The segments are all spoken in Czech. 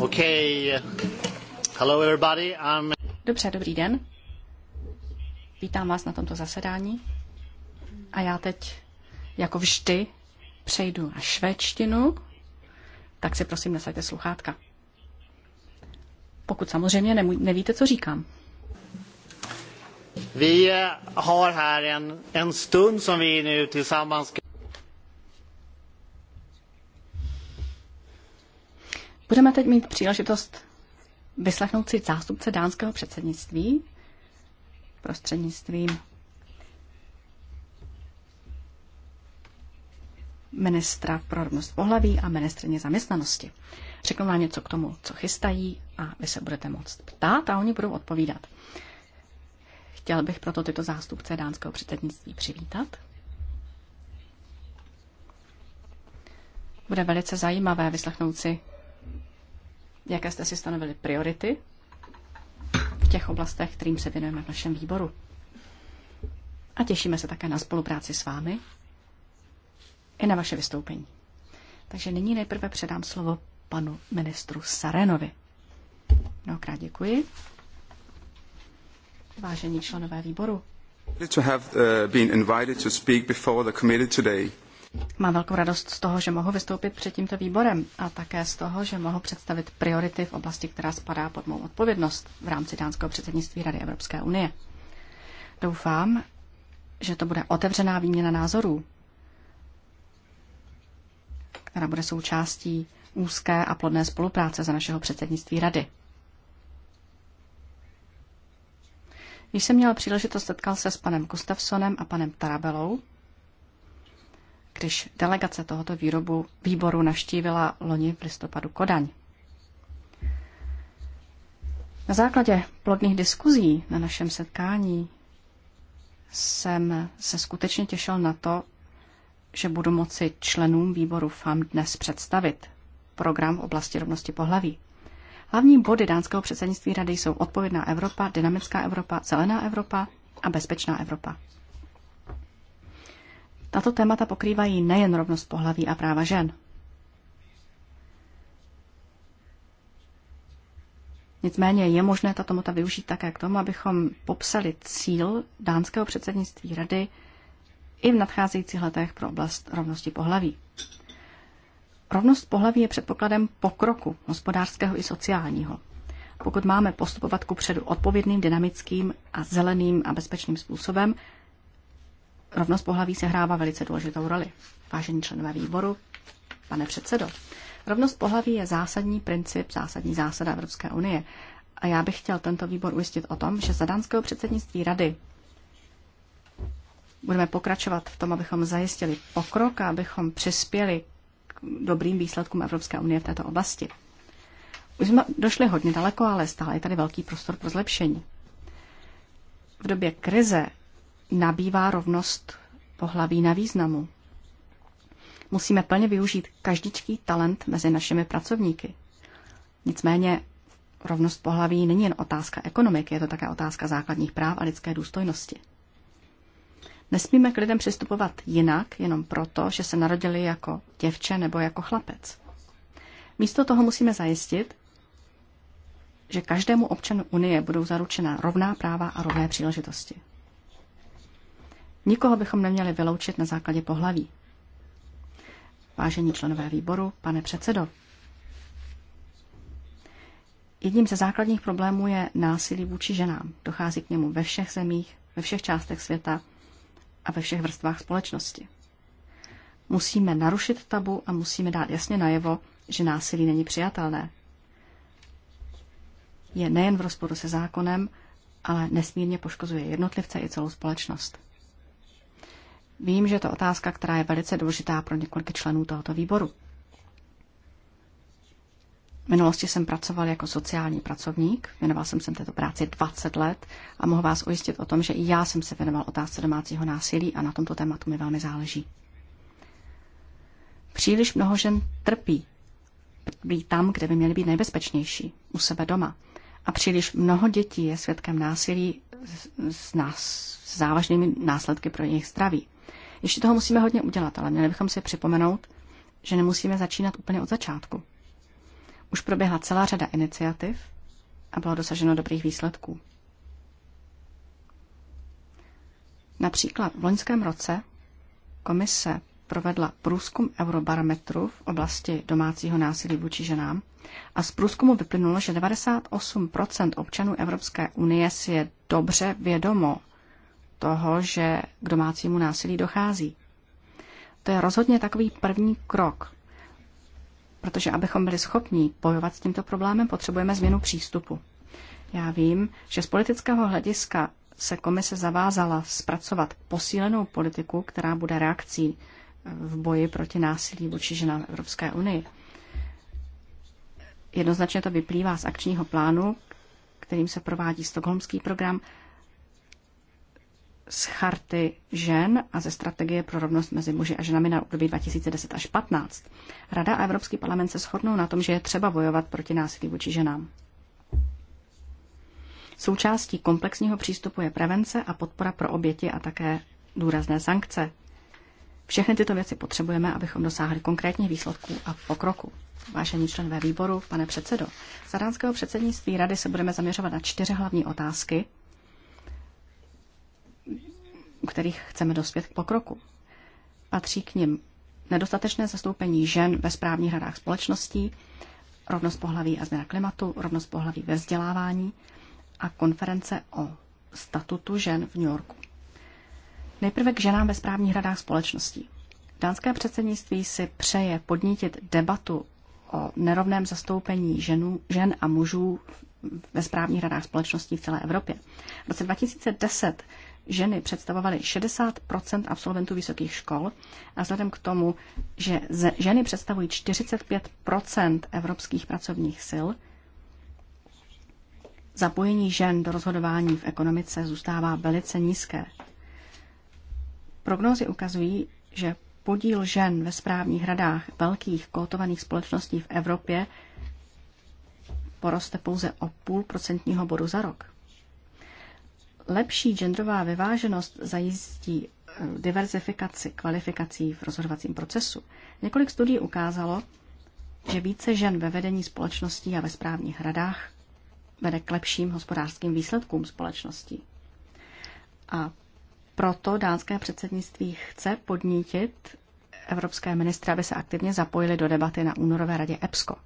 Okay. Hello everybody. I'm... Dobře, dobrý den. Vítám vás na tomto zasedání. A já teď, jako vždy, přejdu na švédštinu, tak si prosím nasaďte sluchátka. Pokud samozřejmě nemů- nevíte, co říkám. Vi har här en, en stund som vi nu tillsammans Budeme teď mít příležitost vyslechnout si zástupce dánského předsednictví prostřednictvím ministra pro rovnost pohlaví a ministrně zaměstnanosti. Řeknu vám něco k tomu, co chystají a vy se budete moct ptát a oni budou odpovídat. Chtěl bych proto tyto zástupce dánského předsednictví přivítat. Bude velice zajímavé vyslechnout si jaké jste si stanovili priority v těch oblastech, kterým se věnujeme v našem výboru. A těšíme se také na spolupráci s vámi i na vaše vystoupení. Takže nyní nejprve předám slovo panu ministru Sarenovi. Mnohokrát děkuji. Vážení členové výboru. To have uh, been invited to speak before the committee today. Mám velkou radost z toho, že mohu vystoupit před tímto výborem a také z toho, že mohu představit priority v oblasti, která spadá pod mou odpovědnost v rámci dánského předsednictví Rady Evropské unie. Doufám, že to bude otevřená výměna názorů, která bude součástí úzké a plodné spolupráce za našeho předsednictví Rady. Když jsem měl příležitost, setkal se s panem Gustafsonem a panem Tarabelou, když delegace tohoto výrobu výboru navštívila loni v listopadu Kodaň. Na základě plodných diskuzí na našem setkání jsem se skutečně těšil na to, že budu moci členům výboru FAM dnes představit program v oblasti rovnosti pohlaví. Hlavní body dánského předsednictví rady jsou odpovědná Evropa, dynamická Evropa, zelená Evropa a bezpečná Evropa. Tato témata pokrývají nejen rovnost pohlaví a práva žen. Nicméně je možné tato mota využít také k tomu, abychom popsali cíl dánského předsednictví rady i v nadcházejících letech pro oblast rovnosti pohlaví. Rovnost pohlaví je předpokladem pokroku hospodářského i sociálního. Pokud máme postupovat ku předu odpovědným, dynamickým a zeleným a bezpečným způsobem, Rovnost pohlaví se hrává velice důležitou roli. Vážení členové výboru, pane předsedo, rovnost pohlaví je zásadní princip, zásadní zásada Evropské unie. A já bych chtěl tento výbor ujistit o tom, že za dánského předsednictví rady budeme pokračovat v tom, abychom zajistili pokrok a abychom přispěli k dobrým výsledkům Evropské unie v této oblasti. Už jsme došli hodně daleko, ale stále je tady velký prostor pro zlepšení. V době krize nabývá rovnost pohlaví na významu. Musíme plně využít každičký talent mezi našimi pracovníky. Nicméně rovnost pohlaví není jen otázka ekonomiky, je to také otázka základních práv a lidské důstojnosti. Nesmíme k lidem přistupovat jinak, jenom proto, že se narodili jako děvče nebo jako chlapec. Místo toho musíme zajistit, že každému občanu Unie budou zaručena rovná práva a rovné příležitosti. Nikoho bychom neměli vyloučit na základě pohlaví. Vážení členové výboru, pane předsedo, jedním ze základních problémů je násilí vůči ženám. Dochází k němu ve všech zemích, ve všech částech světa a ve všech vrstvách společnosti. Musíme narušit tabu a musíme dát jasně najevo, že násilí není přijatelné. Je nejen v rozporu se zákonem, ale nesmírně poškozuje jednotlivce i celou společnost. Vím, že je to otázka, která je velice důležitá pro několik členů tohoto výboru. V minulosti jsem pracoval jako sociální pracovník, věnoval jsem se této práci 20 let a mohu vás ujistit o tom, že i já jsem se věnoval otázce domácího násilí a na tomto tématu mi velmi záleží. Příliš mnoho žen trpí, trpí tam, kde by měly být nejbezpečnější, u sebe doma. A příliš mnoho dětí je svědkem násilí s, nás, s závažnými následky pro jejich zdraví. Ještě toho musíme hodně udělat, ale měli bychom si připomenout, že nemusíme začínat úplně od začátku. Už proběhla celá řada iniciativ a bylo dosaženo dobrých výsledků. Například v loňském roce komise provedla průzkum Eurobarometru v oblasti domácího násilí vůči ženám a z průzkumu vyplynulo, že 98 občanů Evropské unie si je dobře vědomo toho, že k domácímu násilí dochází. To je rozhodně takový první krok, protože abychom byli schopní bojovat s tímto problémem, potřebujeme změnu přístupu. Já vím, že z politického hlediska se komise zavázala zpracovat posílenou politiku, která bude reakcí v boji proti násilí vůči ženám Evropské unii. Jednoznačně to vyplývá z akčního plánu, kterým se provádí stokholmský program z charty žen a ze strategie pro rovnost mezi muži a ženami na období 2010 až 15. Rada a Evropský parlament se shodnou na tom, že je třeba bojovat proti násilí vůči ženám. Součástí komplexního přístupu je prevence a podpora pro oběti a také důrazné sankce. Všechny tyto věci potřebujeme, abychom dosáhli konkrétních výsledků a pokroku. Vážení členové výboru, pane předsedo, z dánského předsednictví rady se budeme zaměřovat na čtyři hlavní otázky, u kterých chceme dospět k pokroku. Patří k nim nedostatečné zastoupení žen ve správních radách společností, rovnost pohlaví a změna klimatu, rovnost pohlaví ve vzdělávání a konference o statutu žen v New Yorku. Nejprve k ženám ve správních radách společností. Dánské předsednictví si přeje podnítit debatu o nerovném zastoupení ženů, žen a mužů ve správních radách společností v celé Evropě. V roce 2010 ženy představovaly 60 absolventů vysokých škol a vzhledem k tomu, že ženy představují 45 evropských pracovních sil, zapojení žen do rozhodování v ekonomice zůstává velice nízké. Prognózy ukazují, že podíl žen ve správních radách velkých kotovaných společností v Evropě poroste pouze o půl procentního bodu za rok. Lepší genderová vyváženost zajistí eh, diverzifikaci kvalifikací v rozhodovacím procesu. Několik studií ukázalo, že více žen ve vedení společností a ve správních radách vede k lepším hospodářským výsledkům společností. A proto dánské předsednictví chce podnítit evropské ministry, aby se aktivně zapojili do debaty na únorové radě EPSCO.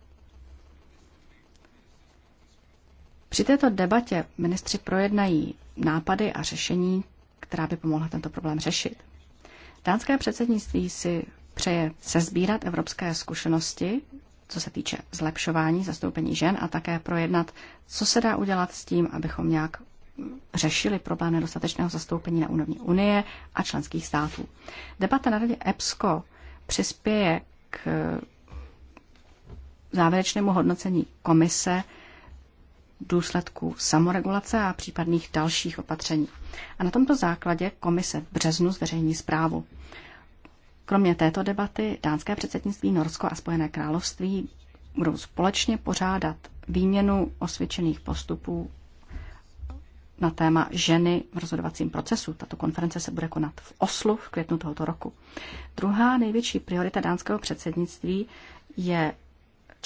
Při této debatě ministři projednají nápady a řešení, která by pomohla tento problém řešit. Dánské předsednictví si přeje sezbírat evropské zkušenosti, co se týče zlepšování zastoupení žen a také projednat, co se dá udělat s tím, abychom nějak řešili problém nedostatečného zastoupení na úrovni Unie a členských států. Debata na radě EPSCO přispěje k závěrečnému hodnocení komise důsledků samoregulace a případných dalších opatření. A na tomto základě komise v březnu zveřejní zprávu. Kromě této debaty dánské předsednictví Norsko a Spojené království budou společně pořádat výměnu osvědčených postupů na téma ženy v rozhodovacím procesu. Tato konference se bude konat v Oslu v květnu tohoto roku. Druhá největší priorita dánského předsednictví je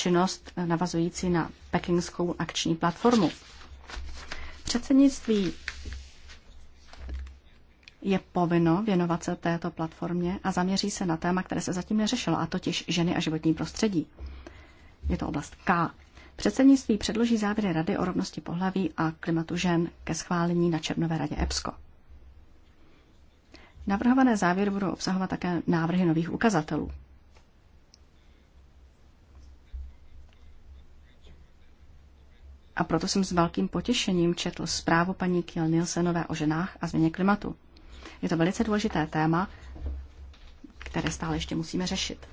činnost navazující na pekingskou akční platformu. Předsednictví je povinno věnovat se této platformě a zaměří se na téma, které se zatím neřešilo, a totiž ženy a životní prostředí. Je to oblast K. Předsednictví předloží závěry Rady o rovnosti pohlaví a klimatu žen ke schválení na Černové radě EPSCO. Navrhované závěry budou obsahovat také návrhy nových ukazatelů. a proto jsem s velkým potěšením četl zprávu paní Kiel Nielsenové o ženách a změně klimatu. Je to velice důležité téma, které stále ještě musíme řešit.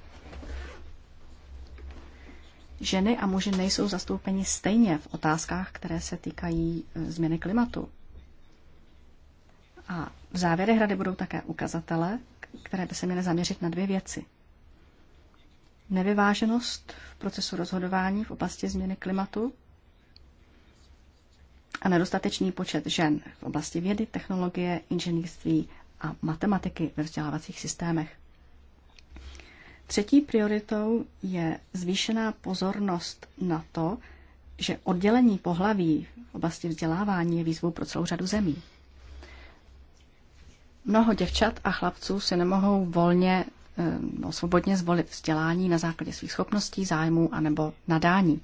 Ženy a muži nejsou zastoupeni stejně v otázkách, které se týkají e, změny klimatu. A v závěrech rady budou také ukazatele, které by se měly zaměřit na dvě věci. Nevyváženost v procesu rozhodování v oblasti změny klimatu a nedostatečný počet žen v oblasti vědy, technologie, inženýrství a matematiky ve vzdělávacích systémech. Třetí prioritou je zvýšená pozornost na to, že oddělení pohlaví v oblasti vzdělávání je výzvou pro celou řadu zemí. Mnoho děvčat a chlapců se nemohou volně eh, no, svobodně zvolit vzdělání na základě svých schopností, zájmů a nebo nadání.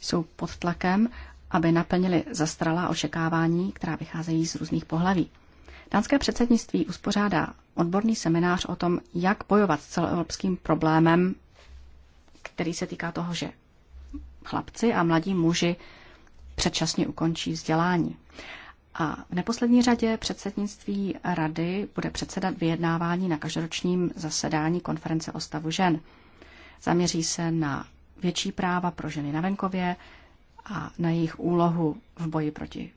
Jsou pod tlakem aby naplnili zastralá očekávání, která vycházejí z různých pohlaví. Dánské předsednictví uspořádá odborný seminář o tom, jak bojovat s celoevropským problémem, který se týká toho, že chlapci a mladí muži předčasně ukončí vzdělání. A v neposlední řadě předsednictví rady bude předsedat vyjednávání na každoročním zasedání konference o stavu žen. Zaměří se na větší práva pro ženy na venkově, a na jejich úlohu v boji proti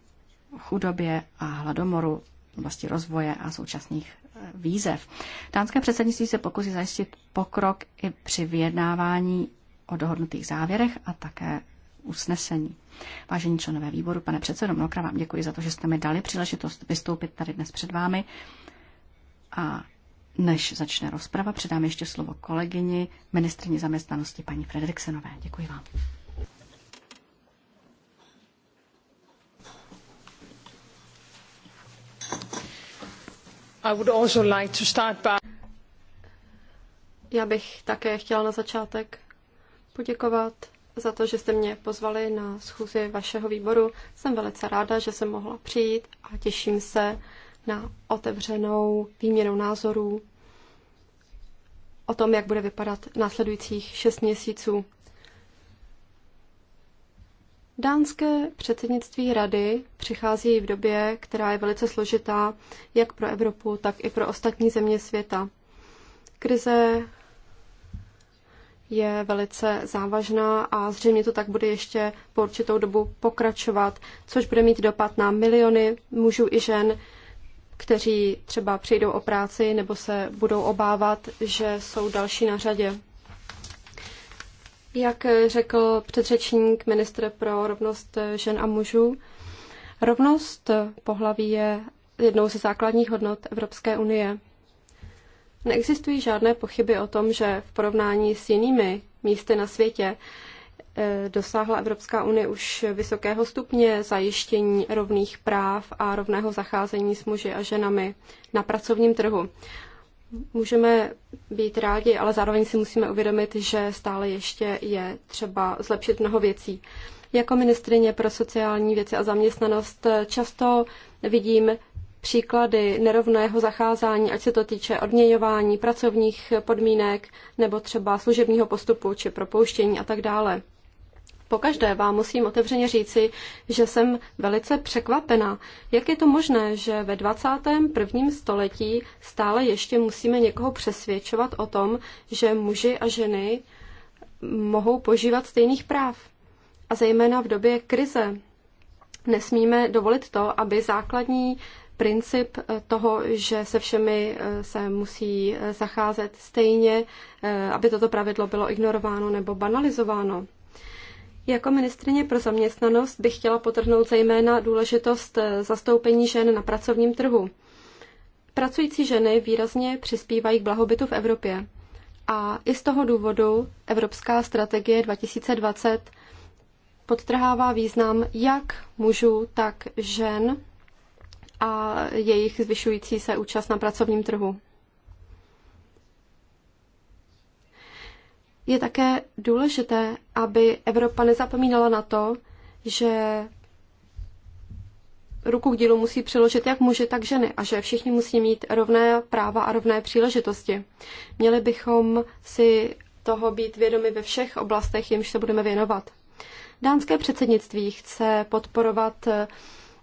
chudobě a hladomoru oblasti rozvoje a současných eh, výzev. Dánské předsednictví se pokusí zajistit pokrok i při vyjednávání o dohodnutých závěrech a také usnesení. Vážení členové výboru, pane předsedo, mnohokrát vám děkuji za to, že jste mi dali příležitost vystoupit tady dnes před vámi. A než začne rozprava, předám ještě slovo kolegyni, ministrině zaměstnanosti paní Frederiksenové. Děkuji vám. Já bych také chtěla na začátek poděkovat za to, že jste mě pozvali na schůzi vašeho výboru. Jsem velice ráda, že jsem mohla přijít a těším se na otevřenou výměnu názorů o tom, jak bude vypadat následujících šest měsíců. Dánské předsednictví rady přichází v době, která je velice složitá jak pro Evropu, tak i pro ostatní země světa. Krize je velice závažná a zřejmě to tak bude ještě po určitou dobu pokračovat, což bude mít dopad na miliony mužů i žen, kteří třeba přijdou o práci nebo se budou obávat, že jsou další na řadě. Jak řekl předřečník, ministr pro rovnost žen a mužů, rovnost pohlaví je jednou ze základních hodnot Evropské unie. Neexistují žádné pochyby o tom, že v porovnání s jinými místy na světě eh, dosáhla Evropská unie už vysokého stupně zajištění rovných práv a rovného zacházení s muži a ženami na pracovním trhu můžeme být rádi, ale zároveň si musíme uvědomit, že stále ještě je třeba zlepšit mnoho věcí. Jako ministrině pro sociální věci a zaměstnanost často vidím příklady nerovného zacházání, ať se to týče odměňování pracovních podmínek nebo třeba služebního postupu či propouštění a tak dále. Pokaždé vám musím otevřeně říci, že jsem velice překvapena, jak je to možné, že ve 21. století stále ještě musíme někoho přesvědčovat o tom, že muži a ženy mohou požívat stejných práv. A zejména v době krize nesmíme dovolit to, aby základní princip eh, toho, že se všemi eh, se musí eh, zacházet stejně, aby toto pravidlo bylo ignorováno nebo banalizováno. Jako ministrině pro zaměstnanost bych chtěla potrhnout zejména důležitost eh, zastoupení žen na pracovním trhu. Pracující ženy výrazně přispívají k blahobytu v Evropě. A i z toho důvodu Evropská strategie 2020 podtrhává význam jak mužů, tak žen a jejich zvyšující se účast na pracovním trhu. Je také důležité, aby Evropa nezapomínala na to, že ruku k dílu musí přiložit jak muži, tak ženy a že všichni musí mít rovné práva a rovné příležitosti. Měli bychom si toho být vědomi ve všech oblastech, jimž se budeme věnovat. Dánské předsednictví chce podporovat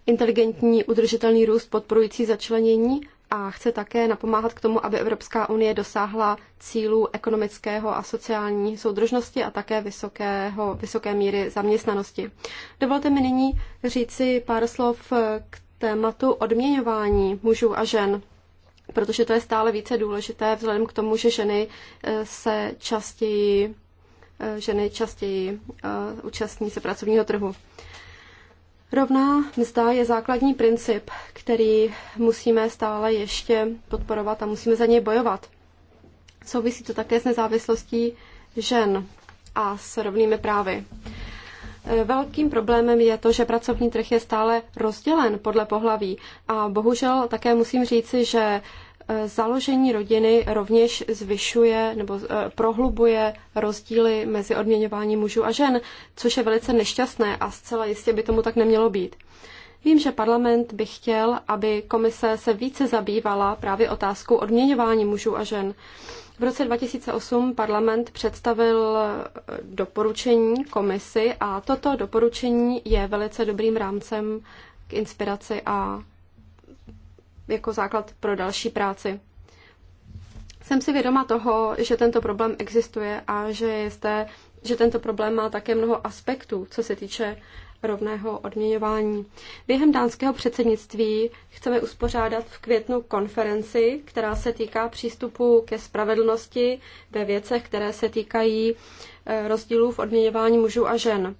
inteligentní udržitelný růst podporující začlenění a chce také napomáhat k tomu, aby Evropská unie dosáhla cílů ekonomického a sociální soudržnosti a také vysokého, vysoké míry zaměstnanosti. Dovolte mi nyní říci pár slov k tématu odměňování mužů a žen, protože to je stále více důležité vzhledem k tomu, že ženy eh, se častěji eh, ženy častěji eh, účastní se pracovního trhu. Rovná mzda je základní princip, který musíme stále ještě podporovat a musíme za něj bojovat. Souvisí to také s nezávislostí žen a s rovnými právy. E, velkým problémem je to, že pracovní trh je stále rozdělen podle pohlaví a bohužel také musím říci, že Eh, založení rodiny rovněž zvyšuje nebo eh, prohlubuje rozdíly mezi odměňováním mužů a žen, což je velice nešťastné a zcela jistě by tomu tak nemělo být. Vím, že parlament by chtěl, aby komise se více zabývala právě otázkou odměňování mužů a žen. V roce 2008 parlament představil eh, doporučení komisi a toto doporučení je velice dobrým rámcem k inspiraci a jako základ pro další práci. Jsem si vědoma toho, že tento problém existuje a že, jste, že tento problém má také mnoho aspektů, co se týče rovného odměňování. Během dánského předsednictví chceme uspořádat v květnu konferenci, která se týká přístupu ke spravedlnosti ve věcech, které se týkají eh, rozdílů v odměňování mužů a žen.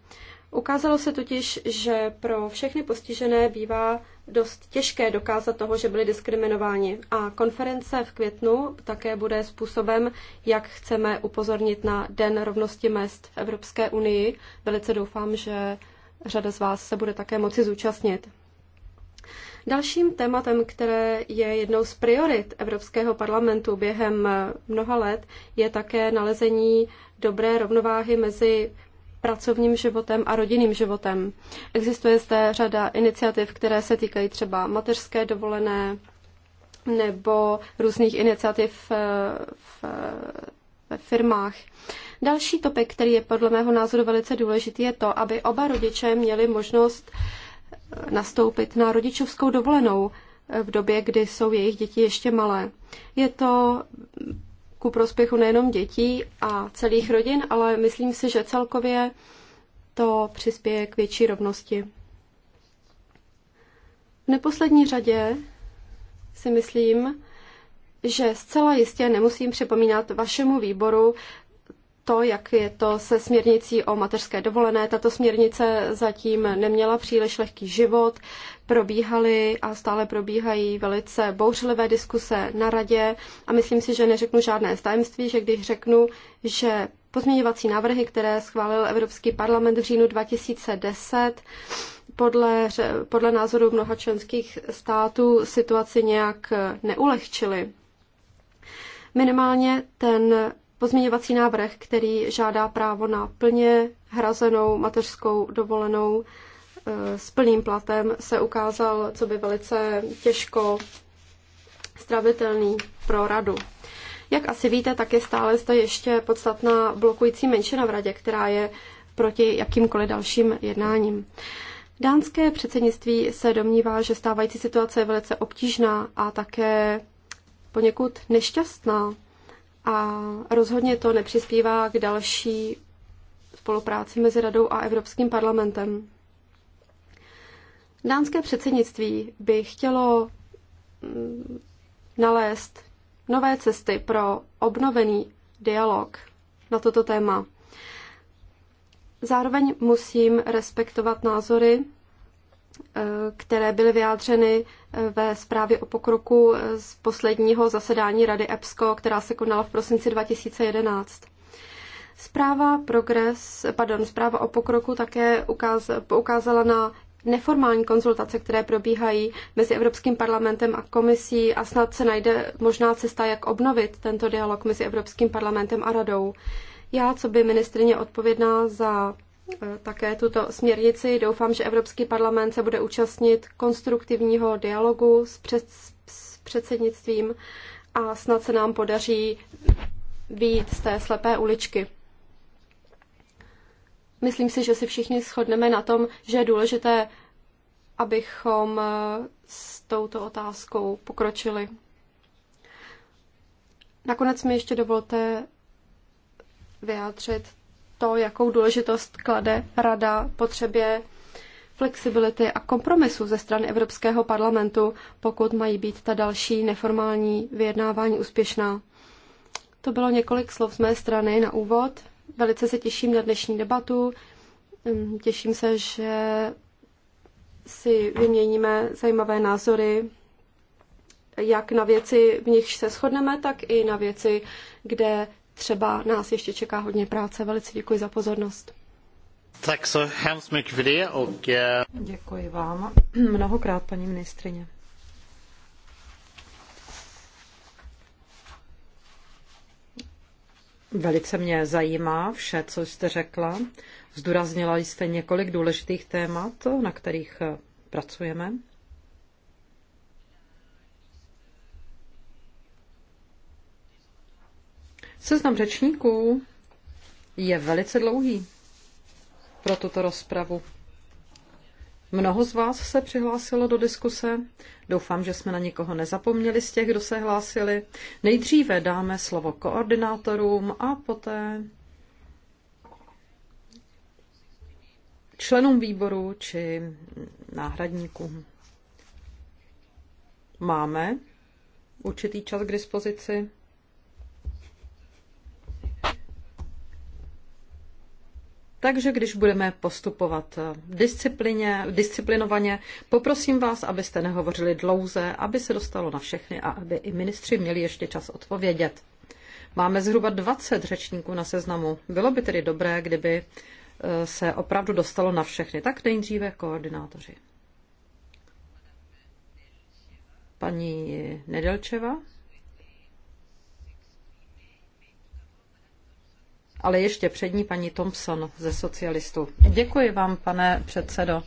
Ukázalo se totiž, že pro všechny postižené bývá dost těžké dokázat toho, že byli diskriminováni. A konference v květnu také bude způsobem, jak chceme upozornit na Den rovnosti mest v Evropské unii. Velice doufám, že řada z vás se bude také moci zúčastnit. Dalším tématem, které je jednou z priorit Evropského parlamentu během mnoha let, je také nalezení dobré rovnováhy mezi pracovním životem a rodinným životem. Existuje zde řada iniciativ, které se týkají třeba mateřské dovolené nebo různých iniciativ eh, v, eh, ve firmách. Další topik, který je podle mého názoru velice důležitý, je to, aby oba rodiče měli možnost eh, nastoupit na rodičovskou dovolenou v době, kdy jsou jejich děti ještě malé. Je to ku prospěchu nejenom dětí a celých rodin, ale myslím si, že celkově to přispěje k větší rovnosti. V neposlední řadě si myslím, že zcela jistě nemusím připomínat vašemu výboru to, jak je to se směrnicí o mateřské dovolené. Tato směrnice zatím neměla příliš lehký život. Probíhaly a stále probíhají velice bouřlivé diskuse na radě a myslím si, že neřeknu žádné tajemství, že když řeknu, že pozměňovací návrhy, které schválil Evropský parlament v říjnu 2010, podle, podle názoru mnoha členských států situaci nějak neulehčily. Minimálně ten pozměňovací návrh, který žádá právo na plně hrazenou mateřskou dovolenou eh, s plným platem, se ukázal, co by velice těžko stravitelný pro radu. Jak asi víte, tak je stále zde ještě podstatná blokující menšina v radě, která je proti jakýmkoliv dalším jednáním. Dánské předsednictví se domnívá, že stávající situace je velice obtížná a také poněkud nešťastná a rozhodně to nepřispívá k další spolupráci mezi Radou a Evropským parlamentem. Dánské předsednictví by chtělo mm, nalézt nové cesty pro obnovený dialog na toto téma. Zároveň musím respektovat názory Eh, které byly vyjádřeny eh, ve zprávě o pokroku eh, z posledního zasedání Rady EPSCO, která se konala v prosinci 2011. Zpráva, progress, pardon, zpráva o pokroku také poukázala na neformální konzultace, které probíhají mezi Evropským parlamentem a komisí a snad se najde možná cesta, jak obnovit tento dialog mezi Evropským parlamentem a radou. Já, co by ministrině odpovědná za E, také tuto směrnici. Doufám, že Evropský parlament se bude účastnit konstruktivního dialogu s, před, s předsednictvím a snad se nám podaří výjít z té slepé uličky. Myslím si, že si všichni shodneme na tom, že je důležité, abychom e, s touto otázkou pokročili. Nakonec mi ještě dovolte vyjádřit to, jakou důležitost klade Rada potřebě flexibility a kompromisu ze strany Evropského parlamentu, pokud mají být ta další neformální vyjednávání úspěšná. To bylo několik slov z mé strany na úvod. Velice se těším na dnešní debatu. Hm, těším se, že si vyměníme zajímavé názory, jak na věci, v nichž se shodneme, tak i na věci, kde třeba nás ještě čeká hodně práce. Velice děkuji za pozornost. Tak så hemskt mycket för det och... Eh, děkuji vám mnohokrát, paní ministrině. Velice mě zajímá vše, co jste řekla. Zdůraznila jste několik důležitých témat, na kterých eh, pracujeme. Seznam řečníků je velice dlouhý pro tuto rozpravu. Mnoho z vás se přihlásilo do diskuse. Doufám, že jsme na nikoho nezapomněli z těch, kdo se hlásili. Nejdříve dáme slovo koordinátorům a poté členům výboru či náhradníkům. Máme určitý čas k dispozici. Takže když budeme postupovat eh, disciplině, disciplinovaně, poprosím vás, abyste nehovořili dlouze, aby se dostalo na všechny a aby i ministři měli ještě čas odpovědět. Máme zhruba 20 řečníků na seznamu. Bylo by tedy dobré, kdyby eh, se opravdu dostalo na všechny. Tak nejdříve koordinátoři. Paní Nedelčeva. ale ještě před ní paní Thompson ze socialistů. Děkuji vám, pane předsedo.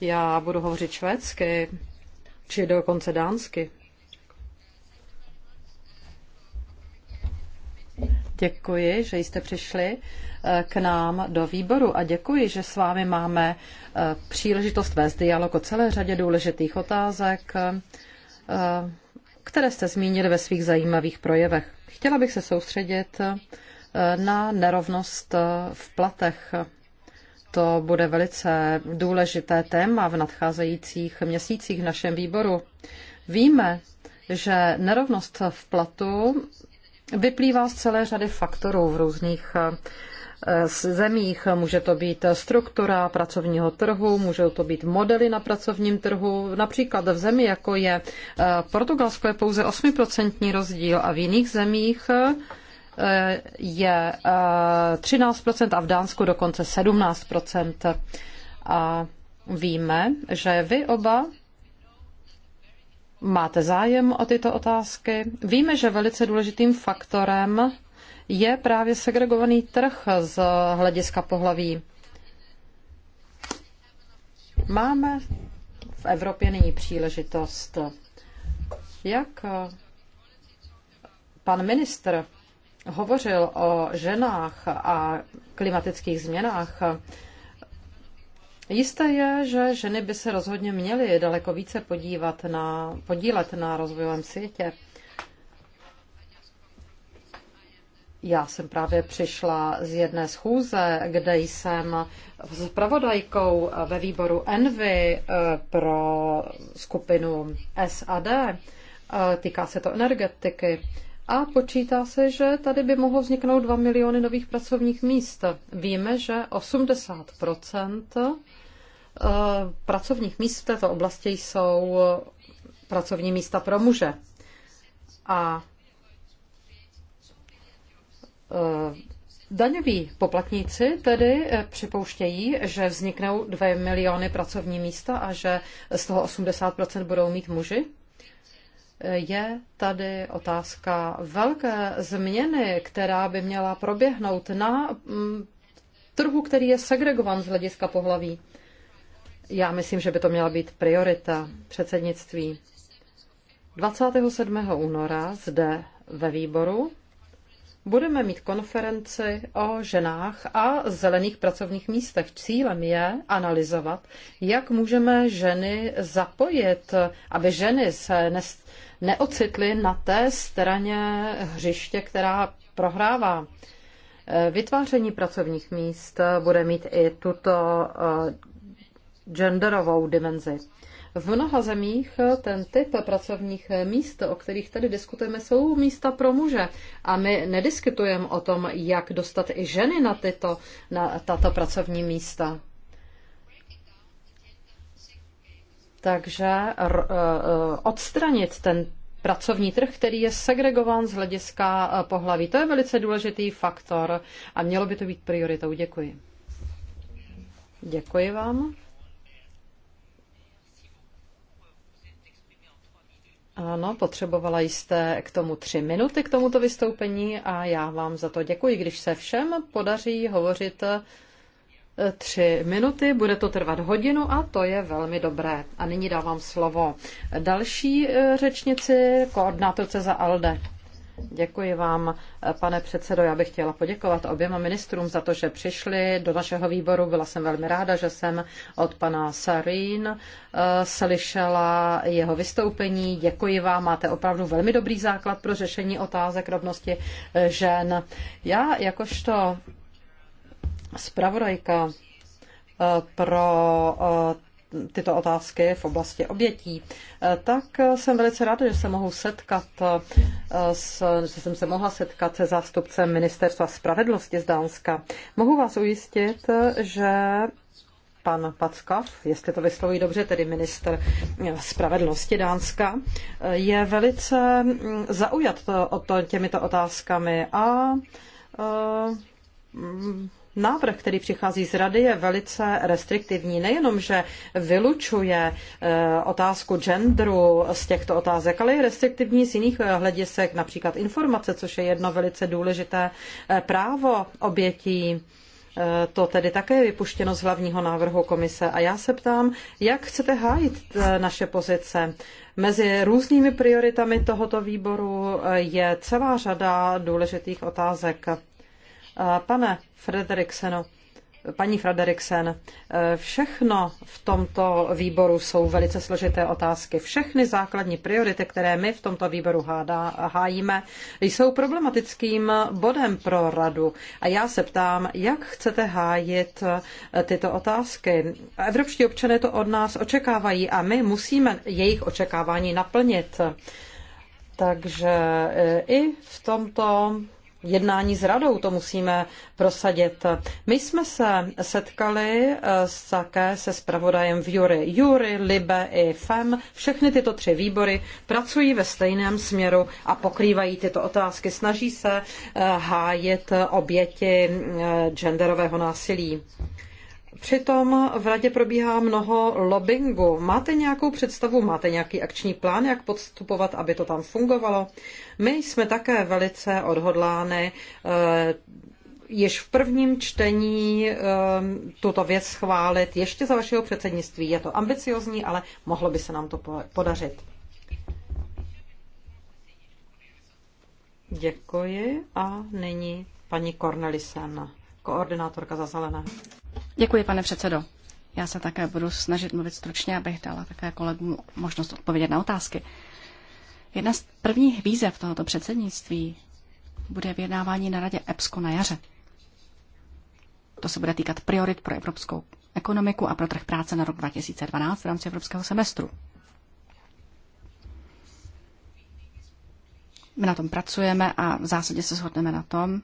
Já budu hovořit švédsky, či dokonce dánsky. Děkuji, že jste přišli eh, k nám do výboru a děkuji, že s vámi máme eh, příležitost vést dialog o celé řadě důležitých otázek, eh, které jste zmínili ve svých zajímavých projevech. Chtěla bych se soustředit na nerovnost v platech. To bude velice důležité téma v nadcházejících měsících v našem výboru. Víme, že nerovnost v platu vyplývá z celé řady faktorů v různých eh, zemích. Může to být struktura pracovního trhu, můžou to být modely na pracovním trhu. Například v zemi, jako je eh, Portugalsko, je pouze 8% rozdíl a v jiných zemích je 13% eh, a v Dánsku dokonce 17%. A víme, že vy oba máte zájem o tyto otázky. Víme, že velice důležitým faktorem je právě segregovaný trh z hlediska pohlaví. Máme v Evropě nyní příležitost, jak eh, pan ministr hovořil o ženách a klimatických změnách, Jisté je, že ženy by se rozhodně měly daleko více podívat na, podílet na rozvojovém světě. Já jsem právě přišla z jedné schůze, kde jsem s pravodajkou ve výboru Envy eh, pro skupinu SAD. Eh, týká se to energetiky a počítá se, že tady by mohlo vzniknout 2 miliony nových pracovních míst. Víme, že 80 eh, pracovních míst v této oblasti jsou eh, pracovní místa pro muže. A eh, Daňoví poplatníci tedy připouštějí, že vzniknou 2 miliony pracovní místa a že z toho 80% budou mít muži? je tady otázka velké změny, která by měla proběhnout na mm, trhu, který je segregovan z hlediska pohlaví. Já myslím, že by to měla být priorita předsednictví. 27. února zde ve výboru budeme mít konferenci o ženách a zelených pracovních místech. Cílem je analyzovat, jak můžeme ženy zapojit, aby ženy se nest neocitli na té straně hřiště, která prohrává. Eh, vytváření pracovních míst bude mít i tuto eh, genderovou dimenzi. V mnoha zemích eh, ten typ pracovních míst, o kterých tady diskutujeme, jsou místa pro muže. A my nediskutujeme o tom, jak dostat i ženy na, tyto, na tato pracovní místa. Takže e, e, odstranit ten pracovní trh, který je segregován z hlediska e, pohlaví. To je velice důležitý faktor a mělo by to být prioritou. Děkuji. Děkuji vám. Ano, potřebovala jste k tomu tři minuty k tomuto vystoupení a já vám za to děkuji, když se všem podaří hovořit tři minuty, bude to trvat hodinu a to je velmi dobré. A nyní dávám slovo další e, řečnici, koordinátorce za ALDE. Děkuji vám, e, pane předsedo. Já bych chtěla poděkovat oběma ministrům za to, že přišli do našeho výboru. Byla jsem velmi ráda, že jsem od pana Sarin e, slyšela jeho vystoupení. Děkuji vám, máte opravdu velmi dobrý základ pro řešení otázek rovnosti žen. Já jakožto zpravodajka eh, pro eh, tyto otázky v oblasti obětí, eh, tak jsem velice ráda, že se mohu setkat, s, že jsem se mohla setkat se zástupcem Ministerstva spravedlnosti z Dánska. Mohu vás ujistit, že pan Packov, jestli to vysloví dobře, tedy minister spravedlnosti Dánska, je velice mm, zaujat to, o to, těmito otázkami a mm, Návrh, který přichází z Rady, je velice restriktivní. Nejenom, že vylučuje eh, otázku genderu z těchto otázek, ale je restriktivní z jiných eh, hledisek, například informace, což je jedno velice důležité eh, právo obětí. To tedy také je vypuštěno z hlavního návrhu komise. A já se ptám, jak chcete hájit naše pozice? Mezi různými prioritami tohoto výboru je celá řada důležitých otázek. Pane Frederikseno, paní Frederiksen, e, všechno v tomto výboru jsou velice složité otázky. Všechny základní priority, které my v tomto výboru hádá, hájíme, jsou problematickým bodem pro radu. A já se ptám, jak chcete hájit e, tyto otázky. Evropští občané to od nás očekávají a my musíme jejich očekávání naplnit. Takže e, i v tomto jednání s radou to musíme prosadit. My jsme se setkali eh, s, také se spravodajem v Jury. Jury, Libe i FEM, všechny tyto tři výbory pracují ve stejném směru a pokrývají tyto otázky. Snaží se eh, hájit oběti eh, genderového násilí. Přitom v radě probíhá mnoho lobbingu. Máte nějakou představu, máte nějaký akční plán, jak podstupovat, aby to tam fungovalo? My jsme také velice odhodlány eh, již v prvním čtení eh, tuto věc schválit ještě za vašeho předsednictví. Je to ambiciozní, ale mohlo by se nám to podařit. Děkuji a nyní paní Cornelisen, koordinátorka za zelené. Děkuji, pane předsedo. Já se také budu snažit mluvit stručně, abych dala také kolegům možnost odpovědět na otázky. Jedna z prvních výzev tohoto předsednictví bude vyjednávání na radě EPSCO na jaře. To se bude týkat priorit pro evropskou ekonomiku a pro trh práce na rok 2012 v rámci evropského semestru. My na tom pracujeme a v zásadě se shodneme na tom,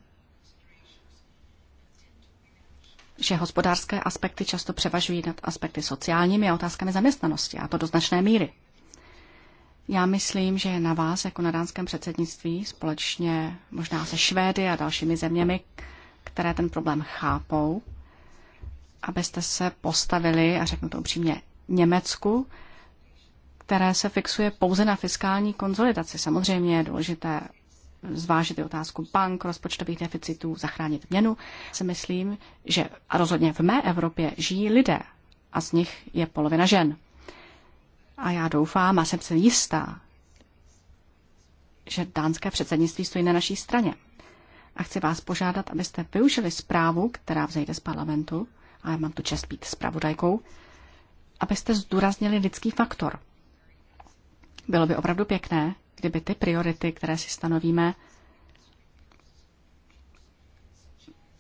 že hospodářské aspekty často převažují nad aspekty sociálními a otázkami zaměstnanosti, a to do značné míry. Já myslím, že je na vás, jako na dánském předsednictví, společně možná se Švédy a dalšími zeměmi, které ten problém chápou, abyste se postavili, a řeknu to upřímně, Německu, které se fixuje pouze na fiskální konzolidaci. Samozřejmě je důležité zvážit otázku bank, rozpočtových deficitů, zachránit měnu, si myslím, že a rozhodně v mé Evropě žijí lidé a z nich je polovina žen. A já doufám a jsem si jistá, že dánské předsednictví stojí na naší straně. A chci vás požádat, abyste využili zprávu, která vzejde z parlamentu, a já mám tu čest být zpravodajkou, abyste zdůraznili lidský faktor. Bylo by opravdu pěkné, kdyby ty priority, které si stanovíme,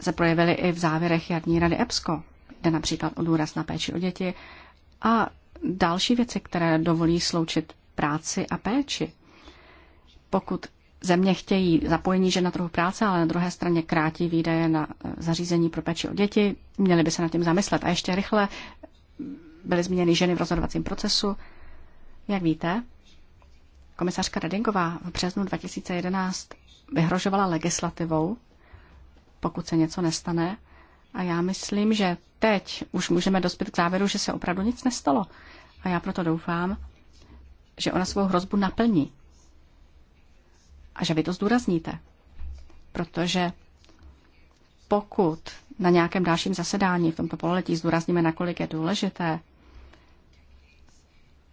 se projevily i v závěrech jarní rady EBSCO, kde například o důraz na péči o děti a další věci, které dovolí sloučit práci a péči. Pokud země chtějí zapojení žen na trhu práce, ale na druhé straně krátí výdaje na eh, zařízení pro péči o děti, měli by se nad tím zamyslet. A ještě rychle byly změněny ženy v rozhodovacím procesu. Jak víte, Komisařka Redingová v březnu 2011 vyhrožovala legislativou, pokud se něco nestane. A já myslím, že teď už můžeme dospět k závěru, že se opravdu nic nestalo. A já proto doufám, že ona svou hrozbu naplní. A že vy to zdůrazníte. Protože pokud na nějakém dalším zasedání v tomto pololetí zdůrazníme, nakolik je důležité,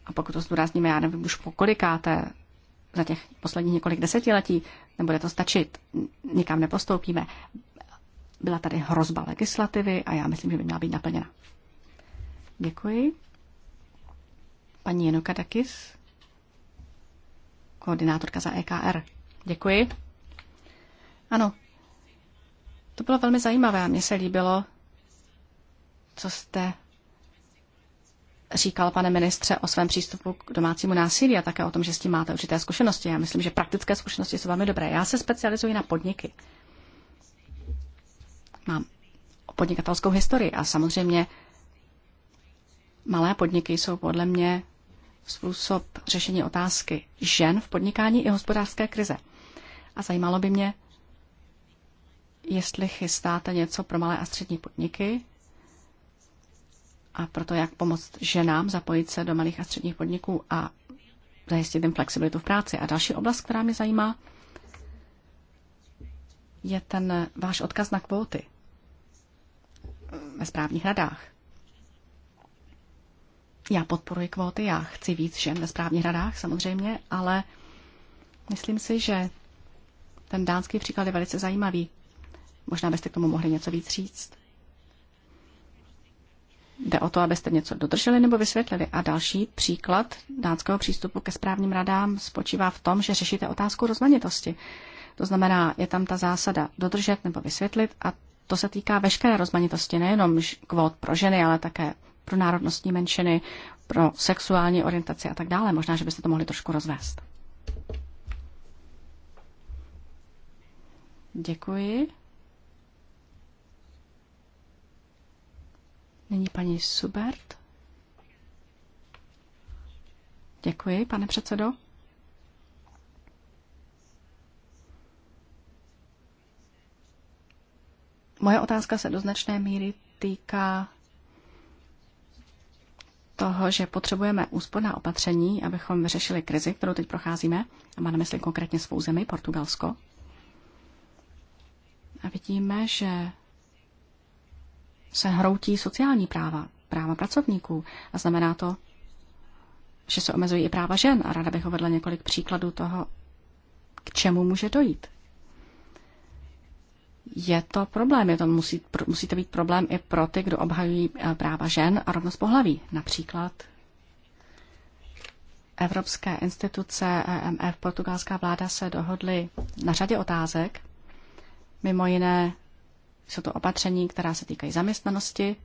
a pokud to zdůrazníme, já nevím už po kolikáté, za těch posledních několik desetiletí, nebude to stačit, nikam nepostoupíme. Byla tady hrozba legislativy a já myslím, že by měla být naplněna. Děkuji. Paní Jenuka Dakis, koordinátorka za EKR. Děkuji. Ano, to bylo velmi zajímavé a mně se líbilo, co jste říkal, pane ministře, o svém přístupu k domácímu násilí a také o tom, že s tím máte určité zkušenosti. Já myslím, že praktické zkušenosti jsou velmi dobré. Já se specializuji na podniky. Mám podnikatelskou historii a samozřejmě malé podniky jsou podle mě způsob řešení otázky žen v podnikání i hospodářské krize. A zajímalo by mě, jestli chystáte něco pro malé a střední podniky, a proto jak pomoct ženám zapojit se do malých a středních podniků a zajistit jim flexibilitu v práci. A další oblast, která mě zajímá, je ten váš odkaz na kvóty ve správních radách. Já podporuji kvóty, já chci víc žen ve správních radách samozřejmě, ale myslím si, že ten dánský příklad je velice zajímavý. Možná byste k tomu mohli něco víc říct. Jde o to, abyste něco dodrželi nebo vysvětlili. A další příklad dánského přístupu ke správním radám spočívá v tom, že řešíte otázku rozmanitosti. To znamená, je tam ta zásada dodržet nebo vysvětlit a to se týká veškeré rozmanitosti, nejenom kvót pro ženy, ale také pro národnostní menšiny, pro sexuální orientaci a tak dále. Možná, že byste to mohli trošku rozvést. Děkuji. Nyní paní Subert. Děkuji, pane předsedo. Moje otázka se do značné míry týká toho, že potřebujeme úsporná opatření, abychom vyřešili krizi, kterou teď procházíme, a máme na mysli konkrétně svou zemi, Portugalsko. A vidíme, že se hroutí sociální práva, práva pracovníků a znamená to, že se omezují i práva žen a ráda bych uvedla několik příkladů toho, k čemu může dojít. Je to problém, je to, musí, musí to být problém i pro ty, kdo obhajují eh, práva žen a rovnost pohlaví. Například evropské instituce EMF, portugalská vláda se dohodly na řadě otázek, mimo jiné jsou to opatření, která se týkají zaměstnanosti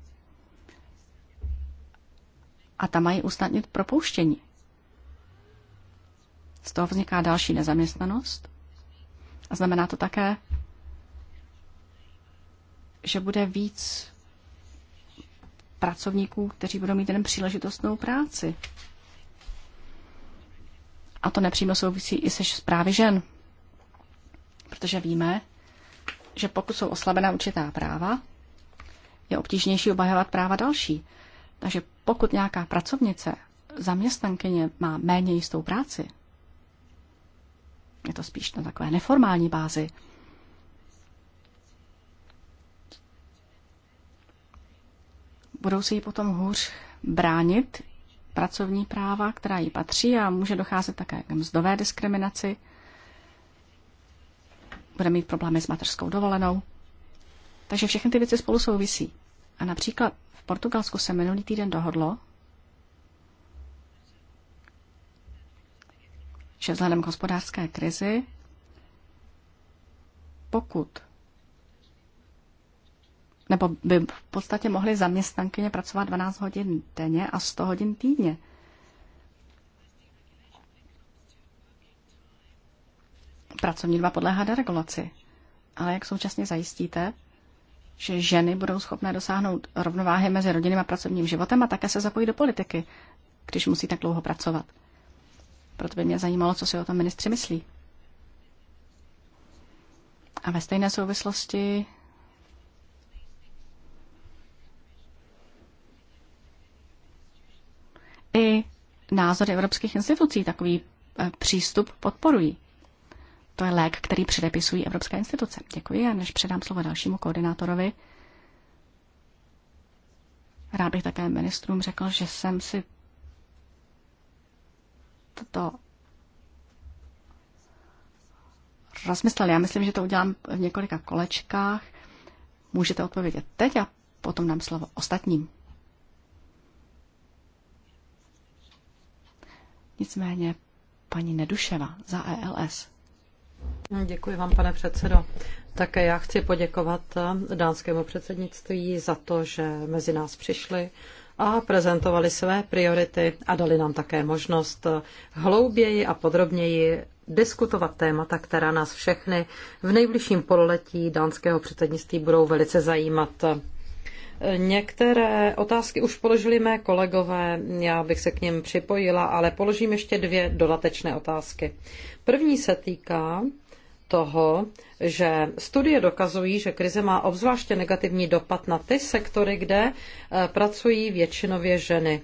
a ta mají usnadnit propouštění. Z toho vzniká další nezaměstnanost a znamená to také, že bude víc pracovníků, kteří budou mít jen příležitostnou práci. A to nepřímo souvisí i se zprávy žen. Protože víme, že pokud jsou oslabena určitá práva, je obtížnější obhajovat práva další. Takže pokud nějaká pracovnice, zaměstnankyně má méně jistou práci, je to spíš na takové neformální bázi, budou se jí potom hůř bránit pracovní práva, která jí patří a může docházet také k mzdové diskriminaci – bude mít problémy s materskou dovolenou. Takže všechny ty věci spolu souvisí. A například v Portugalsku se minulý týden dohodlo, že vzhledem k hospodářské krizi, pokud nebo by v podstatě mohly zaměstnankyně pracovat 12 hodin denně a 100 hodin týdně. pracovní doba podléhá deregulaci. Ale jak současně zajistíte, že ženy budou schopné dosáhnout rovnováhy mezi rodinným a pracovním životem a také se zapojí do politiky, když musí tak dlouho pracovat. Proto by mě zajímalo, co si o tom ministři myslí. A ve stejné souvislosti i názory evropských institucí takový eh, přístup podporují. To je lék, který předepisují evropské instituce. Děkuji a než předám slovo dalšímu koordinátorovi, rád bych také ministrům řekl, že jsem si toto rozmyslel. Já myslím, že to udělám v několika kolečkách. Můžete odpovědět teď a potom dám slovo ostatním. Nicméně paní Neduševa za ELS. No, děkuji vám, pane předsedo. Také já chci poděkovat dánskému předsednictví za to, že mezi nás přišli a prezentovali své priority a dali nám také možnost hlouběji a podrobněji diskutovat témata, která nás všechny v nejbližším pololetí dánského předsednictví budou velice zajímat. Některé otázky už položili mé kolegové, já bych se k nim připojila, ale položím ještě dvě dodatečné otázky. První se týká toho, že studie dokazují, že krize má obzvláště negativní dopad na ty sektory, kde eh, pracují většinově ženy.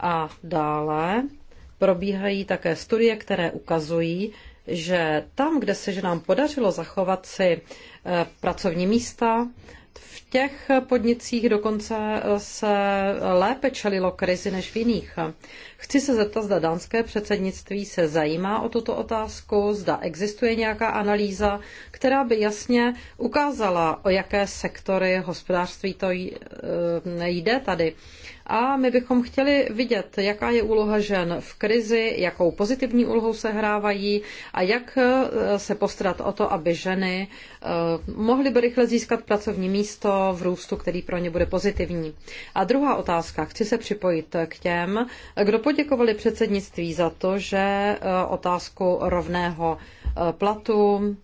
A dále probíhají také studie, které ukazují, že tam, kde se ženám podařilo zachovat si eh, pracovní místa, v těch podnicích dokonce eh, se lépe čelilo krizi než v jiných. Chci se zeptat, zda dánské předsednictví se zajímá o tuto otázku, zda existuje nějaká analýza, která by jasně ukázala, o jaké sektory hospodářství to e, jde tady. A my bychom chtěli vidět, jaká je úloha žen v krizi, jakou pozitivní úlohou se hrávají a jak e, se postarat o to, aby ženy e, mohly by rychle získat pracovní místo v růstu, který pro ně bude pozitivní. A druhá otázka, chci se připojit k těm, kdo poděkovali předsednictví za to, že eh, otázku rovného eh, platu eh,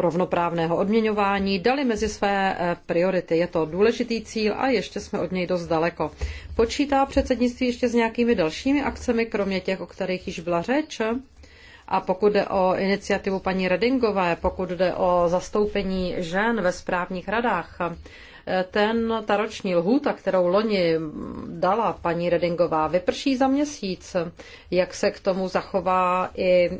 rovnoprávného odměňování dali mezi své priority. Je to důležitý cíl a ještě jsme od něj dost daleko. Počítá předsednictví ještě s nějakými dalšími akcemi, kromě těch, o kterých již byla řeč? A pokud jde o iniciativu paní Redingové, pokud jde o zastoupení žen ve správních radách, ten, ta roční lhůta, kterou loni dala paní Redingová, vyprší za měsíc. Jak se k tomu zachová i e,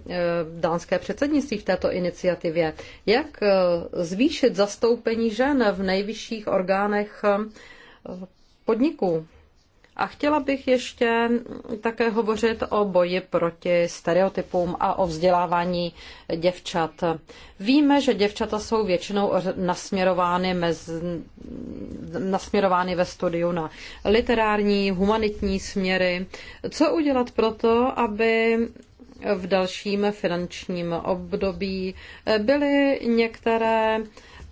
dánské předsednictví v této iniciativě? Jak e, zvýšit zastoupení žen v nejvyšších orgánech e, podniků? A chtěla bych ještě také hovořit o boji proti stereotypům a o vzdělávání děvčat. Víme, že děvčata jsou většinou nasměrovány, mez, nasměrovány ve studiu na literární, humanitní směry. Co udělat proto, aby v dalším finančním období byly některé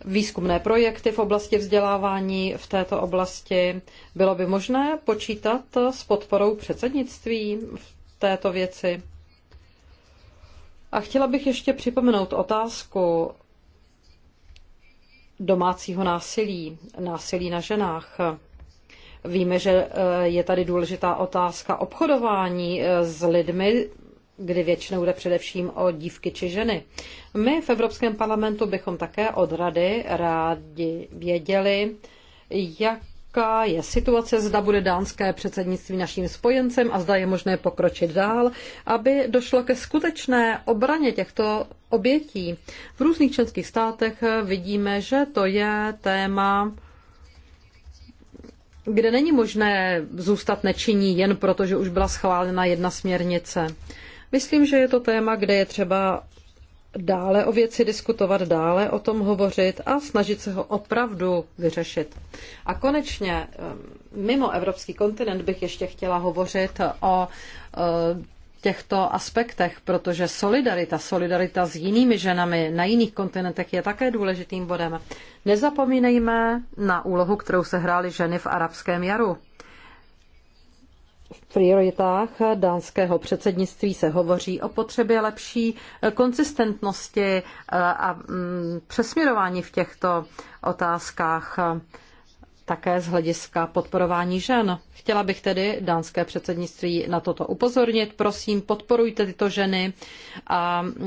výzkumné projekty v oblasti vzdělávání v této oblasti. Bylo by možné počítat s podporou předsednictví v této věci? A chtěla bych ještě připomenout otázku domácího násilí, násilí na ženách. Víme, že eh, je tady důležitá otázka obchodování eh, s lidmi kdy většinou jde především o dívky či ženy. My v Evropském parlamentu bychom také od rady rádi věděli, jaká je situace, zda bude dánské předsednictví naším spojencem a zda je možné pokročit dál, aby došlo ke skutečné obraně těchto obětí. V různých členských státech vidíme, že to je téma kde není možné zůstat nečinní jen proto, že už byla schválena jedna směrnice. Myslím, že je to téma, kde je třeba dále o věci diskutovat, dále o tom hovořit a snažit se ho opravdu vyřešit. A konečně mimo evropský kontinent bych ještě chtěla hovořit o eh, těchto aspektech, protože solidarita, solidarita s jinými ženami na jiných kontinentech je také důležitým bodem. Nezapomínejme na úlohu, kterou se hrály ženy v arabském jaru. V prioritách dánského předsednictví se hovoří o potřebě lepší konsistentnosti a mm, přesměrování v těchto otázkách také z hlediska podporování žen. Chtěla bych tedy dánské předsednictví na toto upozornit. Prosím, podporujte tyto ženy a mm,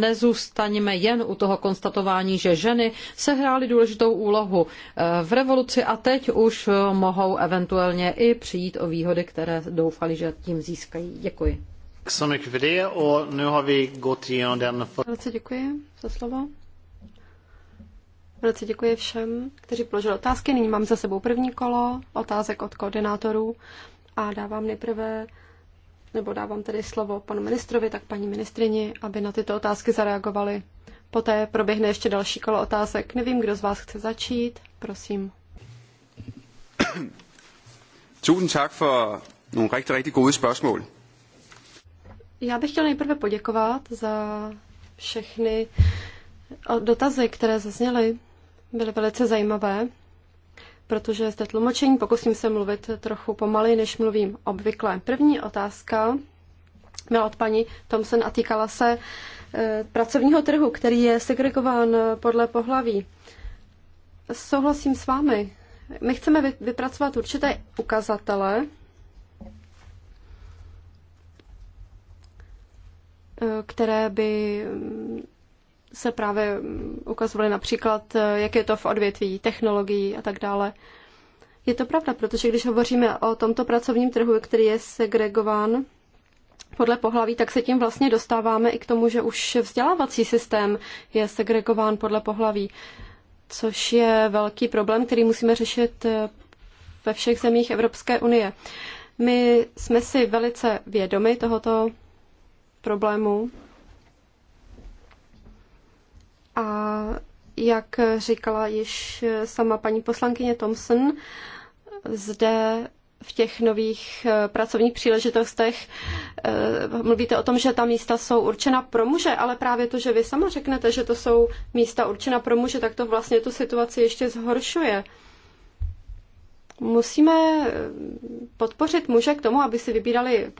nezůstaňme jen u toho konstatování, že ženy sehrály důležitou úlohu e, v revoluci a teď už mohou eventuálně i přijít o výhody, které doufali, že tím získají. Děkuji. Velice děkuji za slovo. Velice děkuji všem, kteří položili otázky. Nyní mám za sebou první kolo otázek od koordinátorů a dávám nejprve, nebo dávám tedy slovo panu ministrovi, tak paní ministrini, aby na tyto otázky zareagovali. Poté proběhne ještě další kolo otázek. Nevím, kdo z vás chce začít. Prosím. Tusind tak for nogle rigtig, rigtig gode spørgsmål. Já bych chtěl nejprve poděkovat za všechny dotazy, které zazněly byly velice zajímavé, protože zde tlumočení pokusím se mluvit trochu pomaleji, než mluvím obvykle. První otázka byla od paní Thompson a týkala se e, pracovního trhu, který je segregován podle pohlaví. Souhlasím s vámi. My chceme vypracovat určité ukazatele, e, které by se právě ukazovaly například, jak je to v odvětví technologií a tak dále. Je to pravda, protože když hovoříme o tomto pracovním trhu, který je segregován podle pohlaví, tak se tím vlastně dostáváme i k tomu, že už vzdělávací systém je segregován podle pohlaví, což je velký problém, který musíme řešit eh, ve všech zemích Evropské unie. My jsme si velice vědomi tohoto problému a jak říkala již sama paní poslankyně Thompson, zde v těch nových eh, pracovních příležitostech eh, mluvíte o tom, že ta místa jsou určena pro muže, ale právě to, že vy sama řeknete, že to jsou místa určena pro muže, tak to vlastně tu situaci ještě zhoršuje. Musíme eh, podpořit muže k tomu, aby si vybírali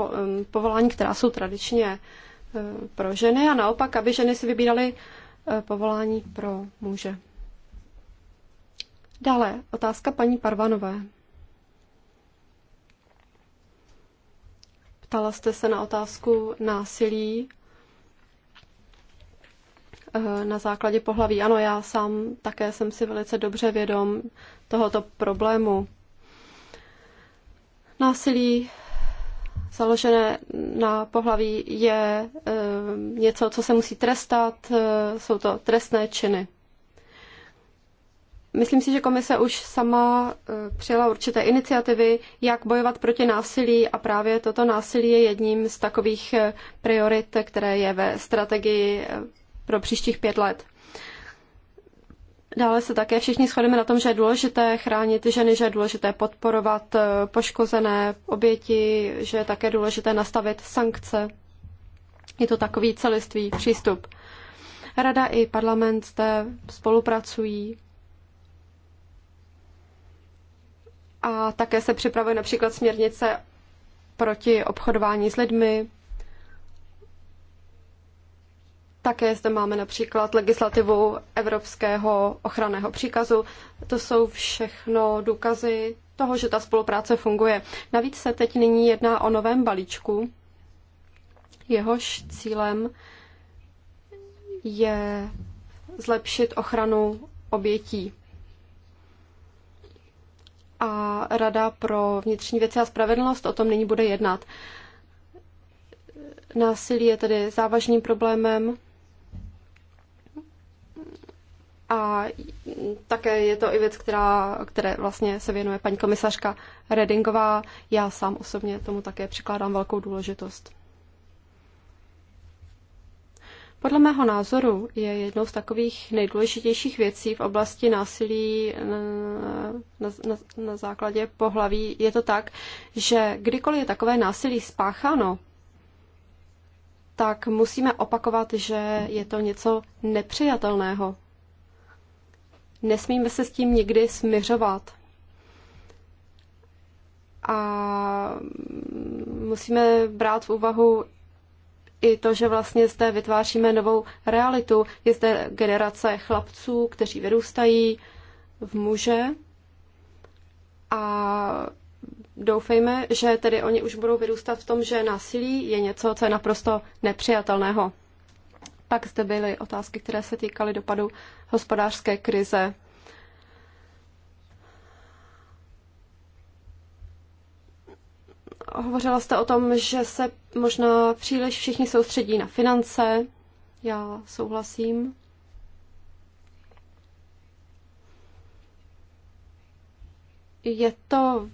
povolání, která jsou tradičně pro ženy a naopak, aby ženy si vybírali Eh, povolání pro muže. Dále otázka paní Parvanové. Ptala jste se na otázku násilí eh, na základě pohlaví. Ano, já sám také jsem si velice dobře vědom tohoto problému. Násilí založené na pohlaví je eh, Eh, něco, co se musí trestat, eh, jsou to trestné činy. Myslím si, že komise už sama eh, přijala určité iniciativy, jak bojovat proti násilí a právě toto násilí je jedním z takových priorit, které je ve strategii pro příštích pět let. Dále se také všichni shodeme na tom, že je důležité chránit ženy, že je důležité podporovat poškozené oběti, že je také důležité nastavit sankce je to takový celistvý přístup. Rada i parlament zde spolupracují a také se připravuje například směrnice proti obchodování s lidmi. Také zde máme například legislativu Evropského ochranného příkazu. To jsou všechno důkazy toho, že ta spolupráce funguje. Navíc se teď nyní jedná o novém balíčku, jehož cílem je zlepšit ochranu obětí. A Rada pro vnitřní věci a spravedlnost o tom nyní bude jednat. Násilí je tedy závažným problémem a také je to i věc, která, které vlastně se věnuje paní komisařka Redingová. Já sám osobně tomu také přikládám velkou důležitost. Podle mého názoru je jednou z takových nejdůležitějších věcí v oblasti násilí na, na, na základě pohlaví je to tak, že kdykoliv je takové násilí spácháno, tak musíme opakovat, že je to něco nepřijatelného. Nesmíme se s tím nikdy směřovat. A musíme brát v úvahu i to, že vlastně zde vytváříme novou realitu. Je zde generace chlapců, kteří vyrůstají v muže a doufejme, že tedy oni už budou vyrůstat v tom, že násilí je něco, co je naprosto nepřijatelného. Pak zde byly otázky, které se týkaly dopadu hospodářské krize Hovořila jste o tom, že se možná příliš všichni soustředí na finance. Já souhlasím. Je to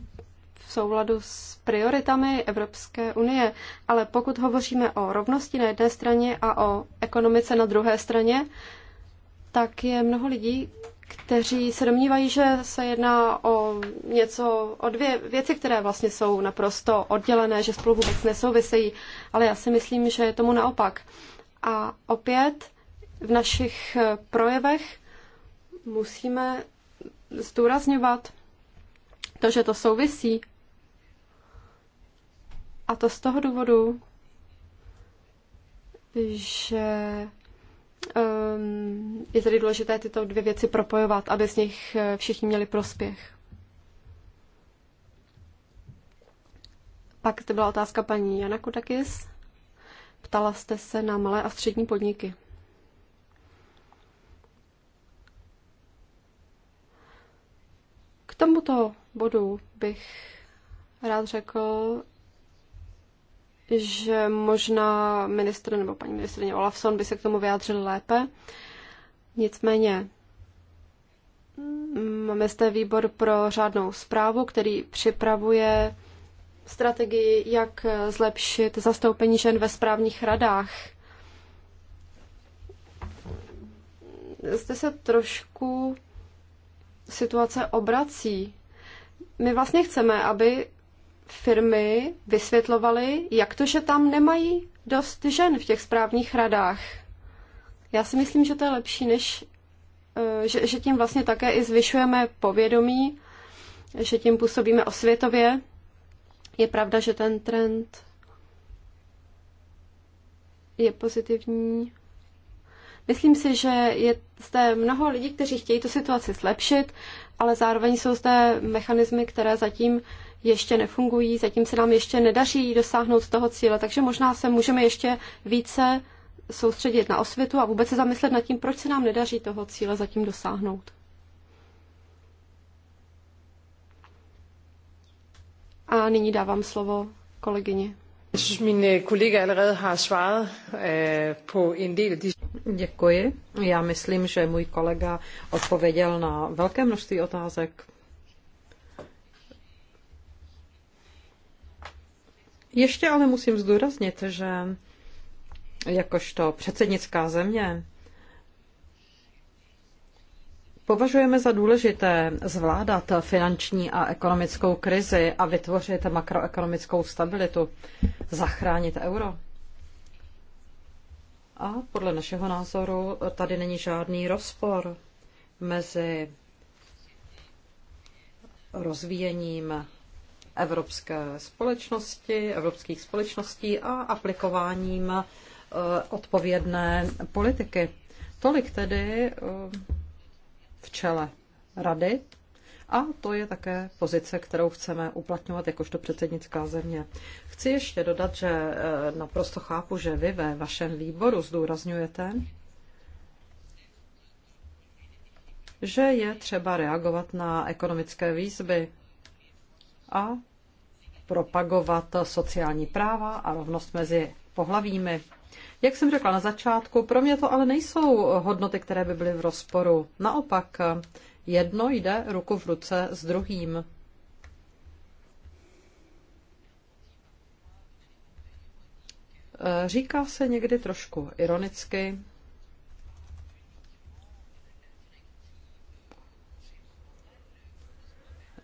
v souladu s prioritami Evropské unie, ale pokud hovoříme o rovnosti na jedné straně a o ekonomice na druhé straně, tak je mnoho lidí, kteří se domnívají, že se jedná o něco, o dvě věci, které vlastně jsou naprosto oddělené, že spolu vůbec nesouvisejí, ale já si myslím, že je tomu naopak. A opět v našich eh, projevech musíme zdůrazňovat to, že to souvisí. A to z toho důvodu, že Ehm, je tedy důležité tyto dvě věci propojovat, aby z nich eh, všichni měli prospěch. Pak to byla otázka paní Jana Kodakis. Ptala jste se na malé a střední podniky. K tomuto bodu bych rád řekl, že možná ministr nebo paní ministrině Olafson by se k tomu vyjádřil lépe. Nicméně mm, máme zde výbor pro řádnou zprávu, který připravuje strategii, jak zlepšit zastoupení žen ve správních radách. Zde se trošku situace obrací. My vlastně chceme, aby firmy vysvětlovaly, jak to, že tam nemají dost žen v těch správních radách. Já si myslím, že to je lepší, než eh, že, že tím vlastně také i zvyšujeme povědomí, že tím působíme osvětově. Je pravda, že ten trend je pozitivní. Myslím si, že je zde mnoho lidí, kteří chtějí tu situaci zlepšit, ale zároveň jsou zde mechanismy, které zatím ještě nefungují, zatím se nám ještě nedaří dosáhnout toho cíle, takže možná se můžeme ještě více soustředit na osvětu a vůbec se zamyslet nad tím, proč se nám nedaří toho cíle zatím dosáhnout. A nyní dávám slovo kolegyni. Øh, øh, Děkuji. Já myslím, že můj kolega odpověděl na velké množství otázek. Ještě ale musím zdůraznit, že jakožto předsednická země považujeme za důležité zvládat finanční a ekonomickou krizi a vytvořit makroekonomickou stabilitu, zachránit euro. A podle našeho názoru tady není žádný rozpor mezi rozvíjením evropské společnosti, evropských společností a aplikováním eh, odpovědné politiky. Tolik tedy eh, v čele rady a to je také pozice, kterou chceme uplatňovat jakožto předsednická země. Chci ještě dodat, že eh, naprosto chápu, že vy ve vašem výboru zdůrazňujete, že je třeba reagovat na ekonomické výzvy, a propagovat sociální práva a rovnost mezi pohlavími. Jak jsem řekla na začátku, pro mě to ale nejsou hodnoty, které by byly v rozporu. Naopak, jedno jde ruku v ruce s druhým. Říká se někdy trošku ironicky,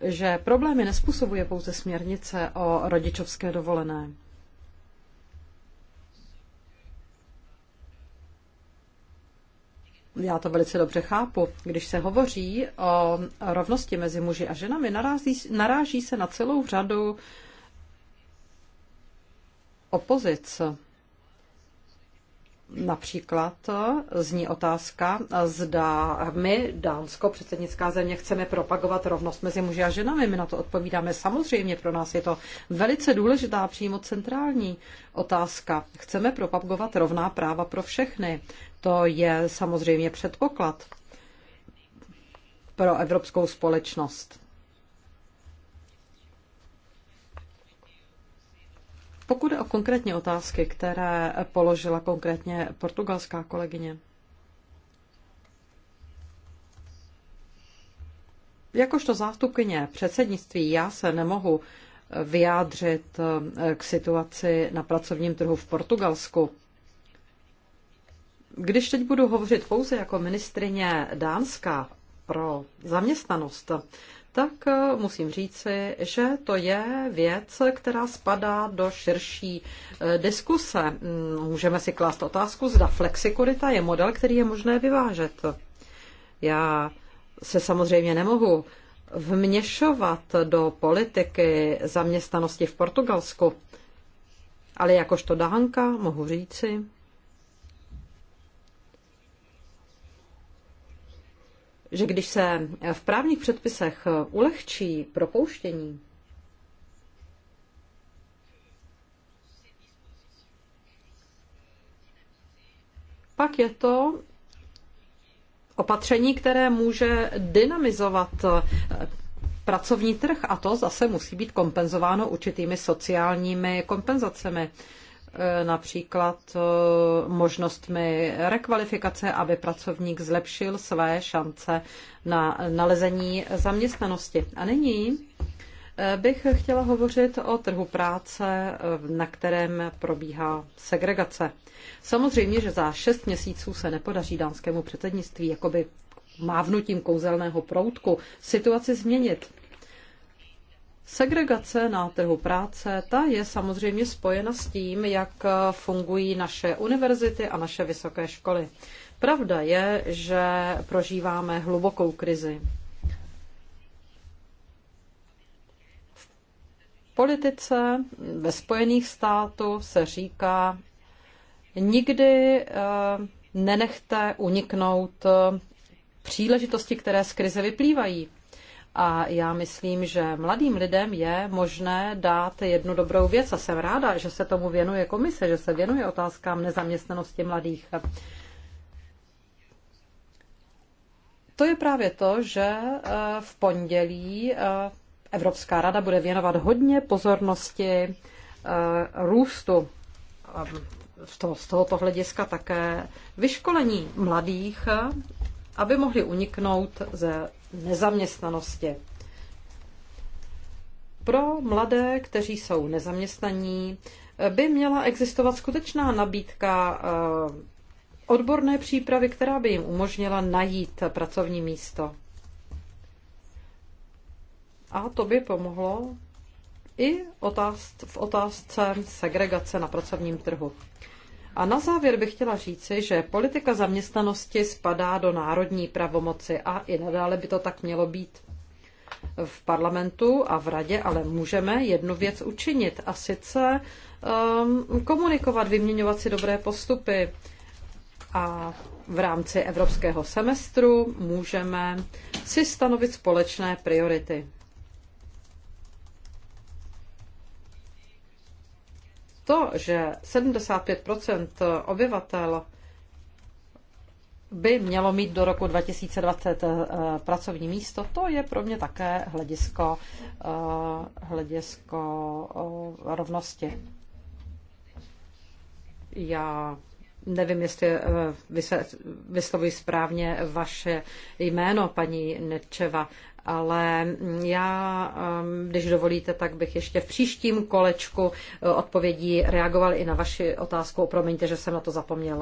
že problémy nespůsobuje pouze směrnice o rodičovské dovolené. Já to velice dobře chápu. Když se hovoří o rovnosti mezi muži a ženami, narazí, naráží se na celou řadu opozic Například e, zní otázka, e, zda my, Dánsko, předsednická země, chceme propagovat rovnost mezi muži a ženami. My na to odpovídáme samozřejmě, pro nás je to velice důležitá, přímo centrální otázka. Chceme propagovat rovná práva pro všechny. To je samozřejmě předpoklad pro evropskou společnost. Pokud jde o konkrétní otázky, které položila konkrétně portugalská kolegyně. Jakožto zástupkyně předsednictví já se nemohu vyjádřit eh, k situaci na pracovním trhu v Portugalsku. Když teď budu hovořit pouze jako ministrině Dánska pro zaměstnanost, tak eh, musím říci, že to je věc, která spadá do širší eh, diskuse. Mm, můžeme si klást otázku, zda flexikurita je model, který je možné vyvážet. Já se samozřejmě nemohu vměšovat do politiky zaměstnanosti v Portugalsku, ale jakožto dánka mohu říci, že když se v právních předpisech ulehčí propouštění, pak je to opatření, které může dynamizovat eh, pracovní trh a to zase musí být kompenzováno určitými sociálními kompenzacemi. E, například e, možnostmi rekvalifikace, aby pracovník zlepšil své šance na nalezení zaměstnanosti. A nyní e, bych chtěla hovořit o trhu práce, na kterém probíhá segregace. Samozřejmě, že za šest měsíců se nepodaří dánskému předsednictví jakoby mávnutím kouzelného proutku situaci změnit. Segregace na trhu práce, ta je samozřejmě spojena s tím, jak fungují naše univerzity a naše vysoké školy. Pravda je, že prožíváme hlubokou krizi. V politice ve Spojených států se říká, nikdy eh, nenechte uniknout eh, příležitosti, které z krize vyplývají. A já myslím, že mladým lidem je možné dát jednu dobrou věc a jsem ráda, že se tomu věnuje komise, že se věnuje otázkám nezaměstnanosti mladých. To je právě to, že eh, v pondělí eh, Evropská rada bude věnovat hodně pozornosti eh, růstu z, toho, z tohoto hlediska také vyškolení mladých, aby mohli uniknout ze nezaměstnanosti. Pro mladé, kteří jsou nezaměstnaní, by měla existovat skutečná nabídka eh, odborné přípravy, která by jim umožnila najít pracovní místo. A to by pomohlo i v otázce segregace na pracovním trhu. A na závěr bych chtěla říci, že politika zaměstnanosti spadá do národní pravomoci a i nadále by to tak mělo být. V parlamentu a v radě ale můžeme jednu věc učinit a sice um, komunikovat, vyměňovat si dobré postupy. A v rámci evropského semestru můžeme si stanovit společné priority. To, že 75 obyvatel by mělo mít do roku 2020 eh, pracovní místo, to je pro mě také hledisko, eh, hledisko eh, rovnosti. Já nevím, jestli vyslovuji správně vaše jméno, paní Nečeva ale já, um, když dovolíte, tak bych ještě v příštím kolečku uh, odpovědí reagoval i na vaši otázku. Promiňte, že jsem na to zapomněl.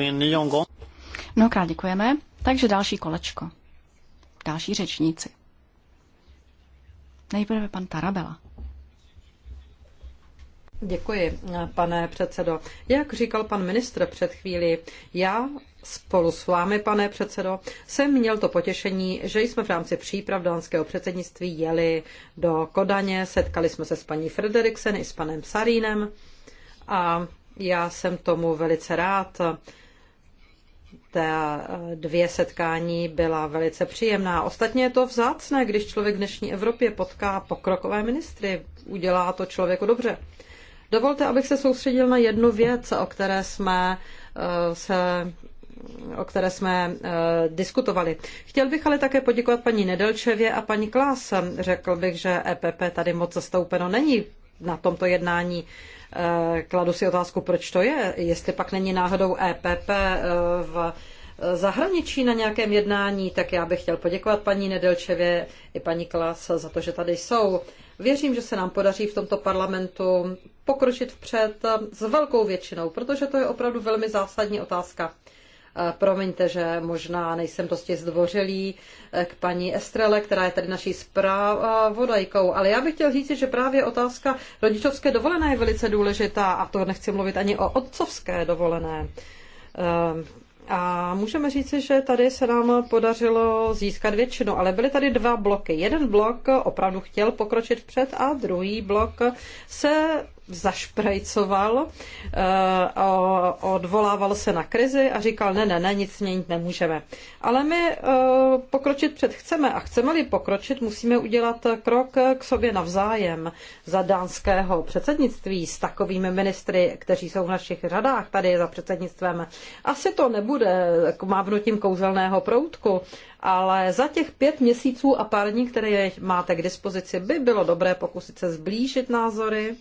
Mnohokrát děkujeme. Takže další kolečko. Další řečníci. Nejprve pan Tarabela. Děkuji, pane předsedo. Jak říkal pan ministr před chvílí, já spolu s vámi, pane předsedo, jsem měl to potěšení, že jsme v rámci příprav dánského předsednictví jeli do Kodaně, setkali jsme se s paní Frederiksen i s panem Sarínem a já jsem tomu velice rád. Ta eh, dvě setkání byla velice příjemná. Ostatně je to vzácné, když člověk v dnešní Evropě potká pokrokové ministry. Udělá to člověku dobře. Dovolte, abych se soustředil na jednu věc, o které jsme eh, se o které jsme eh, diskutovali. Chtěl bych ale také poděkovat paní Nedelčevě a paní Klás. Řekl bych, že EPP tady moc zastoupeno není na tomto jednání. Eh, kladu si otázku, proč to je, jestli pak není náhodou EPP eh, v zahraničí na nějakém jednání, tak já bych chtěl poděkovat paní Nedelčevě i paní Klas za to, že tady jsou. Věřím, že se nám podaří v tomto parlamentu pokročit vpřed s velkou většinou, protože to je opravdu velmi zásadní otázka. Eh, promiňte, že možná nejsem dosti zdvořilý eh, k paní Estrele, která je tady naší zpravodajkou, ale já bych chtěl říct, že právě otázka rodičovské dovolené je velice důležitá a to nechci mluvit ani o otcovské dovolené. Eh, a můžeme říci, že tady se nám podařilo získat většinu, ale byly tady dva bloky. Jeden blok opravdu chtěl pokročit vpřed a druhý blok se zašprajcoval, eh, odvolával se na krizi a říkal, ne, ne, ne, nic měnit nemůžeme. Ale my eh, pokročit před chceme a chceme-li pokročit, musíme udělat krok k sobě navzájem za dánského předsednictví s takovými ministry, kteří jsou v našich řadách tady za předsednictvem. Asi to nebude k mávnutím kouzelného proutku, ale za těch pět měsíců a pár dní, které máte k dispozici, by bylo dobré pokusit se zblížit názory,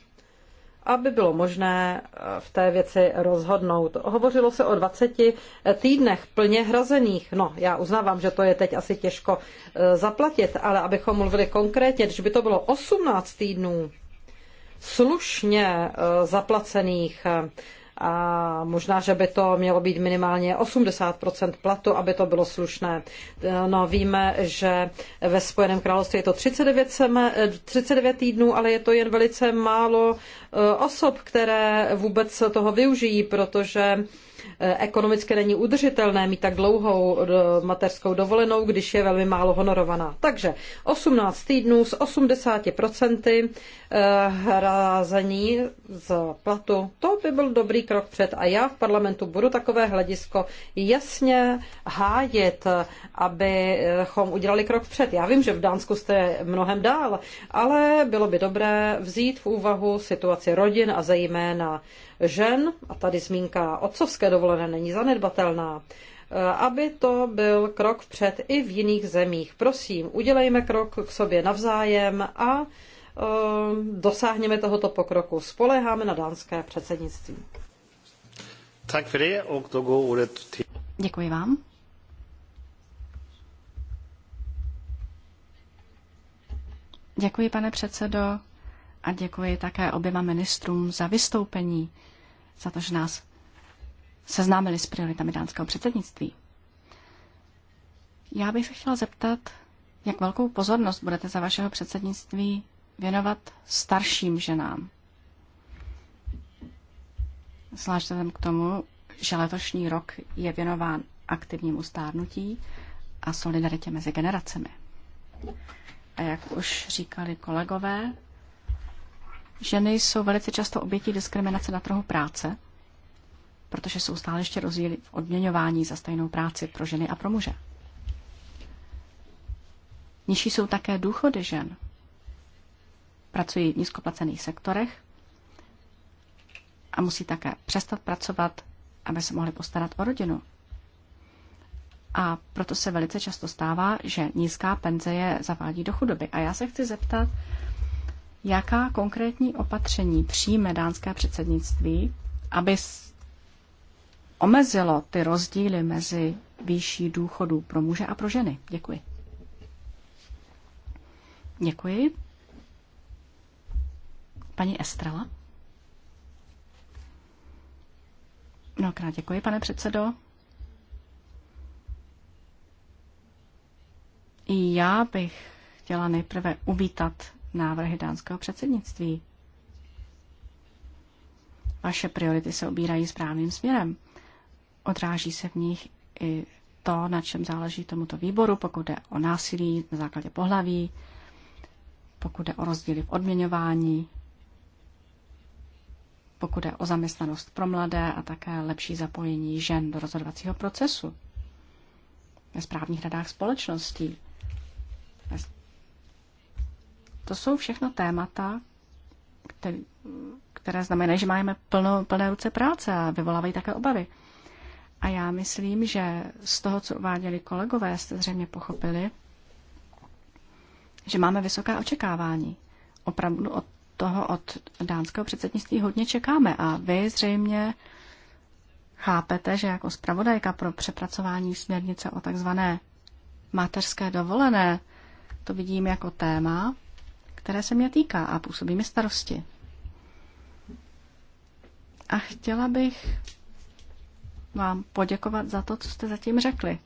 aby bylo možné eh, v té věci rozhodnout. Hovořilo se o 20 eh, týdnech plně hrazených. No, já uznávám, že to je teď asi těžko eh, zaplatit, ale abychom mluvili konkrétně, když by to bylo 18 týdnů slušně zaplacených a možná, že by to mělo být minimálně 80% platu, aby to bylo slušné. No víme, že ve Spojeném království je to 39, 39 týdnů, ale je to jen velice málo eh, osob, které vůbec toho využijí, protože Eh, ekonomicky není udržitelné mít tak dlouhou eh, mateřskou dovolenou, když je velmi málo honorovaná. Takže 18 týdnů s 80% eh, hrazení z platu, to by byl dobrý krok před. A já v parlamentu budu takové hledisko jasně hájit, abychom udělali krok před. Já vím, že v Dánsku jste mnohem dál, ale bylo by dobré vzít v úvahu situaci rodin a zejména žen, a tady zmínka otcovské dovolené není zanedbatelná, eh, aby to byl krok vpřed i v jiných zemích. Prosím, udělejme krok k sobě navzájem a eh, dosáhneme tohoto pokroku. Spoleháme na dánské předsednictví. Tak Děkuji vám. Děkuji, pane předsedo. A děkuji také oběma ministrům za vystoupení, za to, že nás seznámili s prioritami dánského předsednictví. Já bych se chtěla zeptat, jak velkou pozornost budete za vašeho předsednictví věnovat starším ženám? Zvláště tam k tomu, že letošní rok je věnován aktivnímu stárnutí a solidaritě mezi generacemi. A jak už říkali kolegové, Ženy jsou velice často obětí diskriminace na trhu práce, protože jsou stále ještě rozdíly v odměňování za stejnou práci pro ženy a pro muže. Nižší jsou také důchody žen. Pracují v nízkoplacených sektorech a musí také přestat pracovat, aby se mohly postarat o rodinu. A proto se velice často stává, že nízká penze je zavádí do chudoby. A já se chci zeptat, Jaká konkrétní opatření přijme dánské předsednictví, aby omezilo ty rozdíly mezi výší důchodů pro muže a pro ženy? Děkuji. Děkuji. Paní Estrela. Mnohokrát děkuji, pane předsedo. Já bych chtěla nejprve uvítat návrhy dánského předsednictví. Vaše priority se obírají správným směrem. Odráží se v nich i to, na čem záleží tomuto výboru, pokud jde o násilí na základě pohlaví, pokud jde o rozdíly v odměňování, pokud jde o zaměstnanost pro mladé a také lepší zapojení žen do rozhodovacího procesu ve správních radách společností, to jsou všechno témata, který, které znamenají, že máme plno, plné ruce práce a vyvolávají také obavy. A já myslím, že z toho, co uváděli kolegové, jste zřejmě pochopili, že máme vysoká očekávání. Opravdu od toho, od dánského předsednictví hodně čekáme a vy zřejmě chápete, že jako zpravodajka pro přepracování směrnice o takzvané mateřské dovolené, to vidím jako téma, které se mě týká a působí mi starosti. A chtěla bych vám poděkovat za to, co jste zatím řekli.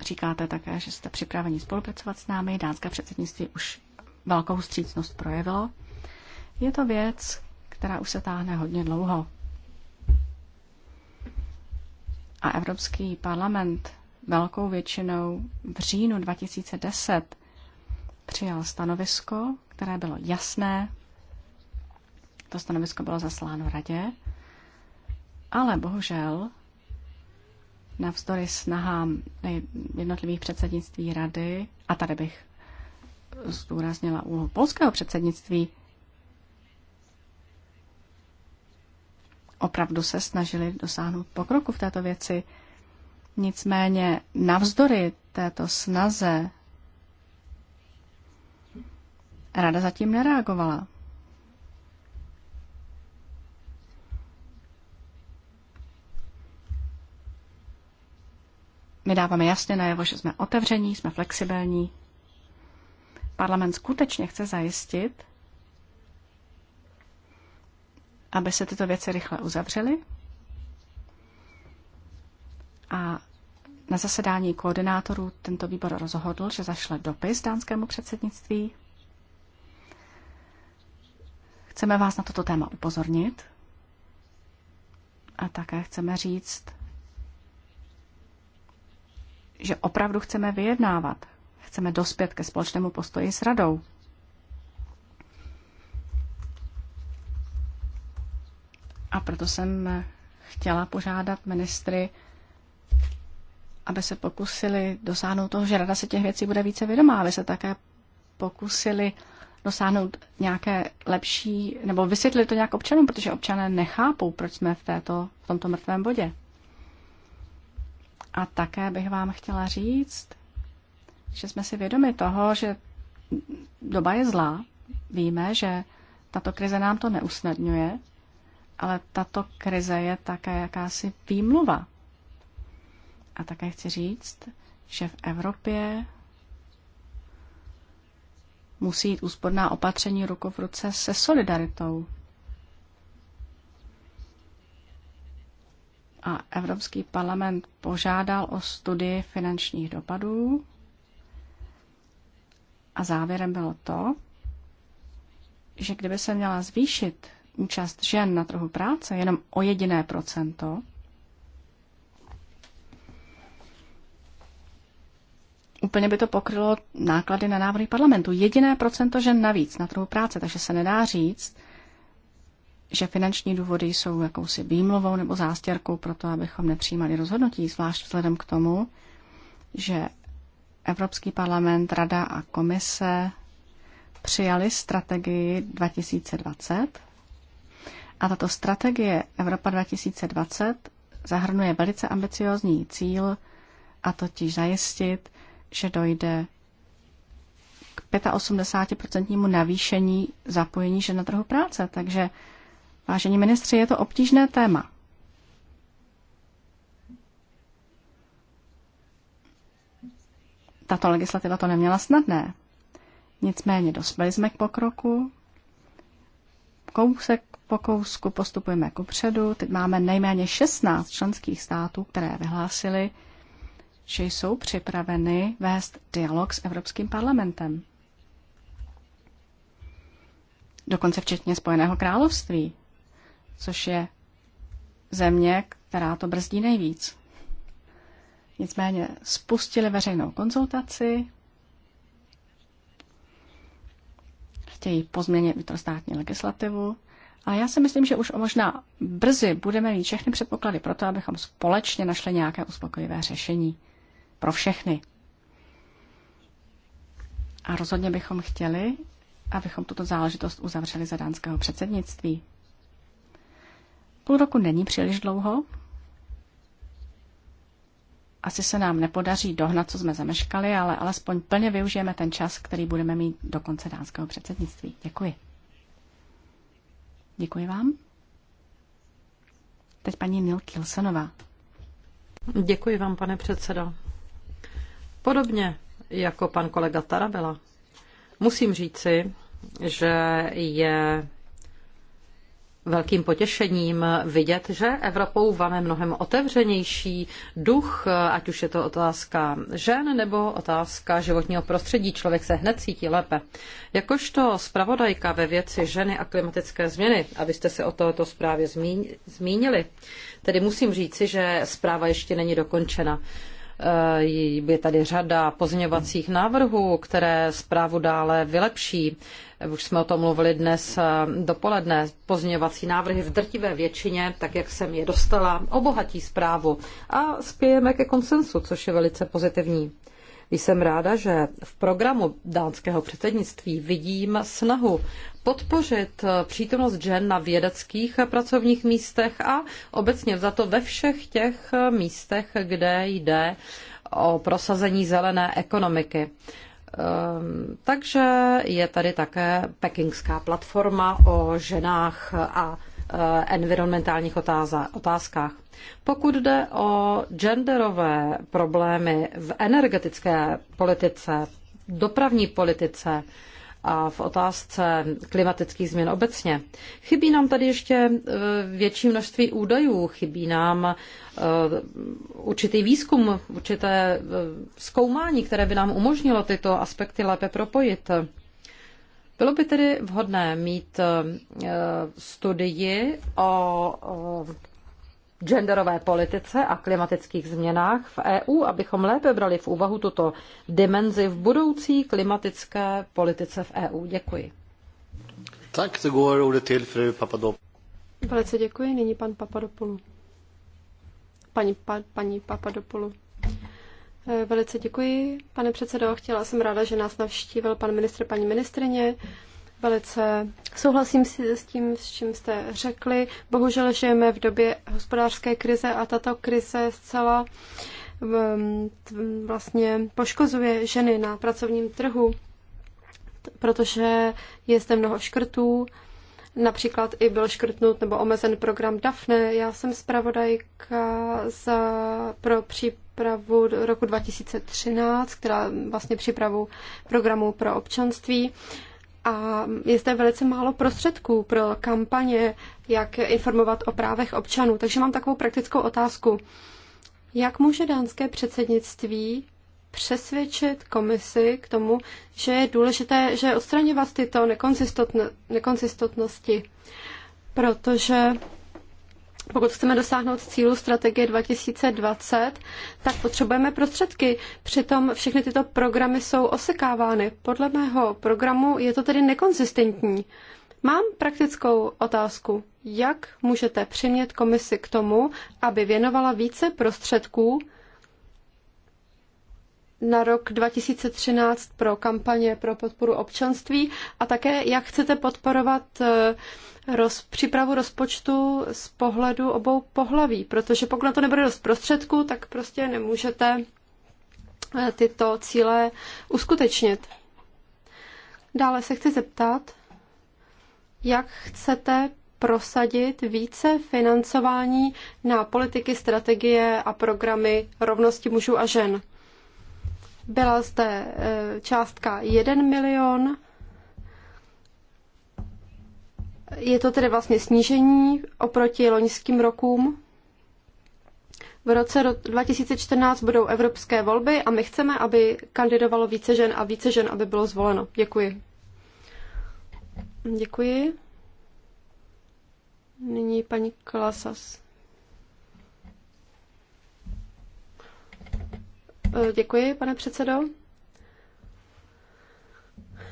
Říkáte také, že jste připraveni spolupracovat s námi. Dánské předsednictví už velkou střícnost projevilo. Je to věc, která už se táhne hodně dlouho. A Evropský parlament velkou většinou v říjnu 2010 přijal stanovisko, které bylo jasné. To stanovisko bylo zasláno radě, ale bohužel navzdory snahám jednotlivých předsednictví rady, a tady bych zdůraznila úlohu polského předsednictví, opravdu se snažili dosáhnout pokroku v této věci. Nicméně navzdory této snaze rada zatím nereagovala. My dáváme jasně najevo, že jsme otevření, jsme flexibilní. Parlament skutečně chce zajistit, aby se tyto věci rychle uzavřely a na zasedání koordinátorů tento výbor rozhodl, že zašle dopis dánskému předsednictví. Chceme vás na toto téma upozornit a také chceme říct, že opravdu chceme vyjednávat. Chceme dospět ke společnému postoji s radou. A proto jsem chtěla požádat ministry, aby se pokusili dosáhnout toho, že rada se těch věcí bude více vědomá, aby se také pokusili dosáhnout nějaké lepší, nebo vysvětlit to nějak občanům, protože občané nechápou, proč jsme v, této, v tomto mrtvém bodě. A také bych vám chtěla říct, že jsme si vědomi toho, že doba je zlá. Víme, že tato krize nám to neusnadňuje, ale tato krize je také jakási výmluva. A také chci říct, že v Evropě musí jít úsporná opatření ruku v ruce se solidaritou. A Evropský parlament požádal o studii finančních dopadů a závěrem bylo to, že kdyby se měla zvýšit účast žen na trhu práce jenom o jediné procento, úplně by to pokrylo náklady na návrhy parlamentu. Jediné procento žen navíc na trhu práce, takže se nedá říct, že finanční důvody jsou jakousi výmluvou nebo zástěrkou pro to, abychom nepřijímali rozhodnutí, zvlášť vzhledem k tomu, že Evropský parlament, Rada a Komise přijali strategii 2020 a tato strategie Evropa 2020 zahrnuje velice ambiciozní cíl, a totiž zajistit, že dojde k 85% navýšení zapojení žen na trhu práce. Takže, vážení ministři, je to obtížné téma. Tato legislativa to neměla snadné. Nicméně dospěli jsme k pokroku. Kousek po kousku postupujeme ku předu. Teď máme nejméně 16 členských států, které vyhlásili, že jsou připraveny vést dialog s Evropským parlamentem. Dokonce včetně Spojeného království, což je země, která to brzdí nejvíc. Nicméně spustili veřejnou konzultaci, chtějí pozměnit vnitrostátní legislativu. A já si myslím, že už o možná brzy budeme mít všechny předpoklady pro to, abychom společně našli nějaké uspokojivé řešení pro všechny. A rozhodně bychom chtěli, abychom tuto záležitost uzavřeli za dánského předsednictví. Půl roku není příliš dlouho. Asi se nám nepodaří dohnat, co jsme zameškali, ale alespoň plně využijeme ten čas, který budeme mít do konce dánského předsednictví. Děkuji. Děkuji vám. Teď paní Nil Kilsonová. Děkuji vám, pane předsedo. Podobně jako pan kolega Tarabela. Musím říci, že je velkým potěšením vidět, že Evropou vane mnohem otevřenější duch, ať už je to otázka žen nebo otázka životního prostředí. Člověk se hned cítí lépe. Jakožto zpravodajka ve věci ženy a klimatické změny, abyste se o tohoto zprávě zmínili, tedy musím říci, že zpráva ještě není dokončena. Eh, je tady řada pozměňovacích návrhů, které zprávu dále vylepší. Už jsme o tom mluvili dnes eh, dopoledne. Pozměňovací návrhy v drtivé většině, tak jak jsem je dostala, obohatí zprávu a spějeme ke konsensu, což je velice pozitivní. Jsem ráda, že v programu dánského předsednictví vidím snahu podpořit eh, přítomnost žen na vědeckých eh, pracovních místech a obecně to ve všech těch eh, místech, kde jde o prosazení zelené ekonomiky. Ehm, takže je tady také pekingská platforma o ženách a environmentálních otázkách. Pokud jde o genderové problémy v energetické politice, dopravní politice, a v otázce klimatických změn obecně. Chybí nám tady ještě e, větší množství údajů, chybí nám e, určitý výzkum, určité e, zkoumání, které by nám umožnilo tyto aspekty lépe propojit. Bylo by tedy vhodné mít studii o genderové politice a klimatických změnách v EU, abychom lépe brali v úvahu tuto dimenzi v budoucí klimatické politice v EU. Děkuji. Tak, to går till fru Papadopoulou. Velice děkuji. Nyní pan Papadopoulou. Paní, pa, paní Papadopoulou. Eh, velice děkuji, pane předsedo. Chtěla jsem ráda, že nás navštívil pan ministr, paní ministrině. Velice souhlasím si s tím, s čím jste řekli. Bohužel žijeme v době hospodářské krize a tato krize zcela um, vlastně poškozuje ženy na pracovním trhu, protože je zde mnoho škrtů. Například i byl škrtnut nebo omezen program DAFNE. Já jsem zpravodajka za, pro přípravu roku 2013, která vlastně přípravu programu pro občanství. Uh, a je zde velice málo prostředků pro kampaně, jak informovat o právech občanů. Takže mám takovou praktickou otázku. Jak může dánské předsednictví přesvědčit komisi k tomu, že je důležité, že odstraňovat tyto nekonsistentnosti, protože pokud chceme dosáhnout cílu strategie 2020, tak potřebujeme prostředky. Přitom všechny tyto programy jsou osekávány. Podle mého programu je to tedy nekonzistentní. Mám praktickou otázku. Jak můžete přimět komisi k tomu, aby věnovala více prostředků na rok 2013 pro kampaně pro podporu občanství a také jak chcete podporovat eh, roz, přípravu rozpočtu z pohledu obou pohlaví, protože pokud na to nebude dost prostředků, tak prostě nemůžete eh, tyto cíle uskutečnit. Dále se chci zeptat, jak chcete prosadit více financování na politiky, strategie a programy rovnosti mužů a žen. Byla zde e, částka 1 milion. Je to tedy vlastně snížení oproti loňským rokům. V roce 2014 budou evropské volby a my chceme, aby kandidovalo více žen a více žen, aby bylo zvoleno. Děkuji. Děkuji. Nyní paní Klasas. Eh, děkuji, pane předsedo.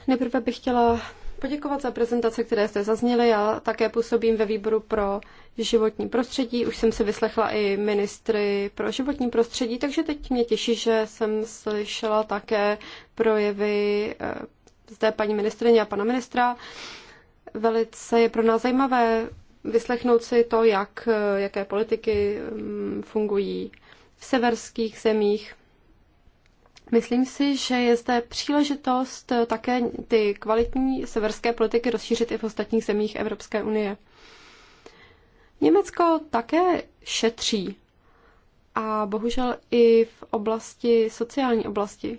Nejprve bych chtěla poděkovat za prezentace, které jste zazněly. Já také působím ve výboru pro životní prostředí. Už jsem si vyslechla i ministry pro životní prostředí, takže teď mě těší, že jsem slyšela také projevy eh, zde paní ministrině a pana ministra. Velice je pro nás zajímavé vyslechnout si to, jak, eh, jaké politiky mm, fungují v severských zemích. Myslím si, že je zde příležitost také ty kvalitní severské politiky rozšířit i v ostatních zemích Evropské unie. Německo také šetří a bohužel i v oblasti, sociální oblasti.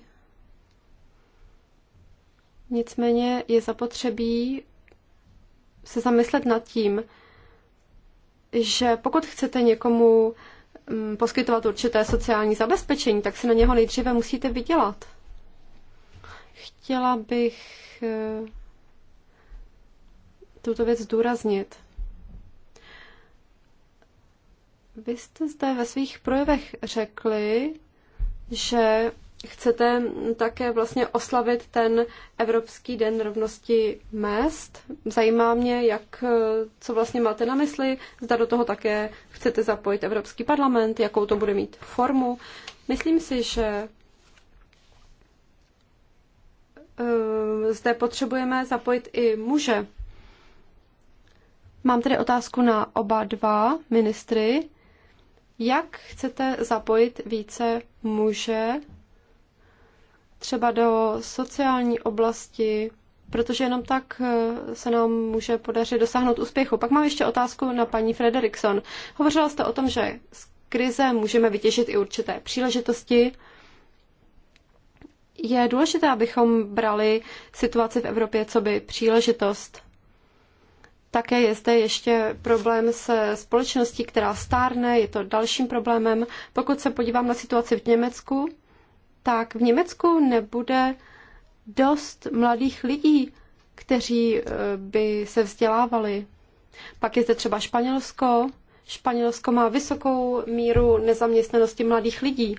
Nicméně je zapotřebí se zamyslet nad tím, že pokud chcete někomu Mm, poskytovat určité sociální zabezpečení, tak si na něho nejdříve musíte vydělat. Chtěla bych eh, tuto věc zdůraznit. Vy jste zde ve svých projevech řekli, že chcete také vlastně oslavit ten Evropský den rovnosti mest. Zajímá mě, jak, co vlastně máte na mysli, zda do toho také chcete zapojit Evropský parlament, jakou to bude mít formu. Myslím si, že eh, zde potřebujeme zapojit i muže. Mám tedy otázku na oba dva ministry. Jak chcete zapojit více muže třeba do sociální oblasti, protože jenom tak eh, se nám může podařit dosáhnout úspěchu. Pak mám ještě otázku na paní Frederikson. Hovořila jste o tom, že z krize můžeme vytěžit i určité příležitosti. Je důležité, abychom brali situaci v Evropě co by příležitost. Také je zde ještě problém se společností, která stárne, je to dalším problémem. Pokud se podívám na situaci v Německu, tak v Německu nebude dost mladých lidí, kteří eh, by se vzdělávali. Pak je zde třeba Španělsko. Španělsko má vysokou míru nezaměstnanosti mladých lidí.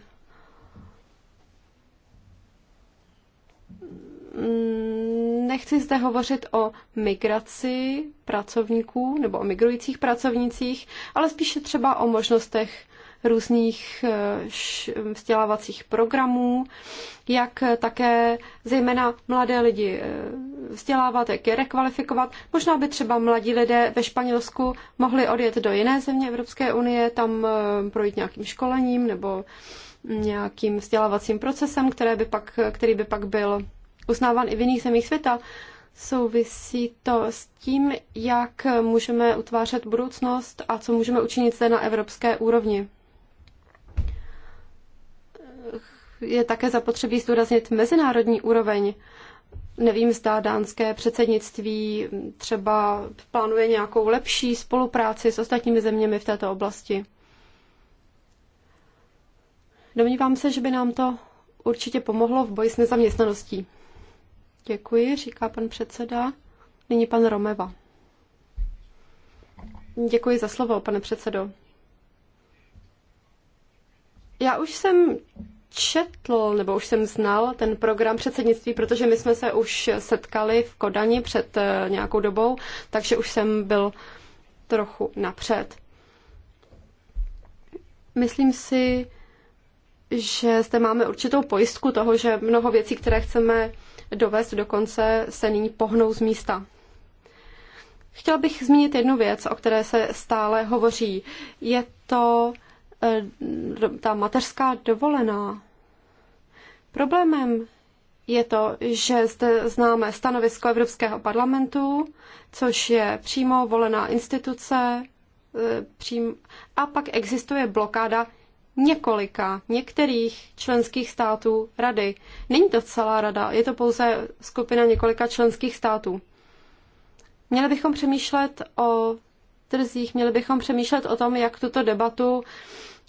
Mm, nechci zde hovořit o migraci pracovníků nebo o migrujících pracovnicích, ale spíše třeba o možnostech různých eh, vzdělávacích programů, jak také zejména mladé lidi eh, vzdělávat, jak je rekvalifikovat. Možná by třeba mladí lidé ve Španělsku mohli odjet do jiné země Evropské unie, tam eh, projít nějakým školením nebo nějakým vzdělávacím procesem, které by pak, který by pak byl uznáván i v jiných zemích světa. Souvisí to s tím, jak můžeme utvářet budoucnost a co můžeme učinit zde na evropské úrovni. je také zapotřebí zdůraznit mezinárodní úroveň. Nevím, zda dánské předsednictví třeba plánuje nějakou lepší spolupráci s ostatními zeměmi v této oblasti. Domnívám se, že by nám to určitě pomohlo v boji s nezaměstnaností. Děkuji, říká pan předseda. Nyní pan Romeva. Děkuji za slovo, pane předsedo. Já už jsem četl, nebo už jsem znal ten program předsednictví, protože my jsme se už setkali v Kodani před eh, nějakou dobou, takže už jsem byl trochu napřed. Myslím si, že zde máme určitou pojistku toho, že mnoho věcí, které chceme dovést do konce, se nyní pohnou z místa. Chtěl bych zmínit jednu věc, o které se stále hovoří. Je to eh, ta mateřská dovolená. Problémem je to, že zde známe stanovisko Evropského parlamentu, což je přímo volená instituce, e, přím, a pak existuje blokáda několika, některých členských států rady. Není to celá rada, je to pouze skupina několika členských států. Měli bychom přemýšlet o trzích, měli bychom přemýšlet o tom, jak tuto debatu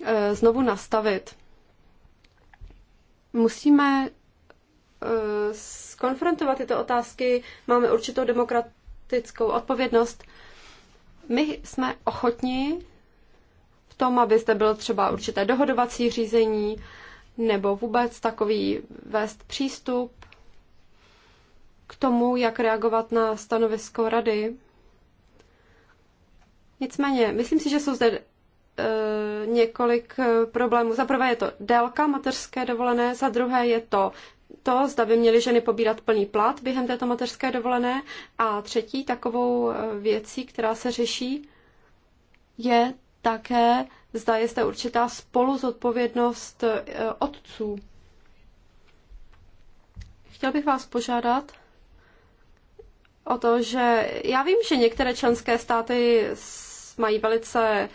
e, znovu nastavit. Musíme eh, skonfrontovat tyto otázky, máme určitou demokratickou odpovědnost. My jsme ochotní v tom, aby zde bylo třeba určité dohodovací řízení nebo vůbec takový vést přístup k tomu, jak reagovat na stanovisko rady. Nicméně, myslím si, že jsou zde Eh, několik eh, problémů. Za prvé je to délka mateřské dovolené, za druhé je to to, zda by měly ženy pobírat plný plat během této mateřské dovolené. A třetí takovou eh, věcí, která se řeší, je také, zda je zde určitá spoluzodpovědnost otců. Chtěl bych vás požádat, o to, že já vím, že některé členské státy mají velice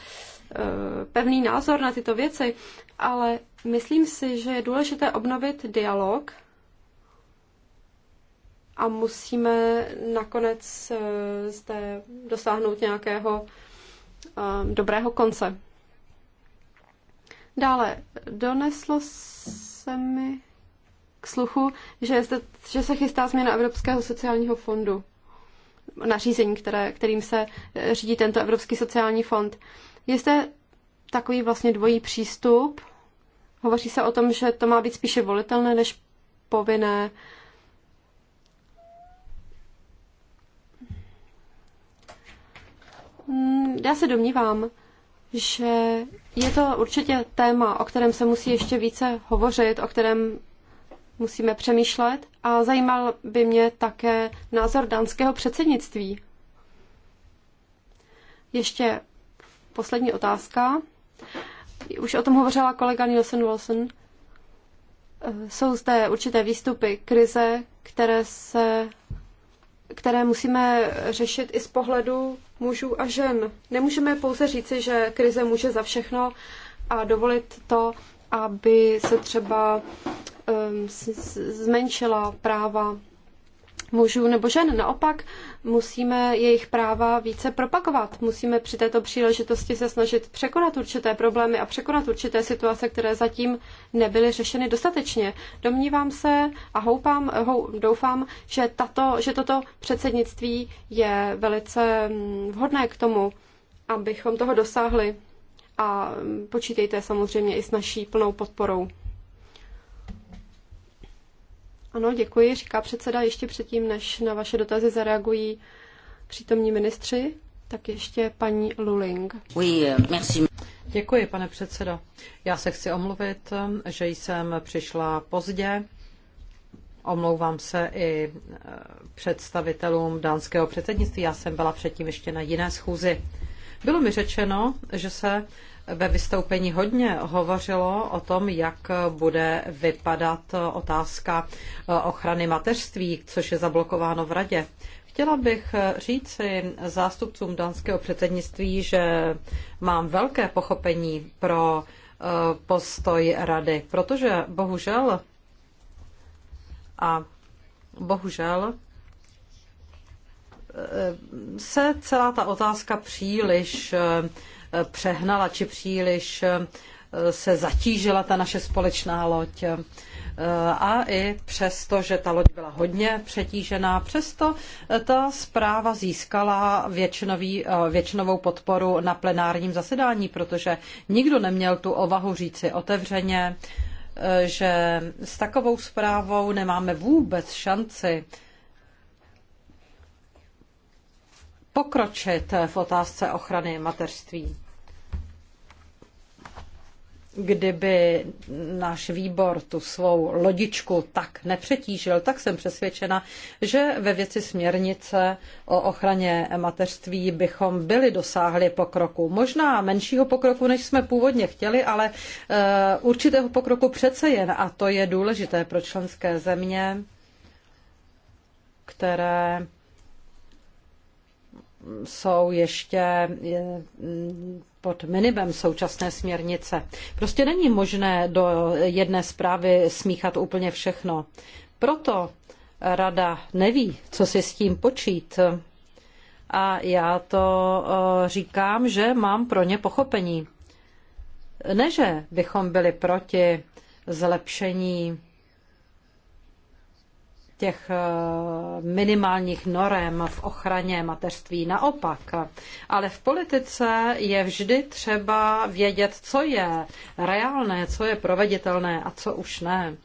Eh, pevný názor na tyto věci, ale myslím si, že je důležité obnovit dialog a musíme nakonec eh, zde dosáhnout nějakého eh, dobrého konce. Dále, doneslo se mi k sluchu, že, zde, že se chystá změna Evropského sociálního fondu. Nařízení, které, kterým se řídí tento Evropský sociální fond. Uh, je zde takový vlastně dvojí přístup. Hovoří se o tom, že to má být spíše volitelné než povinné. Mm, já se domnívám, že je to určitě téma, o kterém se musí ještě více hovořit, o kterém musíme přemýšlet a zajímal by mě také názor dánského předsednictví. Ještě poslední otázka. Už o tom hovořila kolega Nielsen Wilson. Eh, jsou zde určité výstupy krize, které, se, které musíme řešit i z pohledu mužů a žen. Nemůžeme pouze říci, že krize může za všechno a dovolit to, aby se třeba ehm, zmenšila práva mužů nebo žen. Naopak musíme jejich práva více propagovat. Musíme při této příležitosti se snažit překonat určité problémy a překonat určité situace, které zatím nebyly řešeny dostatečně. Domnívám se a houpám, hou, doufám, že, tato, že toto předsednictví je velice mm, vhodné k tomu, abychom toho dosáhli. A mm, počítejte samozřejmě i s naší plnou podporou. Ano, děkuji, říká předseda. Ještě předtím, než na vaše dotazy zareagují přítomní ministři, tak ještě paní Luling. Děkuji, pane předsedo. Já se chci omluvit, že jsem přišla pozdě. Omlouvám se i e, představitelům dánského předsednictví. Já jsem byla předtím ještě na jiné schůzi. Bylo mi řečeno, že se ve vystoupení hodně hovořilo o tom, jak bude vypadat otázka eh, ochrany mateřství, což je zablokováno v radě. Chtěla bych eh, říci zástupcům dánského předsednictví, že mám velké pochopení pro eh, postoj rady, protože bohužel a bohužel se celá ta otázka příliš přehnala či příliš eh, se zatížila ta naše společná loď. Eh, a i přesto, že ta loď byla hodně přetížená, přesto eh, ta zpráva získala většinový, většinovou podporu na plenárním zasedání, protože nikdo neměl tu ovahu říci otevřeně, že s takovou zprávou nemáme vůbec šanci pokročit v otázce ochrany mateřství kdyby náš výbor tu svou lodičku tak nepřetížil, tak jsem přesvědčena, že ve věci směrnice o ochraně mateřství bychom byli dosáhli pokroku. Možná menšího pokroku, než jsme původně chtěli, ale eh, určitého pokroku přece jen. A to je důležité pro členské země, které jsou ještě pod minimem současné směrnice. Prostě není možné do jedné zprávy smíchat úplně všechno. Proto rada neví, co si s tím počít. A já to říkám, že mám pro ně pochopení. Ne, že bychom byli proti zlepšení těch eh, minimálních norem v ochraně mateřství. Naopak, ale v politice je vždy třeba vědět, co je reálné, co je proveditelné a co už ne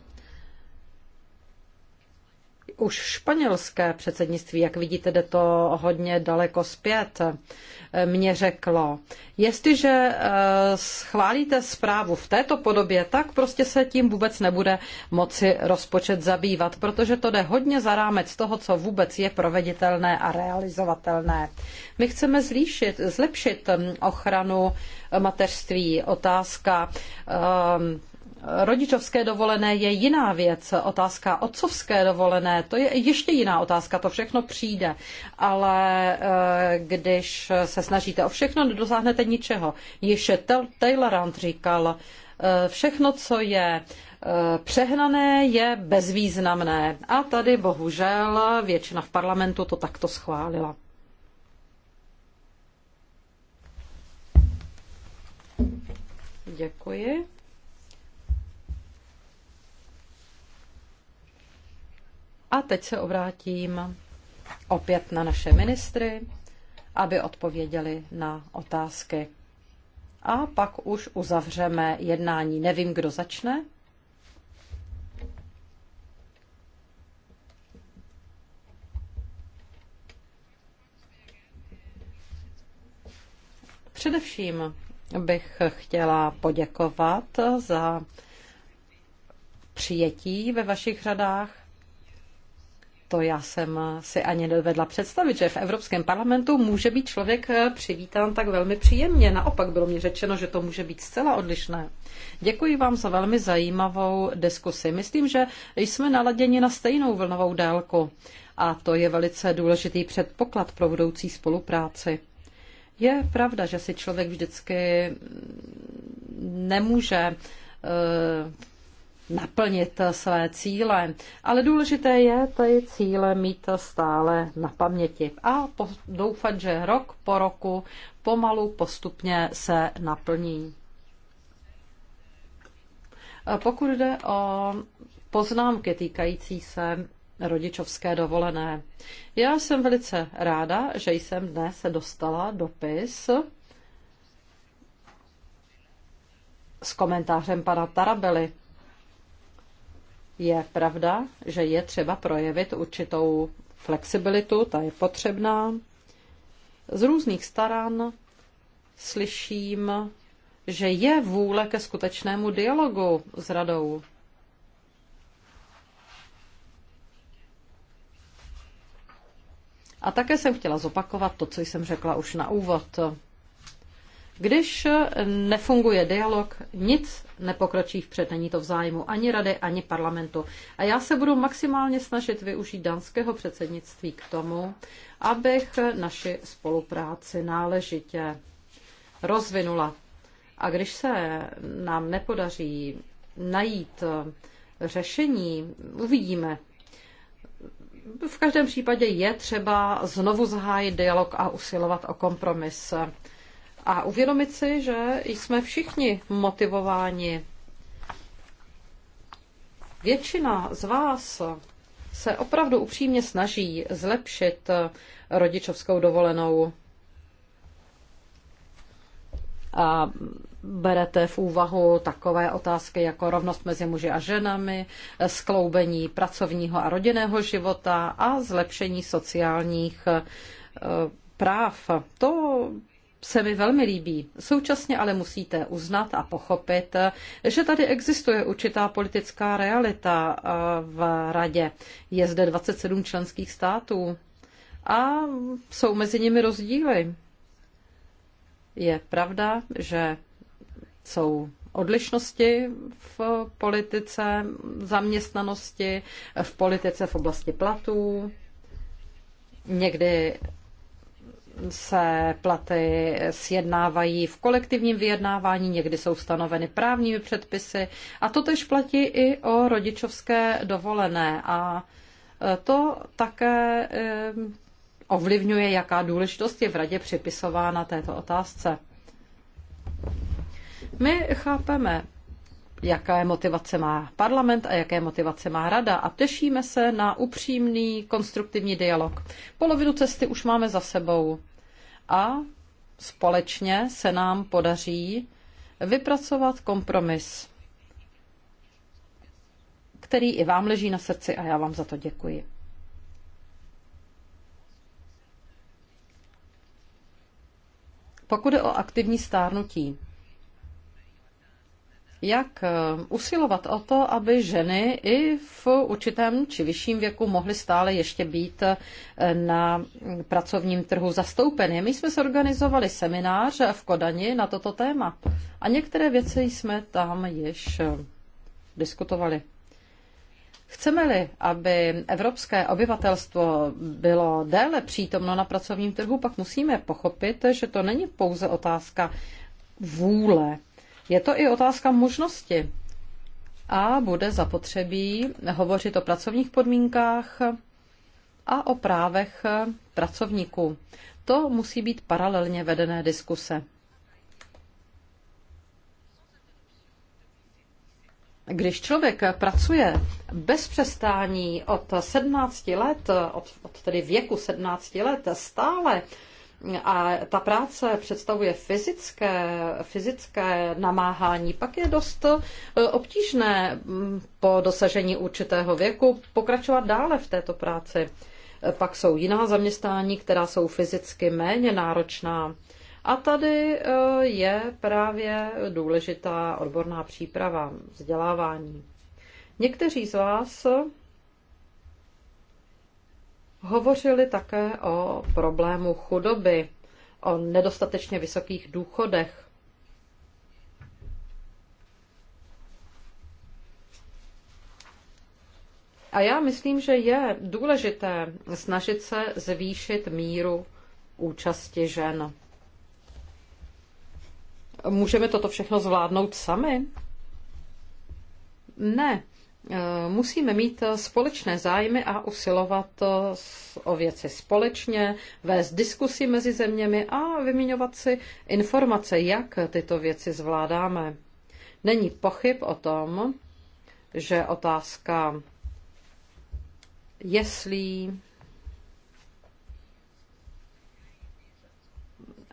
už španělské předsednictví, jak vidíte, jde to hodně daleko zpět, eh, mě řeklo, jestliže eh, schválíte zprávu v této podobě, tak prostě se tím vůbec nebude moci rozpočet zabývat, protože to jde hodně za rámec toho, co vůbec je proveditelné a realizovatelné. My chceme zlíšit, zlepšit hm, ochranu eh, mateřství, otázka hm, Rodičovské dovolené je jiná věc, otázka otcovské dovolené, to je ještě jiná otázka, to všechno přijde, ale eh, když se snažíte o všechno, nedosáhnete ničeho. Již Taylor říkal, eh, všechno, co je eh, přehnané, je bezvýznamné. A tady bohužel většina v parlamentu to takto schválila. Děkuji. A teď se obrátím opět na naše ministry, aby odpověděli na otázky. A pak už uzavřeme jednání. Nevím, kdo začne. Především bych chtěla poděkovat za přijetí ve vašich řadách to já jsem si ani nedovedla představit, že v Evropském parlamentu může být člověk eh, přivítán tak velmi příjemně. Naopak bylo mi řečeno, že to může být zcela odlišné. Děkuji vám za velmi zajímavou diskusi. Myslím, že jsme naladěni na stejnou vlnovou délku a to je velice důležitý předpoklad pro budoucí spolupráci. Je pravda, že si člověk vždycky mm, nemůže eh, naplnit své cíle. Ale důležité je ty cíle mít stále na paměti a doufat, že rok po roku pomalu postupně se naplní. Pokud jde o poznámky týkající se rodičovské dovolené, já jsem velice ráda, že jsem dnes dostala dopis s komentářem pana Tarabely je pravda, že je třeba projevit určitou flexibilitu, ta je potřebná. Z různých stran slyším, že je vůle ke skutečnému dialogu s radou. A také jsem chtěla zopakovat to, co jsem řekla už na úvod. Když nefunguje dialog, nic nepokročí vpřed. Není to v zájmu ani rady, ani parlamentu. A já se budu maximálně snažit využít danského předsednictví k tomu, abych naši spolupráci náležitě rozvinula. A když se nám nepodaří najít řešení, uvidíme. V každém případě je třeba znovu zahájit dialog a usilovat o kompromis a uvědomit si, že jsme všichni motivováni. Většina z vás se opravdu upřímně snaží zlepšit rodičovskou dovolenou. A berete v úvahu takové otázky jako rovnost mezi muži a ženami, skloubení pracovního a rodinného života a zlepšení sociálních eh, práv. To se mi velmi líbí. Současně ale musíte uznat a pochopit, že tady existuje určitá politická realita v radě. Je zde 27 členských států a jsou mezi nimi rozdíly. Je pravda, že jsou odlišnosti v politice, v zaměstnanosti, v politice v oblasti platů. Někdy se platy sjednávají v kolektivním vyjednávání, někdy jsou stanoveny právními předpisy a to tež platí i o rodičovské dovolené a e, to také e, ovlivňuje, jaká důležitost je v radě připisována této otázce. My chápeme jaká je motivace má parlament a jaké motivace má rada a těšíme se na upřímný konstruktivní dialog. Polovinu cesty už máme za sebou a společně se nám podaří vypracovat kompromis, který i vám leží na srdci a já vám za to děkuji. Pokud je o aktivní stárnutí, jak eh, usilovat o to, aby ženy i v určitém či vyšším věku mohly stále ještě být eh, na pracovním trhu zastoupeny. My jsme zorganizovali seminář v Kodani na toto téma a některé věci jsme tam již eh, diskutovali. Chceme-li, aby evropské obyvatelstvo bylo déle přítomno na pracovním trhu, pak musíme pochopit, že to není pouze otázka vůle je to i otázka možnosti. A bude zapotřebí hovořit o pracovních podmínkách a o právech pracovníků. To musí být paralelně vedené diskuse. Když člověk pracuje bez přestání od 17 let, od, od tedy věku 17 let, stále a ta práce představuje fyzické, fyzické namáhání, pak je dost eh, obtížné mm, po dosažení určitého věku pokračovat dále v této práci. Eh, pak jsou jiná zaměstnání, která jsou fyzicky méně náročná. A tady eh, je právě důležitá odborná příprava, vzdělávání. Někteří z vás hovořili také o problému chudoby, o nedostatečně vysokých důchodech. A já myslím, že je důležité snažit se zvýšit míru účasti žen. Můžeme toto všechno zvládnout sami? Ne. Eh, musíme mít eh, společné zájmy a usilovat eh, o věci společně, vést diskusy mezi zeměmi a vyměňovat si informace, jak tyto věci zvládáme. Není pochyb o tom, že otázka jeslí,